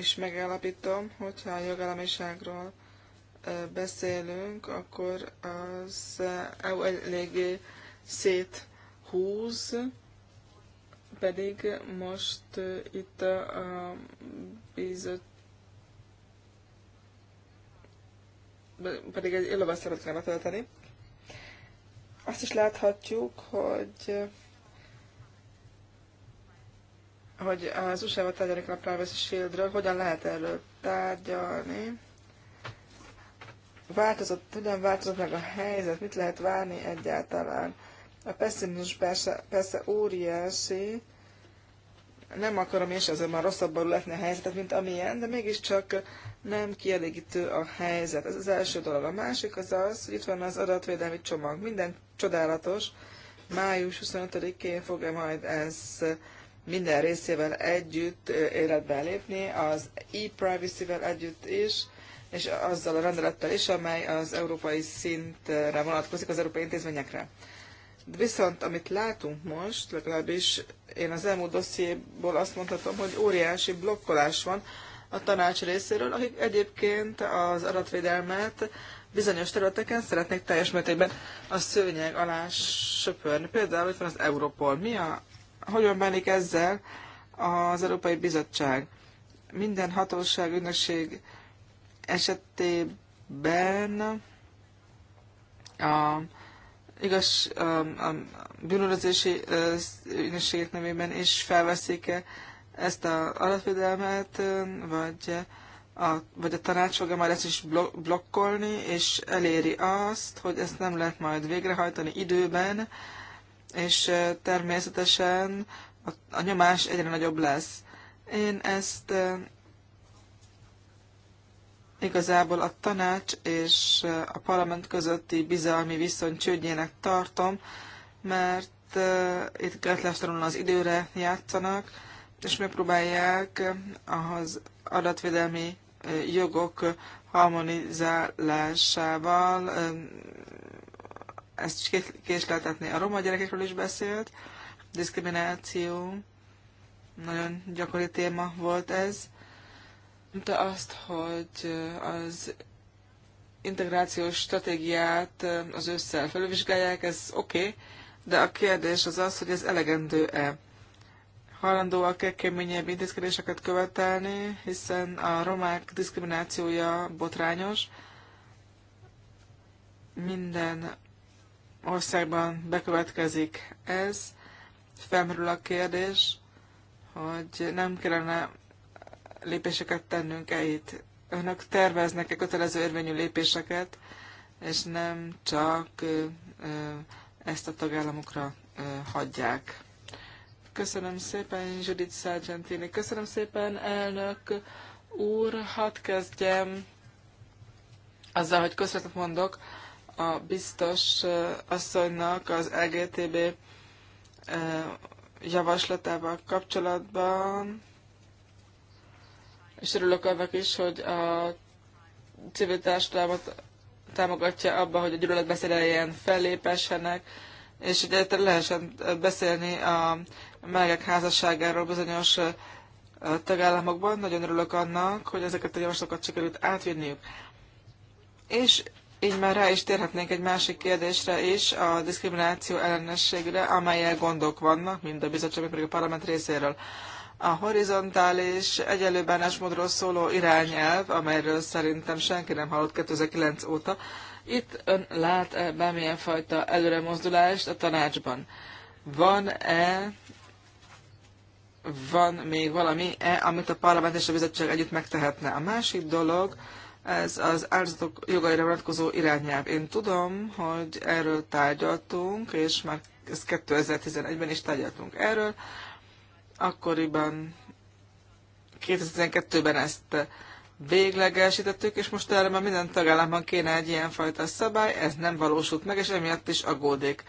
és megállapítom, hogyha a jogállamiságról beszélünk, akkor az eléggé széthúz, pedig most itt a bizot pedig egy élőben szeretném kellene tölteni. Azt is láthatjuk, hogy hogy az USA-val tárgyalni kell a Privacy shield hogyan lehet erről tárgyalni, változott, hogyan változott meg a helyzet, mit lehet várni egyáltalán. A pessimizmus persze, persze óriási, nem akarom én se azért már rosszabbul lehetne a helyzetet, mint amilyen, de mégiscsak nem kielégítő a helyzet. Ez az első dolog. A másik az az, hogy itt van az adatvédelmi csomag. Minden csodálatos. Május 25-én fogja majd ez minden részével együtt életbe lépni, az e-privacy-vel együtt is, és azzal a rendelettel is, amely az európai szintre vonatkozik, az európai intézményekre. De viszont amit látunk most, legalábbis én az elmúlt dossziéból azt mondhatom, hogy óriási blokkolás van a tanács részéről, akik egyébként az adatvédelmet bizonyos területeken szeretnék teljes mértékben a szőnyeg alá söpörni. Például itt van az Europol. Mi a hogyan bánik ezzel az Európai Bizottság? Minden hatóság, ügynökség esetében a, igaz, a, a bűnözési ügynökségek nevében is felveszik-e ezt a alapvédelmet, vagy a, vagy a tanács fogja majd ezt is blokkolni, és eléri azt, hogy ezt nem lehet majd végrehajtani időben, és természetesen a, a nyomás egyre nagyobb lesz. Én ezt igazából a tanács és a parlament közötti bizalmi viszony csődjének tartom, mert itt gátlástalanul az időre játszanak, és megpróbálják az adatvédelmi jogok harmonizálásával ezt is késleltetni. A roma gyerekekről is beszélt, diszkrimináció, nagyon gyakori téma volt ez. Mondta azt, hogy az integrációs stratégiát az ősszel felvizsgálják, ez oké, okay, de a kérdés az az, hogy ez elegendő-e. Hajlandóak-e keményebb intézkedéseket követelni, hiszen a romák diszkriminációja botrányos. Minden országban bekövetkezik ez, felmerül a kérdés, hogy nem kellene lépéseket tennünk -e itt. Önök terveznek-e kötelező érvényű lépéseket, és nem csak ezt a tagállamokra hagyják. Köszönöm szépen, Judith Sargentini. Köszönöm szépen, elnök úr. Hadd kezdjem azzal, hogy köszönetet mondok a biztos asszonynak az LGTB javaslatával kapcsolatban, és örülök annak is, hogy a civil társadalmat támogatja abba, hogy a gyűlöletbeszéd ilyen fellépessenek, és hogy lehessen beszélni a melegek házasságáról bizonyos tagállamokban. Nagyon örülök annak, hogy ezeket a javaslatokat sikerült átvinniük. És így már rá is térhetnénk egy másik kérdésre is, a diszkrimináció ellenességre, amelyel gondok vannak, mind a bizottság, mind pedig a parlament részéről. A horizontális, egyelő bánásmódról szóló irányelv, amelyről szerintem senki nem hallott 2009 óta, itt ön lát -e bármilyen fajta előremozdulást a tanácsban? Van-e van még valami, -e, amit a parlament és a bizottság együtt megtehetne? A másik dolog, ez az áldozatok jogaira vonatkozó irányelv. Én tudom, hogy erről tárgyaltunk, és már ezt 2011-ben is tárgyaltunk erről. Akkoriban 2012-ben ezt véglegesítettük, és most erre már minden tagállamban kéne egy ilyenfajta szabály, ez nem valósult meg, és emiatt is aggódik.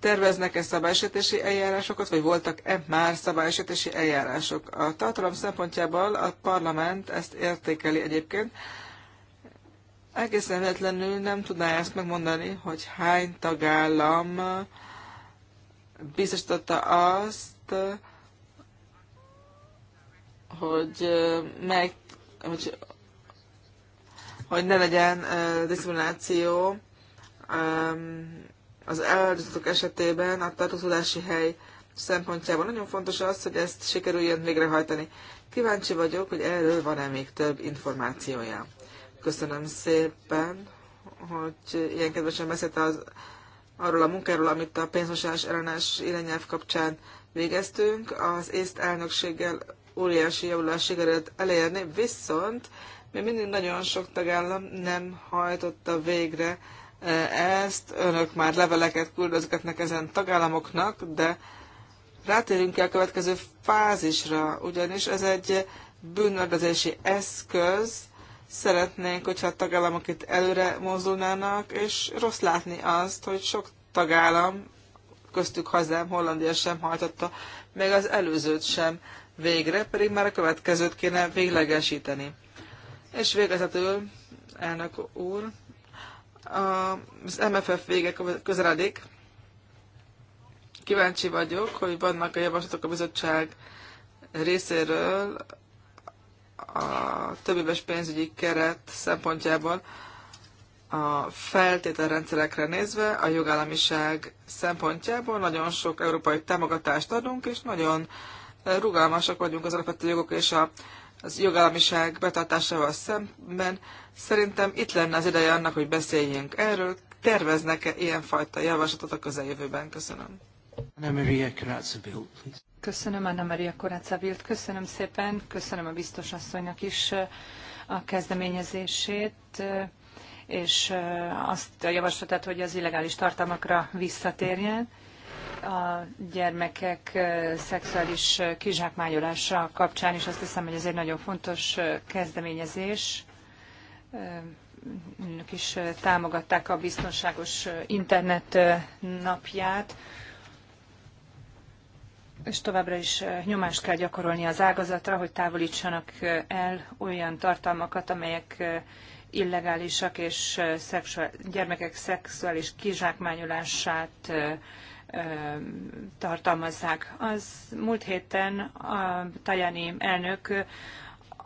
Terveznek-e szabálysértési eljárásokat, vagy voltak-e már szabálysértési eljárások? A tartalom szempontjából a parlament ezt értékeli egyébként, Egészen véletlenül nem tudná ezt megmondani, hogy hány tagállam biztosította azt, hogy, meg, hogy, hogy ne legyen uh, diszkrimináció um, az eladatok esetében a tartózkodási hely szempontjából. Nagyon fontos az, hogy ezt sikerüljön végrehajtani. Kíváncsi vagyok, hogy erről van-e még több információja. Köszönöm szépen, hogy ilyen kedvesen beszélt az, arról a munkáról, amit a pénzmosás ellenes irányelv kapcsán végeztünk. Az észt elnökséggel óriási javulás sikerült elérni, viszont még mindig nagyon sok tagállam nem hajtotta végre e, ezt. Önök már leveleket küldözgetnek ezen tagállamoknak, de rátérünk el a következő fázisra, ugyanis ez egy bűnöldözési eszköz, szeretnénk, hogyha a tagállamok itt előre mozdulnának, és rossz látni azt, hogy sok tagállam, köztük hazám, Hollandia sem hajtotta, meg az előzőt sem végre, pedig már a következőt kéne véglegesíteni. És végezetül, elnök úr, az MFF vége közeledik. Kíváncsi vagyok, hogy vannak a javaslatok a bizottság részéről a többéves pénzügyi keret szempontjából a feltételrendszerekre nézve, a jogállamiság szempontjából nagyon sok európai támogatást adunk, és nagyon eh, rugalmasak vagyunk az alapvető jogok és a az jogállamiság betartásával szemben. Szerintem itt lenne az ideje annak, hogy beszéljünk erről. Terveznek-e ilyenfajta javaslatot a közeljövőben? Köszönöm. Anna Maria Corazza-Bilt, please. Köszönöm Anna Maria Korácabilt, köszönöm szépen, köszönöm a biztos asszonynak is a kezdeményezését, és azt a javaslatát, hogy az illegális tartalmakra visszatérjen. A gyermekek szexuális kizsákmányolása kapcsán is azt hiszem, hogy ez egy nagyon fontos kezdeményezés. Önök is támogatták a biztonságos internet napját és továbbra is nyomást kell gyakorolni az ágazatra, hogy távolítsanak el olyan tartalmakat, amelyek illegálisak és szexuál, gyermekek szexuális kizsákmányolását tartalmazzák. Az múlt héten a Tajani elnök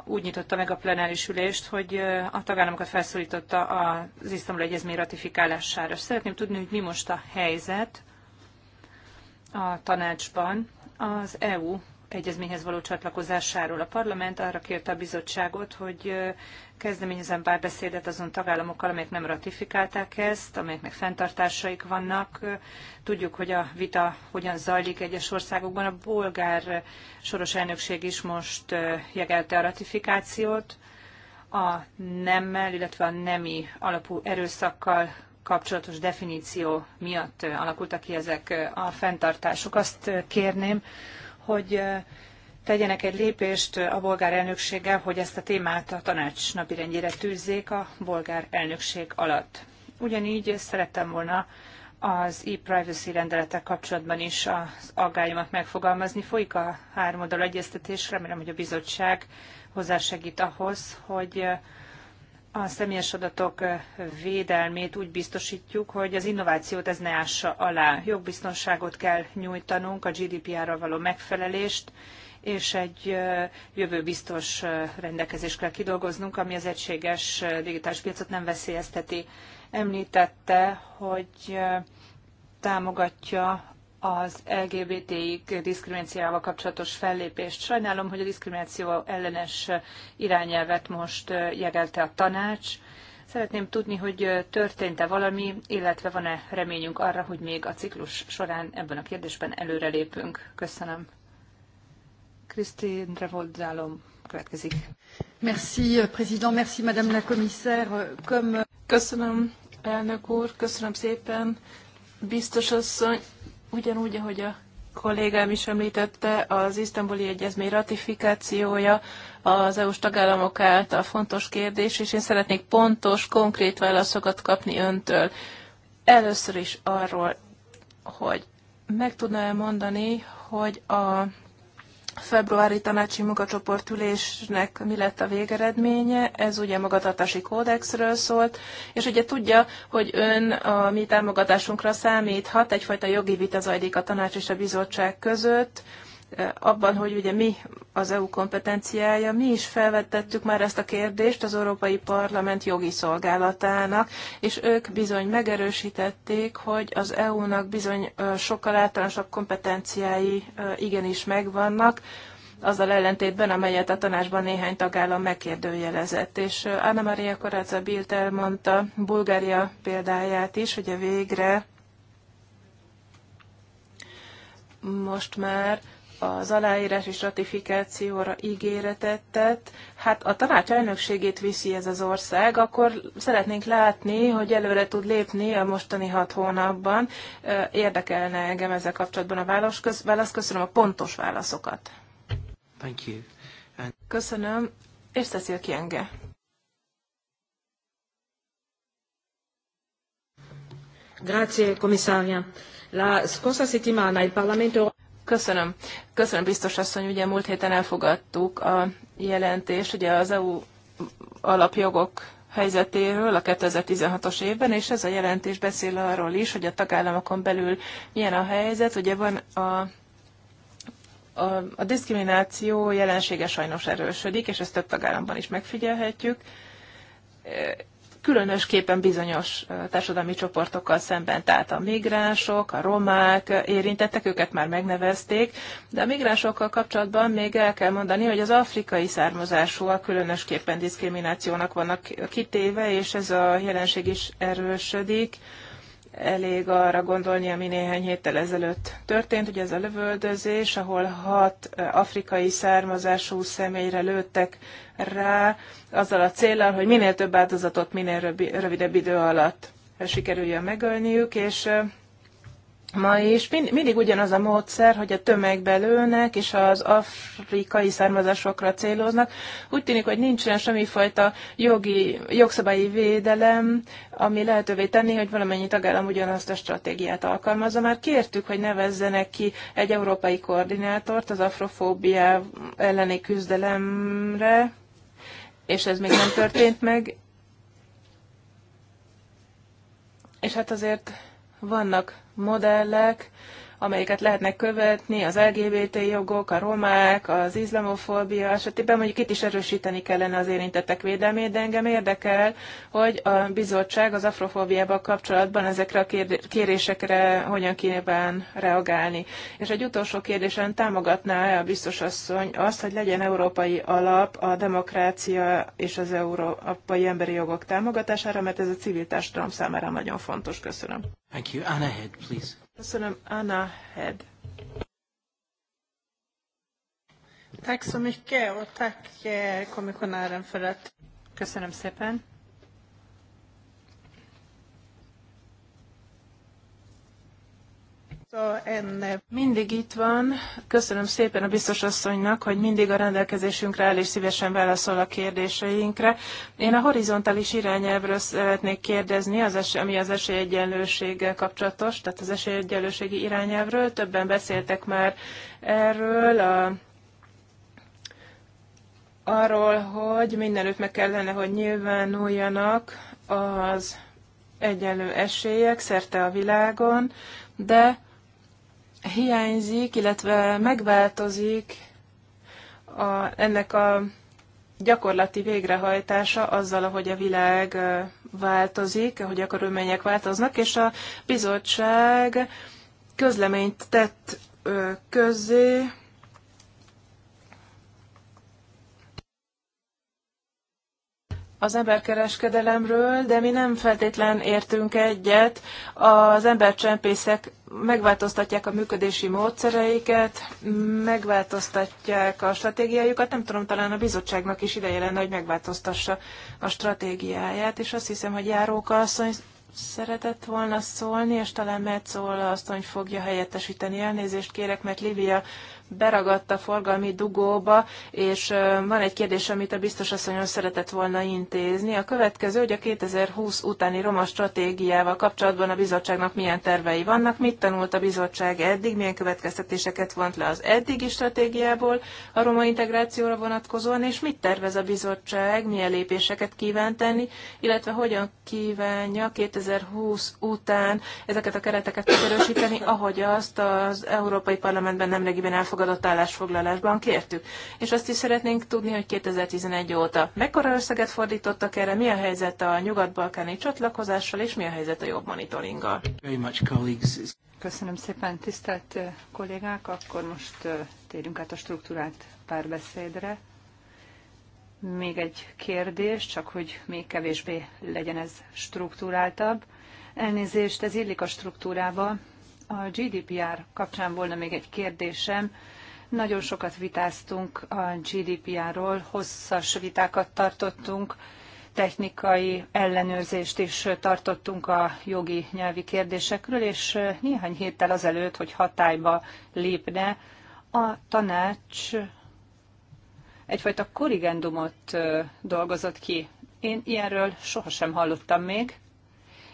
úgy nyitotta meg a plenáris ülést, hogy a tagállamokat felszólította az Isztambul Egyezmény ratifikálására. Szeretném tudni, hogy mi most a helyzet a tanácsban az EU egyezményhez való csatlakozásáról. A parlament arra kérte a bizottságot, hogy kezdeményezzen párbeszédet azon tagállamokkal, amelyek nem ratifikálták ezt, amelyeknek fenntartásaik vannak. Tudjuk, hogy a vita hogyan zajlik egyes országokban. A bolgár soros elnökség is most jegelte a ratifikációt. A nemmel, illetve a nemi alapú erőszakkal kapcsolatos definíció miatt alakultak ki ezek a fenntartások. Azt kérném, hogy tegyenek egy lépést a bolgár elnökséggel, hogy ezt a témát a tanács napirendjére tűzzék a bolgár elnökség alatt. Ugyanígy szerettem volna az e-privacy rendeletek kapcsolatban is az aggályomat megfogalmazni. Folyik a háromoldal egyeztetés, remélem, hogy a bizottság hozzásegít ahhoz, hogy a személyes adatok védelmét úgy biztosítjuk, hogy az innovációt ez ne ássa alá. Jogbiztonságot kell nyújtanunk, a GDPR-ral való megfelelést, és egy jövőbiztos rendelkezést kell kidolgoznunk, ami az egységes digitális piacot nem veszélyezteti. Említette, hogy támogatja az LGBTI diszkriminációval kapcsolatos fellépést. Sajnálom, hogy a diszkrimináció ellenes irányelvet most jegelte a tanács. Szeretném tudni, hogy történt-e valami, illetve van-e reményünk arra, hogy még a ciklus során ebben a kérdésben előrelépünk. Köszönöm. Krisztin Revoldzálom következik. Merci, euh, président, merci, madame la commissaire. Comme... Euh, köszönöm, elnök úr, köszönöm szépen, biztos asszony Ugyanúgy, ahogy a kollégám is említette, az isztambuli egyezmény ratifikációja az EU-s tagállamok által fontos kérdés, és én szeretnék pontos, konkrét válaszokat kapni öntől. Először is arról, hogy meg tudná-e mondani, hogy a februári tanácsi munkacsoportülésnek mi lett a végeredménye, ez ugye magatartási kódexről szólt, és ugye tudja, hogy ön a mi támogatásunkra számíthat, egyfajta jogi vita zajlik a tanács és a bizottság között, abban, hogy ugye mi az EU kompetenciája, mi is felvettettük már ezt a kérdést az Európai Parlament jogi szolgálatának, és ők bizony megerősítették, hogy az EU-nak bizony sokkal általánosabb kompetenciái igenis megvannak, azzal ellentétben, amelyet a tanácsban néhány tagállam megkérdőjelezett. És Anna Maria Koráca Bilt elmondta Bulgária példáját is, hogy a végre most már az aláírás és ratifikációra ígéretet tett, hát a tanács elnökségét viszi ez az ország, akkor szeretnénk látni, hogy előre tud lépni a mostani hat hónapban. Érdekelne engem ezzel kapcsolatban a válasz. Köszönöm a pontos válaszokat. Thank you. And... Köszönöm, és Cecil Kienge. Grazie, commissaria. La scorsa settimana il Parlamento Köszönöm. Köszönöm, biztos asszony. Ugye múlt héten elfogadtuk a jelentést, ugye az EU alapjogok helyzetéről a 2016-os évben, és ez a jelentés beszél arról is, hogy a tagállamokon belül milyen a helyzet. Ugye van a a, a diszkrimináció jelensége sajnos erősödik, és ezt több tagállamban is megfigyelhetjük különösképpen bizonyos társadalmi csoportokkal szemben, tehát a migránsok, a romák érintettek, őket már megnevezték, de a migránsokkal kapcsolatban még el kell mondani, hogy az afrikai származásúak különösképpen diszkriminációnak vannak kitéve, és ez a jelenség is erősödik elég arra gondolni, ami néhány héttel ezelőtt történt, hogy ez a lövöldözés, ahol hat afrikai származású személyre lőttek rá, azzal a célral, hogy minél több áldozatot minél rövidebb idő alatt sikerüljön megölniük, és ma is. Mind, mindig ugyanaz a módszer, hogy a tömegbe lőnek, és az afrikai származásokra céloznak. Úgy tűnik, hogy nincsen semmifajta jogi, jogszabályi védelem, ami lehetővé tenni, hogy valamennyi tagállam ugyanazt a stratégiát alkalmazza. Már kértük, hogy nevezzenek ki egy európai koordinátort az afrofóbia elleni küzdelemre, és ez még nem történt meg. És hát azért vannak modellek, amelyeket lehetnek követni, az LGBT jogok, a romák, az izlamofóbia stb. mondjuk itt is erősíteni kellene az érintettek védelmét, de engem érdekel, hogy a bizottság az afrofóbiával kapcsolatban ezekre a kérésekre hogyan kíván reagálni. És egy utolsó kérdésen támogatná-e a biztos asszony azt, hogy legyen európai alap a demokrácia és az európai emberi jogok támogatására, mert ez a civil társadalom számára nagyon fontos. Köszönöm. Thank you. Anna Head, please. Köszönöm, Anna Head. Tack så mycket och tack eh, kommissionären för att... Köszönöm szépen. Mindig itt van. Köszönöm szépen a biztos asszonynak, hogy mindig a rendelkezésünkre áll és szívesen válaszol a kérdéseinkre. Én a horizontális irányelvről szeretnék kérdezni, az es- ami az esélyegyenlőséggel kapcsolatos, tehát az esélyegyenlőségi irányelvről. Többen beszéltek már erről. A arról, hogy mindenütt meg kellene, hogy nyilvánuljanak az egyenlő esélyek szerte a világon, de hiányzik, illetve megváltozik a, ennek a gyakorlati végrehajtása azzal, ahogy a világ változik, ahogy a körülmények változnak, és a bizottság közleményt tett közzé az emberkereskedelemről, de mi nem feltétlen értünk egyet. Az embercsempészek megváltoztatják a működési módszereiket, megváltoztatják a stratégiájukat. Nem tudom, talán a bizottságnak is ideje lenne, hogy megváltoztassa a stratégiáját, és azt hiszem, hogy Járóka asszony szeretett volna szólni, és talán Metzola asszony fogja helyettesíteni. Elnézést kérek, mert Livia beragadt a forgalmi dugóba, és van egy kérdés, amit a biztos asszonyon szeretett volna intézni. A következő, hogy a 2020 utáni roma stratégiával kapcsolatban a bizottságnak milyen tervei vannak, mit tanult a bizottság eddig, milyen következtetéseket vont le az eddigi stratégiából a roma integrációra vonatkozóan, és mit tervez a bizottság, milyen lépéseket kíván tenni, illetve hogyan kívánja 2020 után ezeket a kereteket megerősíteni, ahogy azt az Európai Parlamentben nemrégiben elfogadott elfogadott állásfoglalásban kértük. És azt is szeretnénk tudni, hogy 2011 óta mekkora összeget fordítottak erre, mi a helyzet a nyugat-balkáni csatlakozással, és mi a helyzet a jobb monitoringgal. Köszönöm szépen, tisztelt eh, kollégák! Akkor most eh, térjünk át a struktúrát párbeszédre. Még egy kérdés, csak hogy még kevésbé legyen ez struktúráltabb. Elnézést, ez illik a struktúrába. A GDPR kapcsán volna még egy kérdésem. Nagyon sokat vitáztunk a GDPR-ról, hosszas vitákat tartottunk, technikai ellenőrzést is tartottunk a jogi nyelvi kérdésekről, és néhány héttel azelőtt, hogy hatályba lépne, a tanács egyfajta korrigendumot dolgozott ki. Én ilyenről sohasem hallottam még,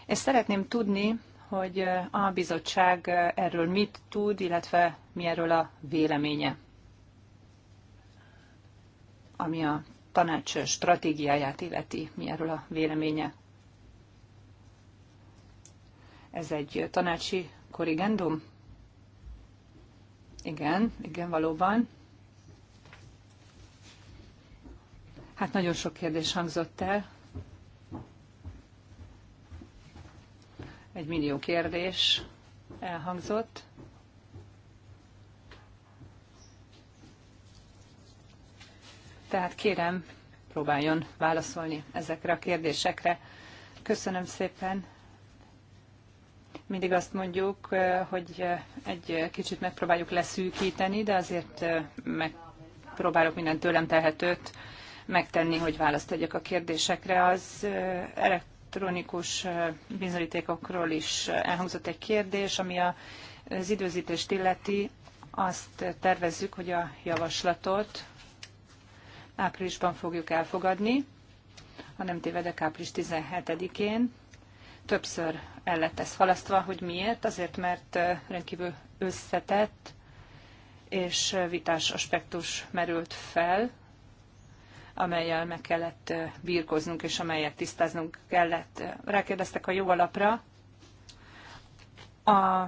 és szeretném tudni, hogy a bizottság erről mit tud, illetve mi erről a véleménye, ami a tanács stratégiáját illeti, mi erről a véleménye. Ez egy tanácsi korrigendum? Igen, igen, valóban. Hát nagyon sok kérdés hangzott el. Egy millió kérdés elhangzott. Tehát kérem, próbáljon válaszolni ezekre a kérdésekre. Köszönöm szépen. Mindig azt mondjuk, eh, hogy eh, egy kicsit megpróbáljuk leszűkíteni, de azért eh, megpróbálok minden tőlem telhetőt megtenni, hogy választ adjak a kérdésekre. Az elekt elektronikus bizonyítékokról is elhangzott egy kérdés, ami az időzítést illeti. Azt tervezzük, hogy a javaslatot áprilisban fogjuk elfogadni, ha nem tévedek április 17-én. Többször el lett ez halasztva, hogy miért? Azért, mert rendkívül összetett és vitás aspektus merült fel amelyel meg kellett birkoznunk, és amelyet tisztáznunk kellett. Rákérdeztek a alapra. A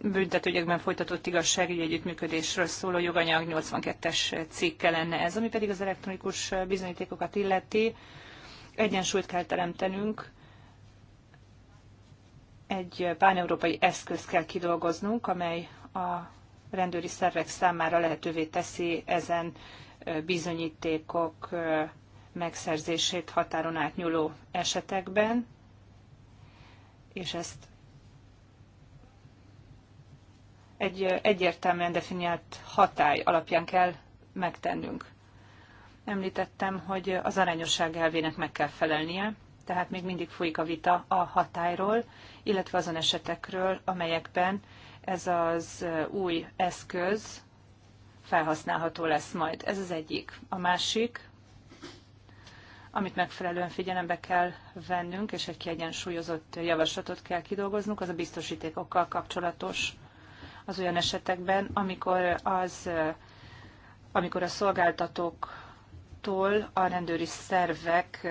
büntetőgyekben folytatott igazságügyi együttműködésről szóló joganyag 82-es cikke lenne ez, ami pedig az elektronikus bizonyítékokat illeti. Egyensúlyt kell teremtenünk, egy páneurópai eszközt kell kidolgoznunk, amely a rendőri szervek számára lehetővé teszi ezen bizonyítékok megszerzését határon átnyúló esetekben, és ezt egy egyértelműen definiált hatály alapján kell megtennünk. Említettem, hogy az arányosság elvének meg kell felelnie, tehát még mindig folyik a vita a hatályról, illetve azon esetekről, amelyekben ez az új eszköz felhasználható lesz majd. Ez az egyik. A másik, amit megfelelően figyelembe kell vennünk, és egy kiegyensúlyozott javaslatot kell kidolgoznunk, az a biztosítékokkal kapcsolatos az olyan esetekben, amikor, az, amikor a szolgáltatóktól a rendőri szervek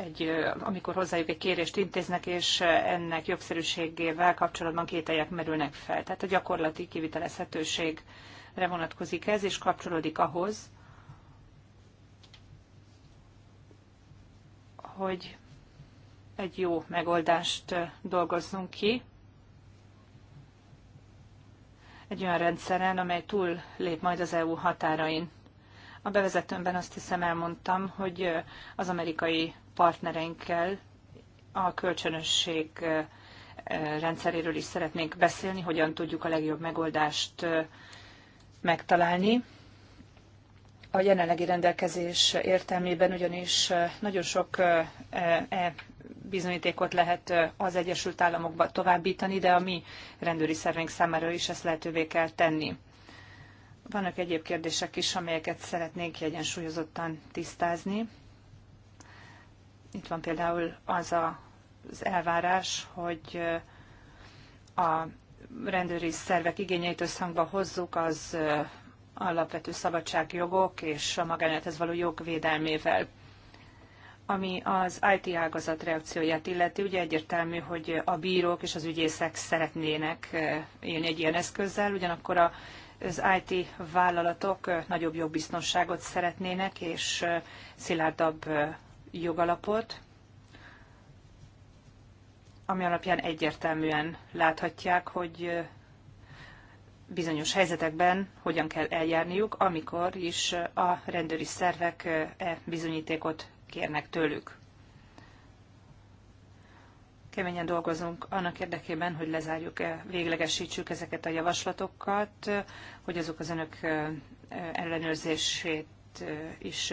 egy, amikor hozzájuk egy kérést intéznek, és ennek jogszerűségével kapcsolatban kételyek merülnek fel. Tehát a gyakorlati kivitelezhetőségre vonatkozik ez, és kapcsolódik ahhoz, hogy egy jó megoldást dolgozzunk ki, egy olyan rendszeren, amely túl lép majd az EU határain. A bevezetőmben azt hiszem elmondtam, hogy az amerikai partnereinkkel a kölcsönösség rendszeréről is szeretnénk beszélni, hogyan tudjuk a legjobb megoldást megtalálni. A jelenlegi rendelkezés értelmében ugyanis nagyon sok e bizonyítékot lehet az Egyesült Államokba továbbítani, de a mi rendőri szerveink számára is ezt lehetővé kell tenni. Vannak egyéb kérdések is, amelyeket szeretnék kiegyensúlyozottan tisztázni. Itt van például az a, az elvárás, hogy a rendőri szervek igényeit összhangba hozzuk az alapvető szabadságjogok és a magánélethez való jog védelmével. Ami az IT ágazat reakcióját illeti, ugye egyértelmű, hogy a bírók és az ügyészek szeretnének élni egy ilyen eszközzel, ugyanakkor a az IT vállalatok nagyobb jogbiztonságot szeretnének, és szilárdabb jogalapot, ami alapján egyértelműen láthatják, hogy bizonyos helyzetekben hogyan kell eljárniuk, amikor is a rendőri szervek e bizonyítékot kérnek tőlük. Keményen dolgozunk annak érdekében, hogy lezárjuk-e, véglegesítsük ezeket a javaslatokat, hogy azok az önök ellenőrzését is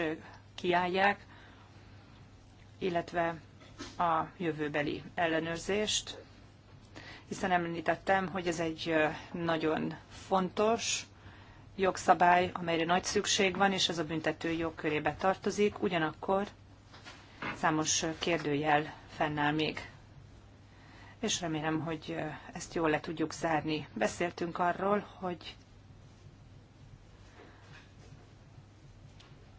kiállják, illetve a jövőbeli ellenőrzést, hiszen említettem, hogy ez egy nagyon fontos jogszabály, amelyre nagy szükség van, és ez a büntető jogkörébe tartozik, ugyanakkor számos kérdőjel fennáll még. És remélem, hogy ezt jól le tudjuk zárni. Beszéltünk arról, hogy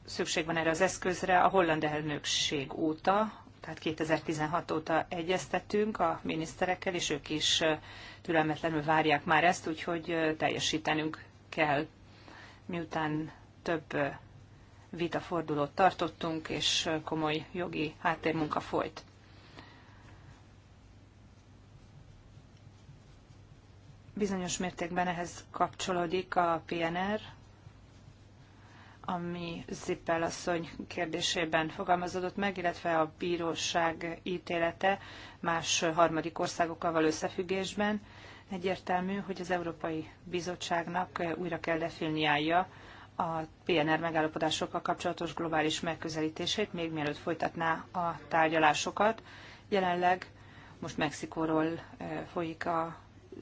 szükség van erre az eszközre a holland elnökség óta, tehát 2016 óta egyeztetünk a miniszterekkel, és ők is türelmetlenül várják már ezt, úgyhogy teljesítenünk kell, miután több vitafordulót tartottunk, és komoly jogi háttérmunka folyt. Bizonyos mértékben ehhez kapcsolódik a PNR, ami Zippel asszony kérdésében fogalmazódott meg, illetve a bíróság ítélete más harmadik országokkal való összefüggésben. Egyértelmű, hogy az Európai Bizottságnak újra kell definiálja a PNR megállapodásokkal kapcsolatos globális megközelítését, még mielőtt folytatná a tárgyalásokat. Jelenleg most Mexikóról eh, folyik a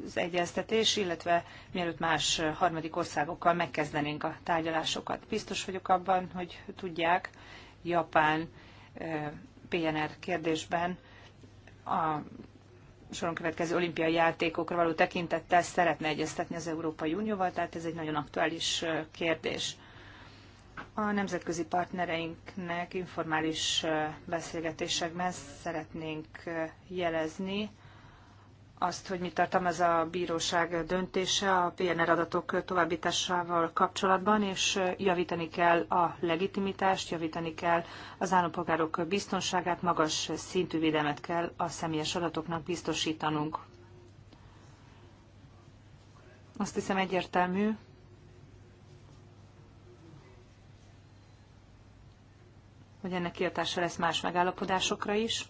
az egyeztetés, illetve mielőtt más harmadik országokkal megkezdenénk a tárgyalásokat. Biztos vagyok abban, hogy tudják, Japán eh, PNR kérdésben a soron következő olimpiai játékokra való tekintettel szeretne egyeztetni az Európai Unióval, tehát ez egy nagyon aktuális eh, kérdés. A nemzetközi partnereinknek informális eh, beszélgetésekben szeretnénk jelezni, azt, hogy mit tartalmaz a bíróság döntése a PNR adatok továbbításával kapcsolatban, és javítani kell a legitimitást, javítani kell az állampolgárok biztonságát, magas szintű védelmet kell a személyes adatoknak biztosítanunk. Azt hiszem egyértelmű, hogy ennek kiatása lesz más megállapodásokra is.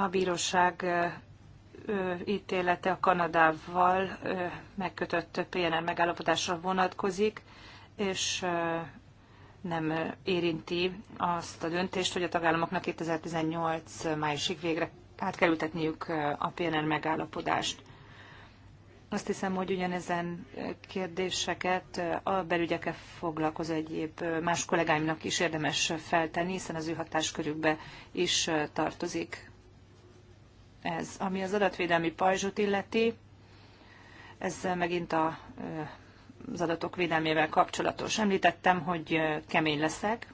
A bíróság ítélete a Kanadával megkötött PNR megállapodásra vonatkozik, és nem érinti azt a döntést, hogy a tagállamoknak 2018 májusig végre át kell ültetniük a PNR megállapodást. Azt hiszem, hogy ugyanezen kérdéseket a belügyekkel foglalkozó egyéb más kollégáimnak is érdemes feltenni, hiszen az ő hatáskörükbe is tartozik ez. Ami az adatvédelmi pajzsot illeti, ez megint a, az adatok védelmével kapcsolatos. Említettem, hogy kemény leszek.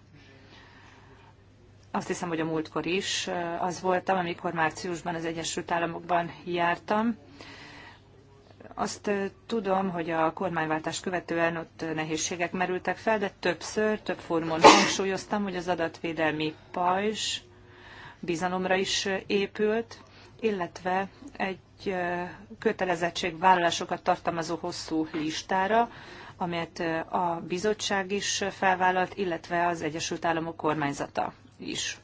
Azt hiszem, hogy a múltkor is az voltam, amikor márciusban az Egyesült Államokban jártam. Azt tudom, hogy a kormányváltás követően ott nehézségek merültek fel, de többször, több formon hangsúlyoztam, hogy az adatvédelmi pajzs bizalomra is épült, illetve egy kötelezettségvállalásokat tartalmazó hosszú listára, amelyet a bizottság is felvállalt, illetve az Egyesült Államok kormányzata is.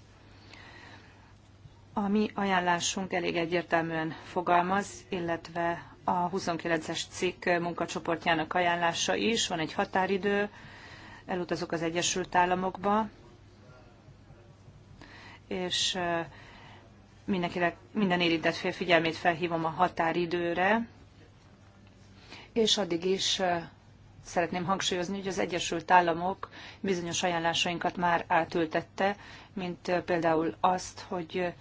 A mi ajánlásunk elég egyértelműen fogalmaz, illetve a 29-es cikk munkacsoportjának ajánlása is. Van egy határidő, elutazok az Egyesült Államokba, és mindenkinek, minden érintett fél figyelmét felhívom a határidőre, és addig is szeretném hangsúlyozni, hogy az Egyesült Államok bizonyos ajánlásainkat már átültette, mint például azt, hogy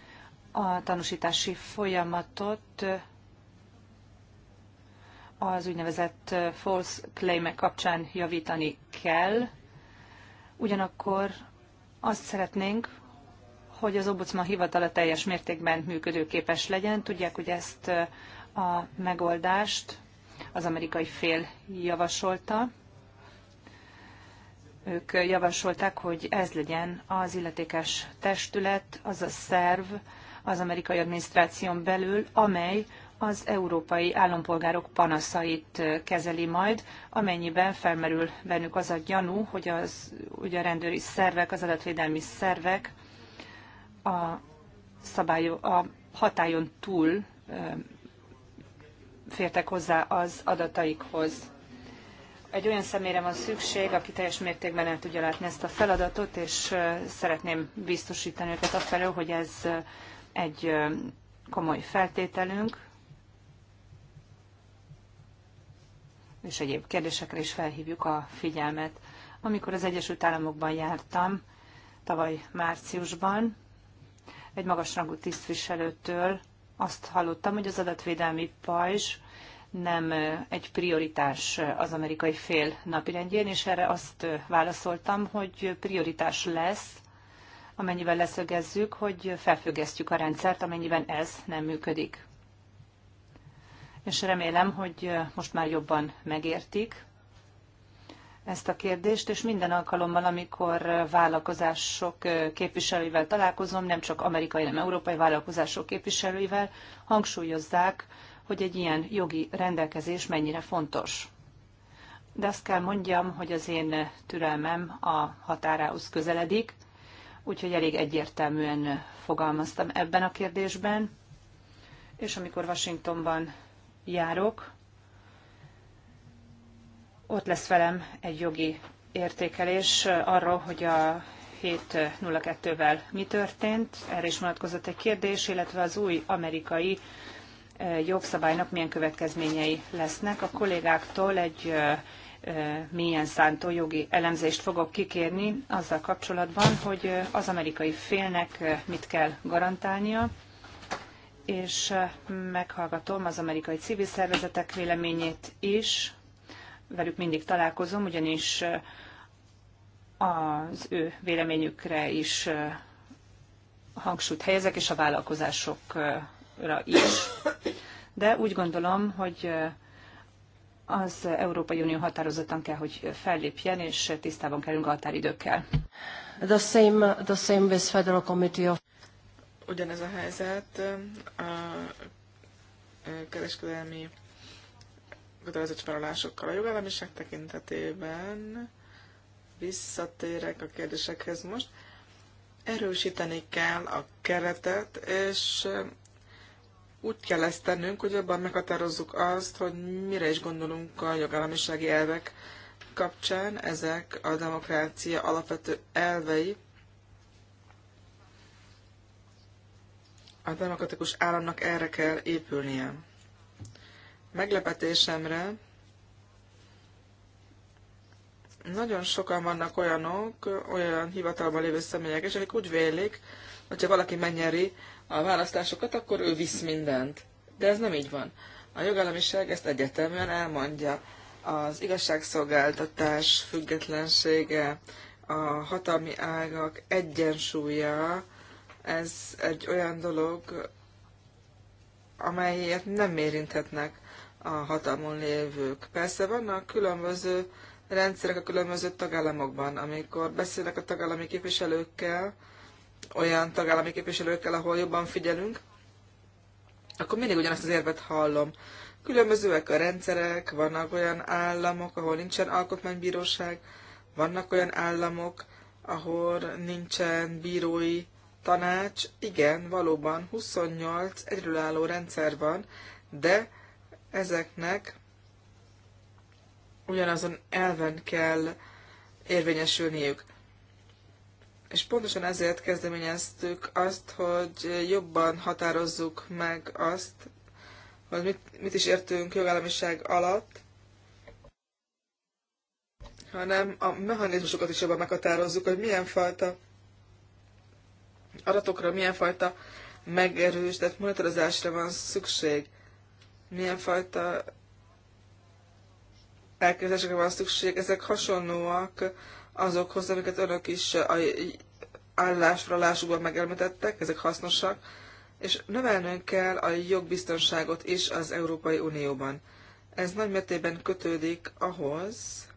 a tanúsítási folyamatot az úgynevezett false claim kapcsán javítani kell. Ugyanakkor azt szeretnénk, hogy az ombudsman hivatala teljes mértékben működőképes legyen. Tudják, hogy ezt a megoldást az amerikai fél javasolta. Ők javasolták, hogy ez legyen az illetékes testület, az a szerv az amerikai adminisztráción belül, amely az európai állampolgárok panaszait kezeli majd, amennyiben felmerül bennük az a gyanú, hogy, az, hogy a rendőri szervek, az adatvédelmi szervek a, szabályo, a hatályon túl fértek hozzá az adataikhoz. Egy olyan személyre van szükség, aki teljes mértékben el tudja látni ezt a feladatot, és szeretném biztosítani őket felől, hogy ez egy komoly feltételünk, és egyéb kérdésekre is felhívjuk a figyelmet. Amikor az Egyesült Államokban jártam, tavaly márciusban, egy magasrangú tisztviselőtől azt hallottam, hogy az adatvédelmi pajzs nem egy prioritás az amerikai fél napirendjén, és erre azt válaszoltam, hogy prioritás lesz, amennyiben leszögezzük, hogy felfüggesztjük a rendszert, amennyiben ez nem működik. És remélem, hogy most már jobban megértik, ezt a kérdést, és minden alkalommal, amikor vállalkozások képviselőivel találkozom, nem csak amerikai, hanem európai vállalkozások képviselőivel, hangsúlyozzák, hogy egy ilyen jogi rendelkezés mennyire fontos. De azt kell mondjam, hogy az én türelmem a határához közeledik, úgyhogy elég egyértelműen fogalmaztam ebben a kérdésben. És amikor Washingtonban járok, ott lesz velem egy jogi értékelés arról, hogy a 702-vel mi történt, erre is vonatkozott egy kérdés, illetve az új amerikai eh, jogszabálynak milyen következményei lesznek. A kollégáktól egy eh, eh, milyen szántó jogi elemzést fogok kikérni azzal kapcsolatban, hogy az amerikai félnek mit kell garantálnia, és meghallgatom az amerikai civil szervezetek véleményét is, velük mindig találkozom, ugyanis az ő véleményükre is hangsúlyt helyezek, és a vállalkozásokra is. De úgy gondolom, hogy az Európai Unió határozottan kell, hogy fellépjen, és tisztában kerülünk a határidőkkel. The same, the same with Federal Committee of... Ugyanez a helyzet a kereskedelmi kötelezettségvállalásokkal a jogállamiság tekintetében. Visszatérek a kérdésekhez most. Erősíteni kell a keretet, és eh, úgy kell ezt tennünk, hogy abban meghatározzuk azt, hogy mire is gondolunk a jogállamisági elvek kapcsán. Ezek a demokrácia alapvető elvei, a demokratikus államnak erre kell épülnie meglepetésemre nagyon sokan vannak olyanok, olyan hivatalban lévő személyek, és akik úgy vélik, hogyha valaki megnyeri a választásokat, akkor ő visz mindent. De ez nem így van. A jogállamiság ezt egyetemben elmondja. Az igazságszolgáltatás függetlensége, a hatalmi ágak egyensúlya, ez egy olyan dolog, amelyet nem érinthetnek a hatalmon lévők. Persze vannak különböző rendszerek a különböző tagállamokban. Amikor beszélek a tagállami képviselőkkel, olyan tagállami képviselőkkel, ahol jobban figyelünk, akkor mindig ugyanazt az érvet hallom. Különbözőek a rendszerek, vannak olyan államok, ahol nincsen alkotmánybíróság, vannak olyan államok, ahol nincsen bírói tanács. Igen, valóban 28 egyről álló rendszer van, de ezeknek ugyanazon elven kell érvényesülniük. És pontosan ezért kezdeményeztük azt, hogy jobban határozzuk meg azt, hogy mit, mit is értünk jogállamiság alatt, hanem a mechanizmusokat is jobban meghatározzuk, hogy milyen fajta adatokra, milyen fajta megerősített monitorozásra van szükség milyen fajta elképzelésekre van szükség, ezek hasonlóak azokhoz, amiket önök is a állásfoglalásukban megelmetettek, ezek hasznosak, és növelnünk kell a jogbiztonságot is az Európai Unióban. Ez nagy mértékben kötődik ahhoz,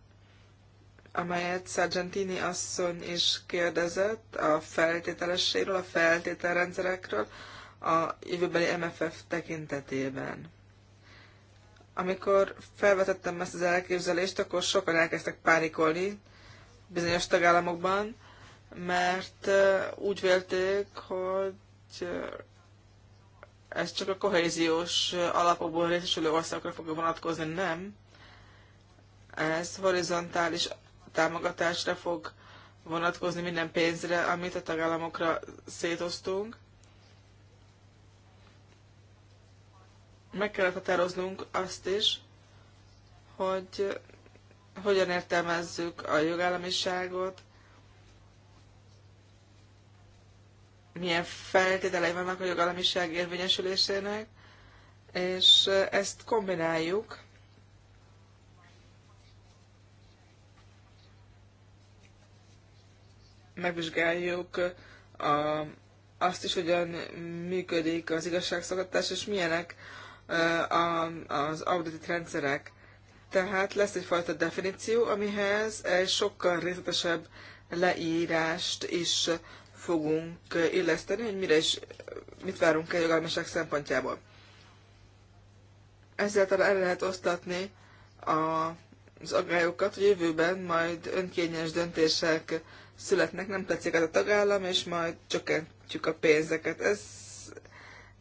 amelyet Sargentini asszony is kérdezett a feltételességről, a feltételrendszerekről a jövőbeli MFF tekintetében. Amikor felvetettem ezt az elképzelést, akkor sokan elkezdtek pánikolni bizonyos tagállamokban, mert úgy vélték, hogy ez csak a kohéziós alapokból részesülő országokra fog vonatkozni, nem. Ez horizontális támogatásra fog vonatkozni minden pénzre, amit a tagállamokra szétoztunk. meg kellett határoznunk azt is, hogy hogyan értelmezzük a jogállamiságot, milyen feltételei vannak a jogállamiság érvényesülésének, és ezt kombináljuk megvizsgáljuk a, azt is, hogyan működik az igazságszolgáltatás, és milyenek az audit rendszerek. Tehát lesz egyfajta definíció, amihez egy sokkal részletesebb leírást is fogunk illeszteni, hogy mire is, mit várunk el jogalmaság szempontjából. Ezzel talán el lehet osztatni a, az aggályokat, hogy jövőben majd önkényes döntések születnek, nem tetszik ez a tagállam, és majd csökkentjük a pénzeket. Ez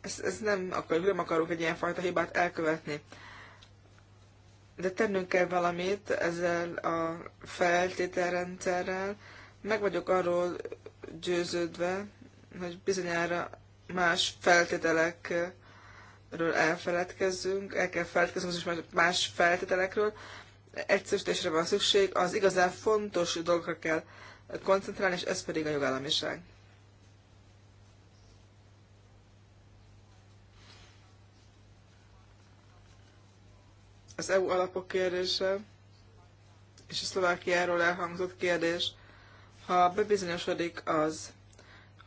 ezt, ezt nem akar, nem akarok egy fajta hibát elkövetni. De tennünk kell valamit ezzel a feltételrendszerrel. Meg vagyok arról győződve, hogy bizonyára más feltételekről elfeledkezzünk, el kell feltételeznünk más feltételekről. Egyszerűsítésre van szükség, az igazán fontos dolgokra kell koncentrálni, és ez pedig a jogállamiság. az EU alapok kérdése, és a Szlovákiáról elhangzott kérdés, ha bebizonyosodik az,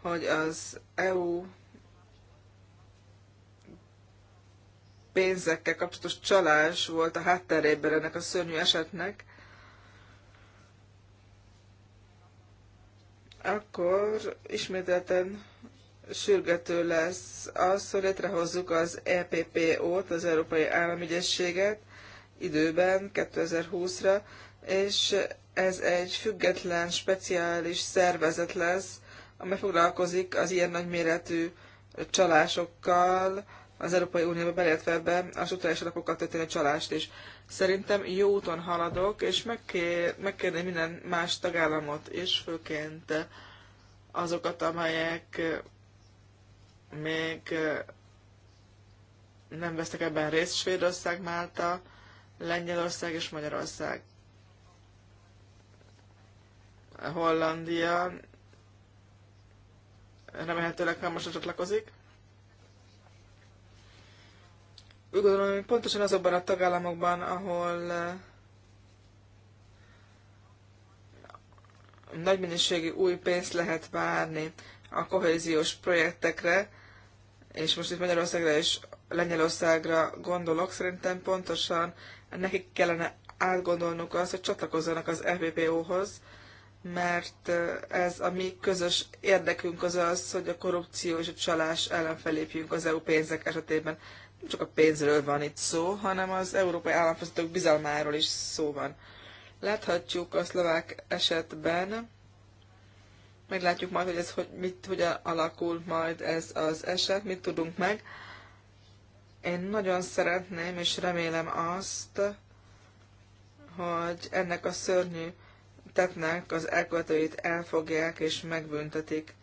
hogy az EU pénzekkel kapcsolatos csalás volt a hátterében ennek a szörnyű esetnek, akkor ismételten sürgető lesz az, hogy létrehozzuk az EPPO-t, az Európai Államügyességet, időben, 2020-ra, és ez egy független, speciális szervezet lesz, amely foglalkozik az ilyen nagyméretű csalásokkal az Európai Unióba belértve be a struktúrális alapokkal történő csalást is. Szerintem jó úton haladok, és megkér, minden más tagállamot és főként azokat, amelyek még nem vesztek ebben részt, Svédország, Málta, Lengyelország és Magyarország. Hollandia remélhetőleg hamarosan csatlakozik. Úgy gondolom, hogy pontosan azokban a tagállamokban, ahol eh, nagy mennyiségű új pénzt lehet várni a kohéziós projektekre, és most itt Magyarországra és Lengyelországra gondolok, szerintem pontosan nekik kellene átgondolnunk azt, hogy csatlakozzanak az FBPO-hoz, mert ez a mi közös érdekünk az az, hogy a korrupció és a csalás ellen felépjünk az EU pénzek esetében. Nem csak a pénzről van itt szó, hanem az európai államfőzetek bizalmáról is szó van. Láthatjuk a szlovák esetben, meglátjuk majd, hogy ez hogy, mit, hogyan alakul majd ez az eset, mit tudunk meg én nagyon szeretném és remélem azt, hogy ennek a szörnyű tetnek az elkövetőit elfogják és megbüntetik.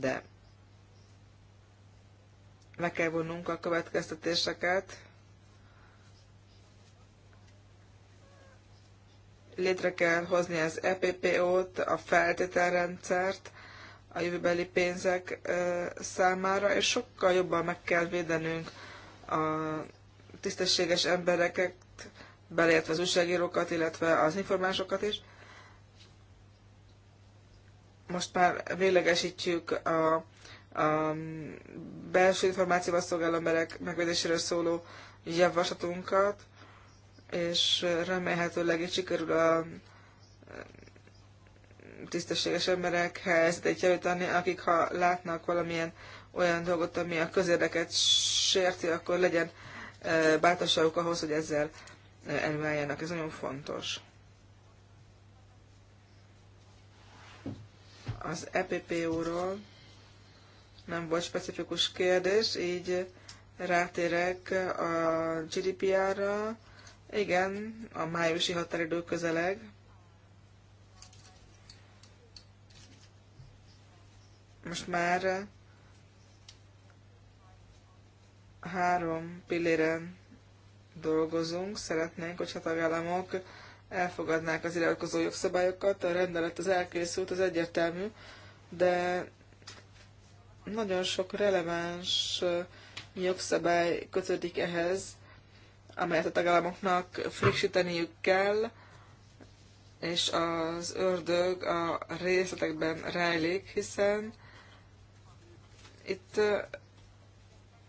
De meg kell vonnunk a következtetéseket. Létre kell hozni az EPPO-t, a feltételrendszert, a jövőbeli pénzek számára, és sokkal jobban meg kell védenünk a tisztességes embereket, beleértve az újságírókat, illetve az informásokat is. Most már véglegesítjük a, a belső információval szolgáló emberek megvédéséről szóló javaslatunkat, és remélhetőleg is sikerül a tisztességes emberekhez egy javítani, akik ha látnak valamilyen olyan dolgot, ami a közérdeket sérti, akkor legyen e, bátorságuk ahhoz, hogy ezzel e, elváljanak. Ez nagyon fontos. Az EPPO-ról nem volt specifikus kérdés, így rátérek a GDPR-ra. Igen, a májusi határidő közeleg. most már eh, három pilléren dolgozunk, szeretnénk, hogyha tagállamok elfogadnák az iratkozó jogszabályokat, a rendelet az elkészült, az egyértelmű, de nagyon sok releváns eh, jogszabály kötődik ehhez, amelyet a tagállamoknak frissíteniük kell, és az ördög a részletekben rejlik, hiszen itt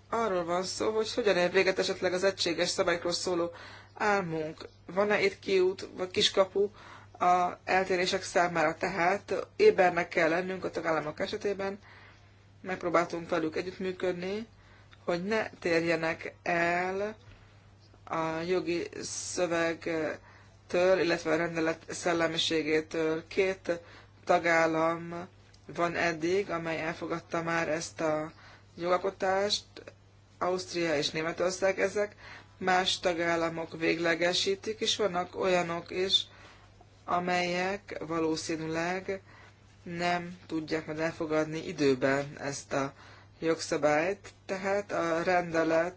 arról van szó, hogy hogyan ér véget esetleg az egységes szabályokról szóló álmunk. Van-e itt kiút vagy kiskapu a eltérések számára? Tehát ébernek kell lennünk a tagállamok esetében, megpróbáltunk velük együttműködni, hogy ne térjenek el a jogi szövegtől, illetve a rendelet szellemiségétől. Két tagállam van eddig, amely elfogadta már ezt a jogalkotást, Ausztria és Németország ezek, más tagállamok véglegesítik, és vannak olyanok is, amelyek valószínűleg nem tudják majd elfogadni időben ezt a jogszabályt, tehát a rendelet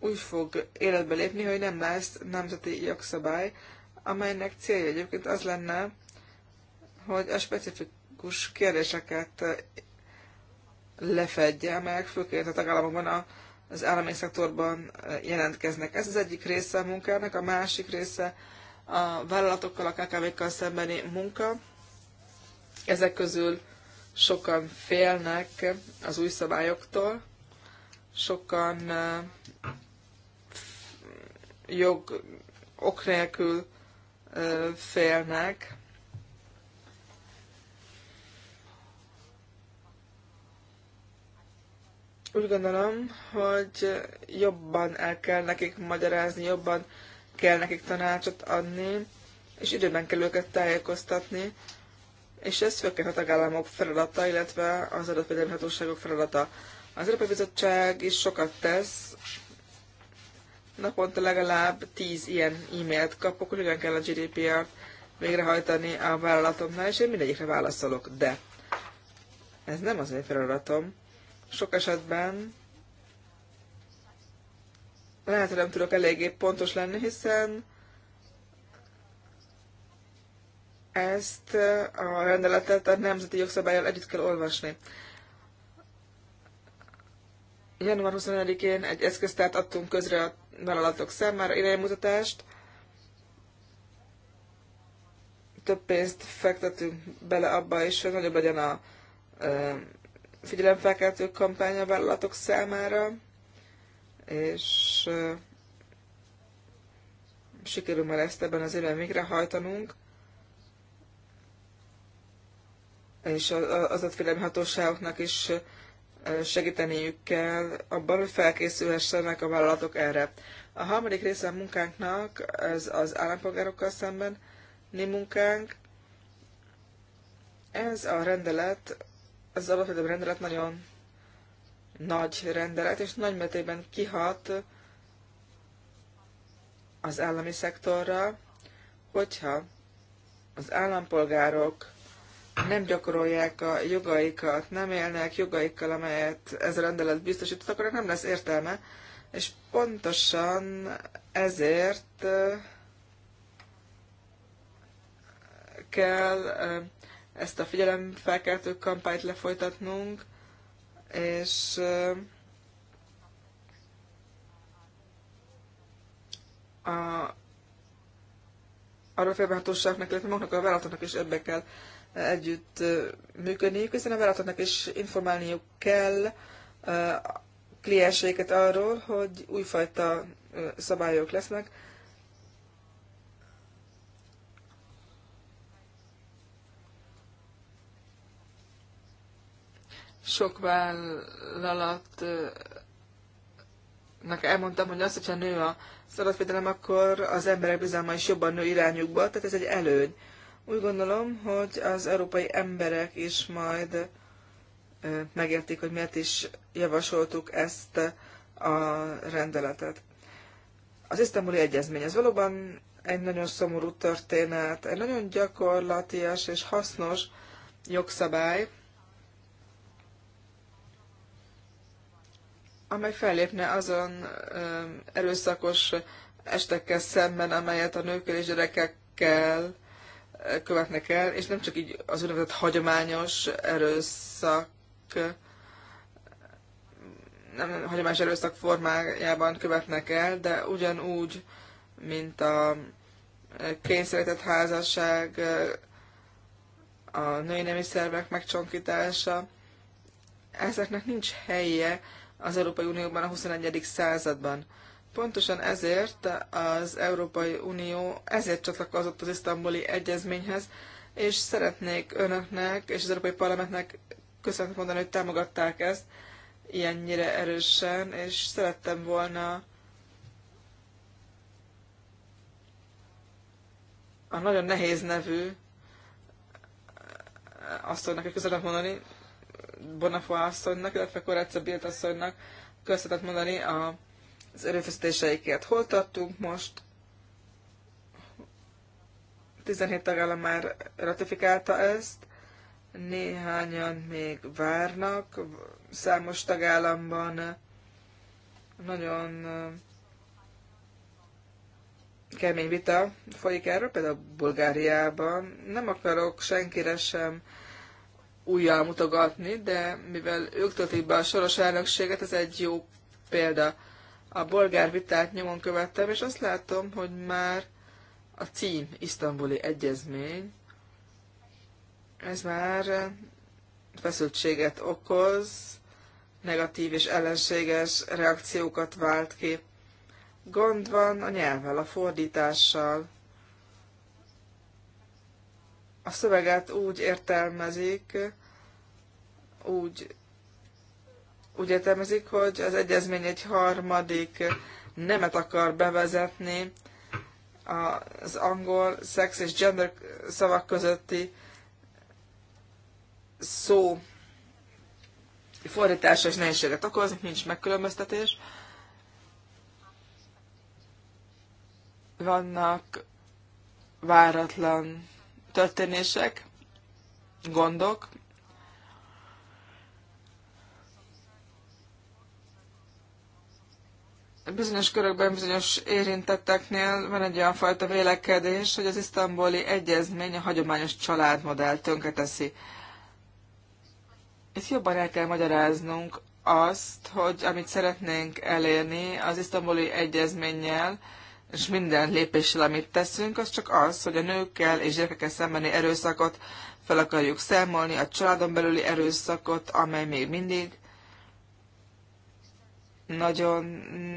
úgy fog életbe lépni, hogy nem lesz nemzeti jogszabály, amelynek célja egyébként az lenne, hogy a specifikus kérdéseket lefedje, amelyek főként a tagállamokban az állami szektorban jelentkeznek. Ez az egyik része a munkának, a másik része a vállalatokkal, a KKV-kkal szembeni munka. Ezek közül sokan félnek az új szabályoktól, sokan jog ok nélkül félnek. Úgy gondolom, hogy jobban el kell nekik magyarázni, jobban kell nekik tanácsot adni, és időben kell őket tájékoztatni, és ez főként a tagállamok feladata, illetve az adatvédelmi hatóságok feladata. Az Európai Bizottság is sokat tesz Naponta legalább 10 ilyen e-mailt kapok, hogy hogyan kell a GDPR-t végrehajtani a vállalatomnál, és én mindegyikre válaszolok, de ez nem az én feladatom. Sok esetben lehet, hogy nem tudok eléggé pontos lenni, hiszen ezt a rendeletet a nemzeti jogszabályjal együtt kell olvasni. Január 24-én egy eszköztárt adtunk közre a vállalatok számára iránymutatást. Több pénzt fektetünk bele abba is, hogy nagyobb legyen a figyelemfelkeltő kampány a vállalatok számára, és sikerül már ezt ebben az évben végrehajtanunk, és az adatvédelmi hatóságoknak is segíteniük kell abban, hogy felkészülhessenek a vállalatok erre. A harmadik része a munkánknak ez az állampolgárokkal szemben mi munkánk. Ez a rendelet, ez az alapvető rendelet nagyon nagy rendelet, és nagy mértékben kihat az állami szektorra, hogyha az állampolgárok nem gyakorolják a jogaikat, nem élnek jogaikkal, amelyet ez a rendelet biztosított, akkor nem lesz értelme. És pontosan ezért kell ezt a figyelemfelkeltő kampányt lefolytatnunk, és a, arra félbehatóságnak, illetve maguknak a vállalatoknak is ebbe kell együtt működniük, hiszen a vállalatoknak is informálniuk kell klienseiket arról, hogy újfajta szabályok lesznek. Sok vállalatnak elmondtam, hogy azt, hogyha nő a szabadvédelem, akkor az emberek bizalma is jobban nő irányukba, tehát ez egy előny. Úgy gondolom, hogy az európai emberek is majd megértik, hogy miért is javasoltuk ezt a rendeletet. Az isztambuli egyezmény, ez valóban egy nagyon szomorú történet, egy nagyon gyakorlatias és hasznos jogszabály, amely fellépne azon erőszakos estekkel szemben, amelyet a nőkkel és gyerekekkel követnek el, és nem csak így az úgynevezett hagyományos erőszak, nem hagyományos erőszak formájában követnek el, de ugyanúgy, mint a kényszerített házasság, a női nemi szervek megcsonkítása, ezeknek nincs helye az Európai Unióban a 21. században. Pontosan ezért az Európai Unió ezért csatlakozott az isztambuli egyezményhez, és szeretnék önöknek és az Európai Parlamentnek köszönet mondani, hogy támogatták ezt ilyennyire erősen, és szerettem volna a nagyon nehéz nevű asszonynak egy köszönet mondani, Bonafó asszonynak, illetve Koráca Bilt asszonynak köszönetet mondani a az erőfeszítéseiket. Hol tartunk most? 17 tagállam már ratifikálta ezt, néhányan még várnak, számos tagállamban nagyon kemény vita folyik erről, például Bulgáriában. Nem akarok senkire sem újjal mutogatni, de mivel ők töltik be a soros elnökséget, ez egy jó példa a bolgár vitát nyomon követtem, és azt látom, hogy már a cím isztambuli egyezmény, ez már feszültséget okoz, negatív és ellenséges reakciókat vált ki. Gond van a nyelvvel, a fordítással. A szöveget úgy értelmezik, úgy úgy értelmezik, hogy az egyezmény egy harmadik nemet akar bevezetni az angol szex és gender szavak közötti szó fordításos nehézséget okoz, nincs megkülönböztetés. Vannak váratlan történések, gondok, bizonyos körökben, bizonyos érintetteknél van egy olyan fajta vélekedés, hogy az isztambuli egyezmény a hagyományos családmodell tönketeszi. Itt jobban el kell magyaráznunk azt, hogy amit szeretnénk elérni az isztambuli egyezménnyel, és minden lépéssel, amit teszünk, az csak az, hogy a nőkkel és gyerekekkel szembeni erőszakot fel akarjuk számolni, a családon belüli erőszakot, amely még mindig nagyon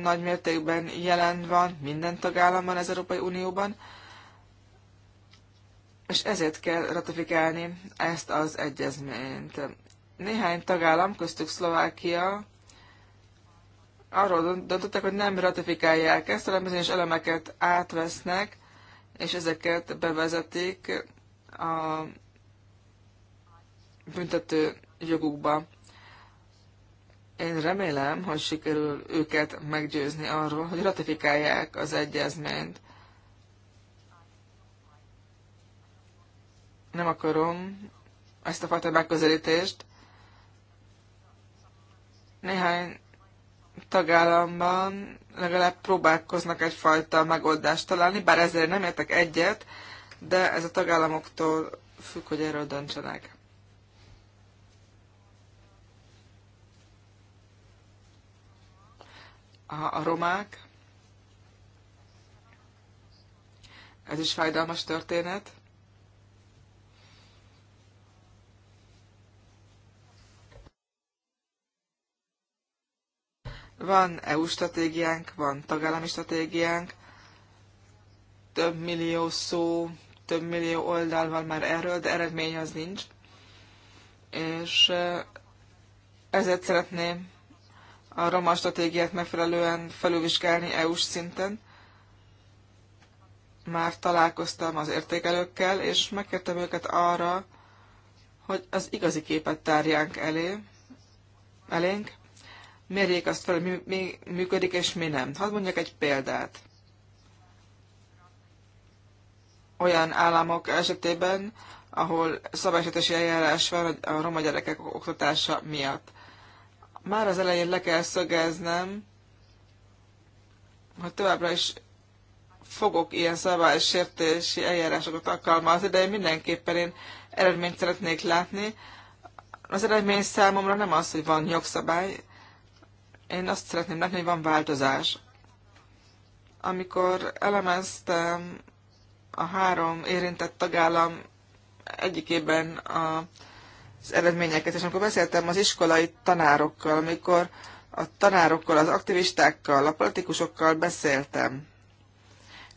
nagy mértékben jelen van minden tagállamban az Európai Unióban, és ezért kell ratifikálni ezt az egyezményt. Néhány tagállam, köztük Szlovákia, arról döntöttek, hogy nem ratifikálják ezt, hanem bizonyos elemeket átvesznek, és ezeket bevezetik a büntető jogukba. Én remélem, hogy sikerül őket meggyőzni arról, hogy ratifikálják az egyezményt. Nem akarom ezt a fajta megközelítést. Néhány tagállamban legalább próbálkoznak egyfajta megoldást találni, bár ezért nem értek egyet, de ez a tagállamoktól függ, hogy erről döntsenek. a romák. Ez is fájdalmas történet. Van EU stratégiánk, van tagállami stratégiánk, több millió szó, több millió oldal van már erről, de eredmény az nincs. És ezért szeretném a roma stratégiát megfelelően felülvizsgálni EU-s szinten. Már találkoztam az értékelőkkel, és megkértem őket arra, hogy az igazi képet tárjánk elé, elénk, mérjék azt fel, mi, mi működik és mi nem. Hadd mondjak egy példát. Olyan államok esetében, ahol szabálysértési eljárás van a roma gyerekek oktatása miatt már az elején le kell szögeznem, hogy továbbra is fogok ilyen szabálysértési eljárásokat alkalmazni, de én mindenképpen én eredményt szeretnék látni. Az eredmény számomra nem az, hogy van jogszabály, én azt szeretném látni, hogy van változás. Amikor elemeztem a három érintett tagállam egyikében a az eredményeket. És amikor beszéltem az iskolai tanárokkal, amikor a tanárokkal, az aktivistákkal, a politikusokkal beszéltem,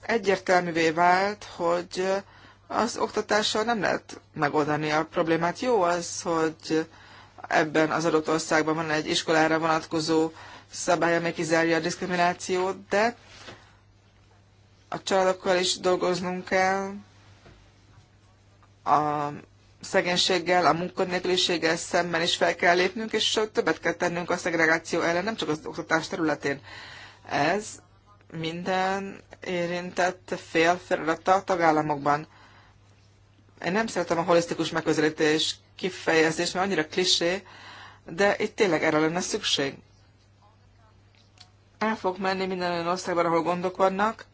egyértelművé vált, hogy az oktatással nem lehet megoldani a problémát. Jó az, hogy ebben az adott országban van egy iskolára vonatkozó szabály, amely kizárja a diszkriminációt, de a családokkal is dolgoznunk kell, a szegénységgel, a munkanélküliséggel szemben is fel kell lépnünk, és többet kell tennünk a szegregáció ellen, nem csak az oktatás területén. Ez minden érintett fél feladata a tagállamokban. Én nem szeretem a holisztikus megközelítés kifejezést, mert annyira klisé, de itt tényleg erre lenne szükség. El fog menni minden olyan országban, ahol gondok vannak,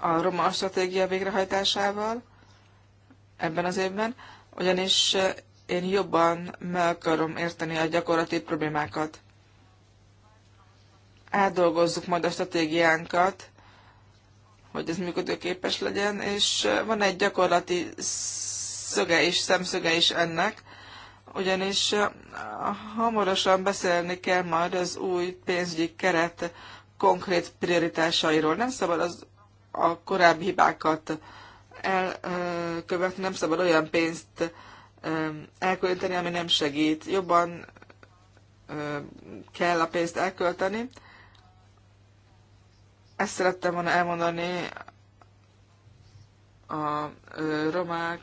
a roma stratégia végrehajtásával, ebben az évben, ugyanis eh, én jobban meg akarom érteni a gyakorlati problémákat. Átdolgozzuk majd a stratégiánkat, hogy ez működőképes legyen, és eh, van egy gyakorlati szöge is, szemszöge is ennek, ugyanis eh, hamarosan beszélni kell majd az új pénzügyi keret konkrét prioritásairól. Nem szabad az a korábbi hibákat elkövetni, nem szabad olyan pénzt elkölteni, ami nem segít. Jobban kell a pénzt elkölteni. Ezt szerettem volna elmondani a romák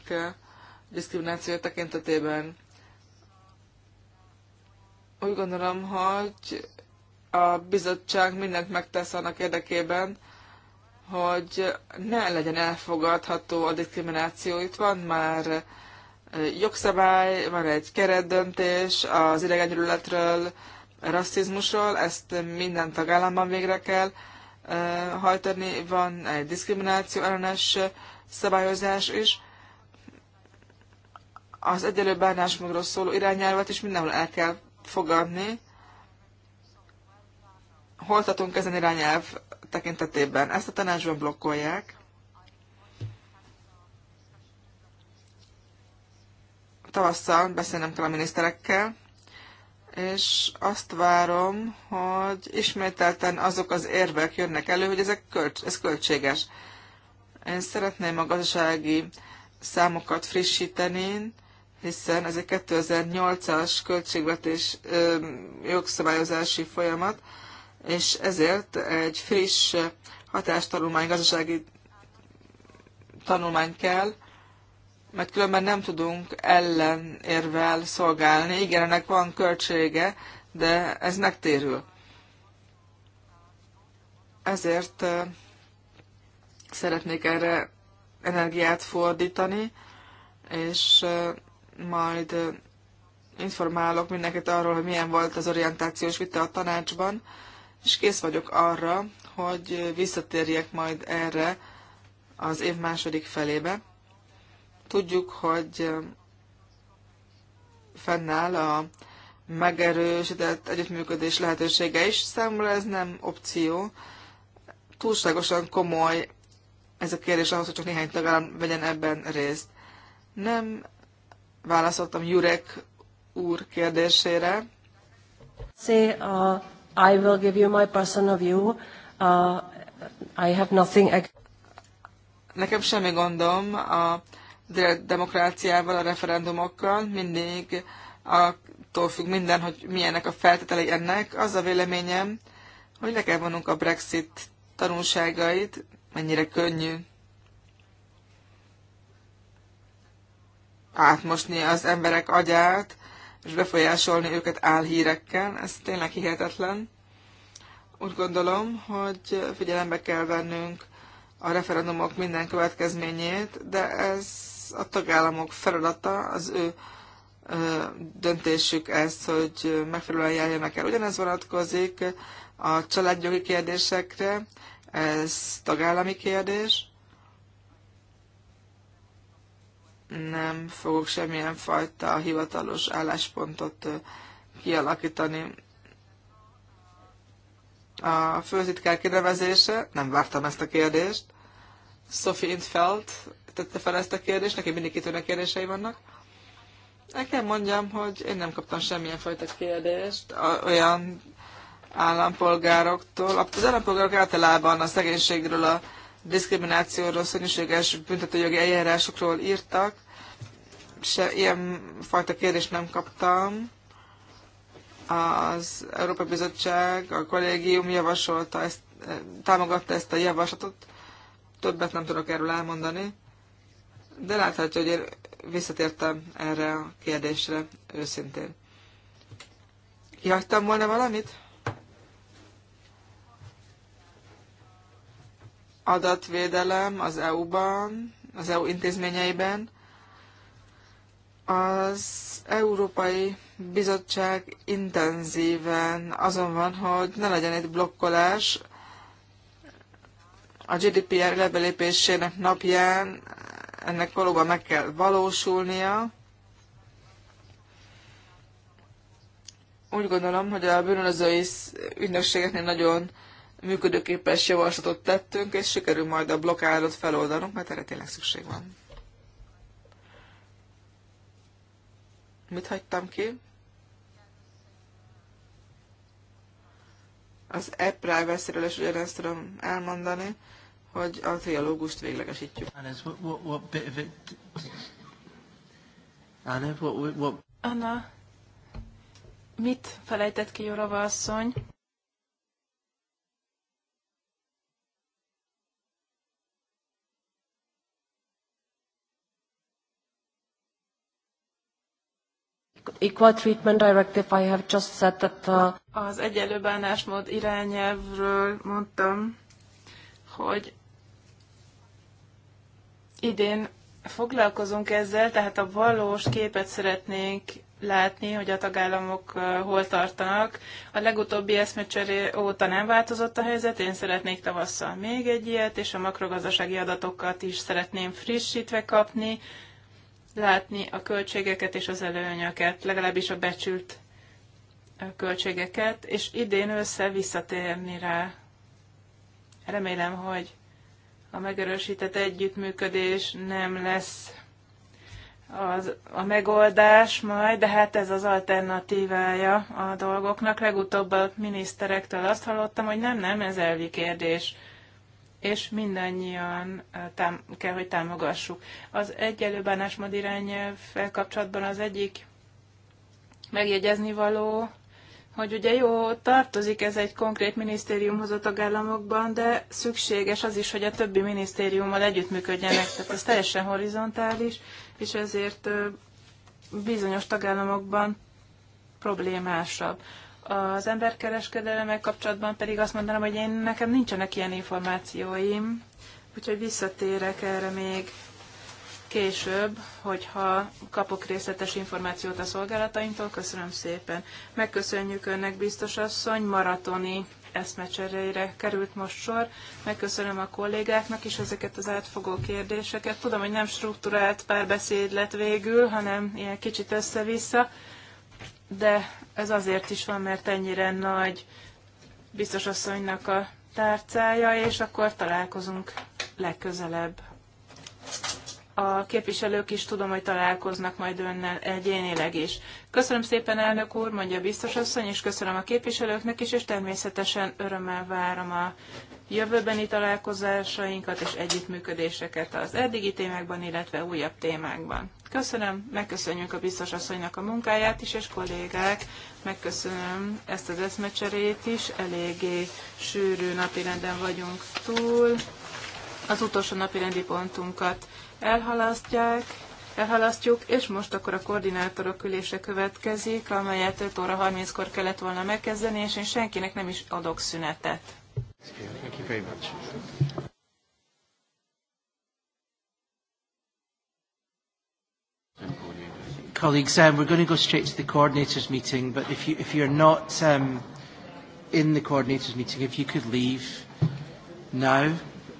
diszkrimináció tekintetében. Úgy gondolom, hogy a bizottság mindent megtesz annak érdekében, hogy ne legyen elfogadható a diszkrimináció. Itt van már jogszabály, van egy keretdöntés az idegengyűlöletről, rasszizmusról, ezt minden tagállamban végre kell hajtani, van egy diszkrimináció ellenes szabályozás is. Az egyelő bánásmódról szóló irányelvet is mindenhol el kell fogadni. Holtatunk ezen irányelv tekintetében. Ezt a tanácsban blokkolják. Tavasszal beszélnem kell a miniszterekkel, és azt várom, hogy ismételten azok az érvek jönnek elő, hogy ezek költ, ez költséges. Én szeretném a gazdasági számokat frissíteni, hiszen ez egy 2008-as költségvetés ö, jogszabályozási folyamat, és ezért egy friss hatástanulmány, gazdasági tanulmány kell, mert különben nem tudunk ellenérvel szolgálni. Igen, ennek van költsége, de ez megtérül. Ezért szeretnék erre energiát fordítani, és majd informálok mindenkit arról, hogy milyen volt az orientációs vita a tanácsban, és kész vagyok arra, hogy visszatérjek majd erre az év második felébe. Tudjuk, hogy um, fennáll a megerősített együttműködés lehetősége is. Számomra ez nem opció. Túlságosan komoly ez a kérdés ahhoz, hogy csak néhány tagállam vegyen ebben részt. Nem válaszoltam Jurek úr kérdésére. szé a I will give you my personal view. Uh, I have nothing... Nekem semmi gondom a demokráciával, a referendumokkal, mindig attól függ minden, hogy milyenek a feltételei ennek. Az a véleményem, hogy le kell vonunk a Brexit tanulságait, mennyire könnyű átmosni az emberek agyát, és befolyásolni őket álhírekkel. Ez tényleg hihetetlen. Úgy gondolom, hogy figyelembe kell vennünk a referendumok minden következményét, de ez a tagállamok feladata, az ő döntésük ezt, hogy megfelelően járjanak el. Ugyanez vonatkozik a családjogi kérdésekre, ez tagállami kérdés, nem fogok semmilyen fajta hivatalos álláspontot kialakítani. A főzitkár kinevezése, nem vártam ezt a kérdést. Sophie Intfeld tette fel ezt a kérdést, neki mindig kitűnő kérdései vannak. El kell mondjam, hogy én nem kaptam semmilyen fajta kérdést olyan állampolgároktól. Az állampolgárok általában a szegénységről, a diszkriminációról, szörnyűséges büntetőjogi eljárásokról írtak. Se ilyen fajta kérdést nem kaptam. Az Európai Bizottság, a kollégium javasolta ezt, eh, támogatta ezt a javaslatot. Többet nem tudok erről elmondani. De láthatja, hogy én visszatértem erre a kérdésre őszintén. Kihagytam volna valamit? adatvédelem az EU-ban, az EU intézményeiben. Az Európai Bizottság intenzíven azon van, hogy ne legyen itt blokkolás. A GDPR lebelépésének napján ennek valóban meg kell valósulnia. Úgy gondolom, hogy a bűnözői ügynökségeknél nagyon működőképes javaslatot tettünk, és sikerül majd a blokkádot feloldanunk, mert erre tényleg szükség van. Mit hagytam ki? Az e-privacy-ről is ugyanezt tudom elmondani, hogy a trialógust véglegesítjük. Anna, mit felejtett ki Jorava asszony? Equal Treatment Directive, I have just said that... Uh... Az egyenlő bánásmód irányelvről mondtam, hogy idén foglalkozunk ezzel, tehát a valós képet szeretnénk látni, hogy a tagállamok uh, hol tartanak. A legutóbbi eszmecseré óta nem változott a helyzet, én szeretnék tavasszal még egy ilyet, és a makrogazdasági adatokat is szeretném frissítve kapni, látni a költségeket és az előnyöket, legalábbis a becsült költségeket, és idén össze visszatérni rá. Remélem, hogy a megerősített együttműködés nem lesz az, a megoldás majd, de hát ez az alternatívája a dolgoknak. Legutóbb a miniszterektől azt hallottam, hogy nem, nem, ez elvi kérdés és mindannyian eh, tám- kell, hogy támogassuk. Az egyelő bánásmód irányelvvel kapcsolatban az egyik megjegyezni való, hogy ugye jó, tartozik ez egy konkrét minisztériumhoz a tagállamokban, de szükséges az is, hogy a többi minisztériummal együttműködjenek, tehát ez teljesen horizontális, és ezért eh, bizonyos tagállamokban problémásabb. Az emberkereskedelemmel kapcsolatban pedig azt mondanám, hogy én nekem nincsenek ilyen információim, úgyhogy visszatérek erre még később, hogyha kapok részletes információt a szolgálataimtól. Köszönöm szépen. Megköszönjük Önnek, biztos asszony, maratoni eszmecseréjére került most sor. Megköszönöm a kollégáknak is ezeket az átfogó kérdéseket. Tudom, hogy nem struktúrált párbeszéd lett végül, hanem ilyen kicsit össze-vissza de ez azért is van, mert ennyire nagy biztos a tárcája, és akkor találkozunk legközelebb. A képviselők is tudom, hogy találkoznak majd önnel egyénileg is. Köszönöm szépen, elnök úr, mondja a biztosasszony, és köszönöm a képviselőknek is, és természetesen örömmel várom a jövőbeni találkozásainkat és együttműködéseket az eddigi témákban, illetve újabb témákban. Köszönöm, megköszönjük a biztos asszonynak a munkáját is, és kollégák, megköszönöm ezt az eszmecserét is, eléggé sűrű napirenden vagyunk túl. Az utolsó napirendi pontunkat elhalasztják, elhalasztjuk, és most akkor a koordinátorok ülése következik, amelyet 5 óra 30-kor kellett volna megkezdeni, és én senkinek nem is adok szünetet. Thank you very much. Colleagues, um, we're going to go straight to the coordinators meeting, but if, you, if you're not um, in the coordinators meeting, if you could leave now,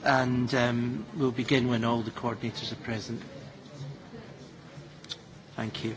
and um, we'll begin when all the coordinators are present. Thank you.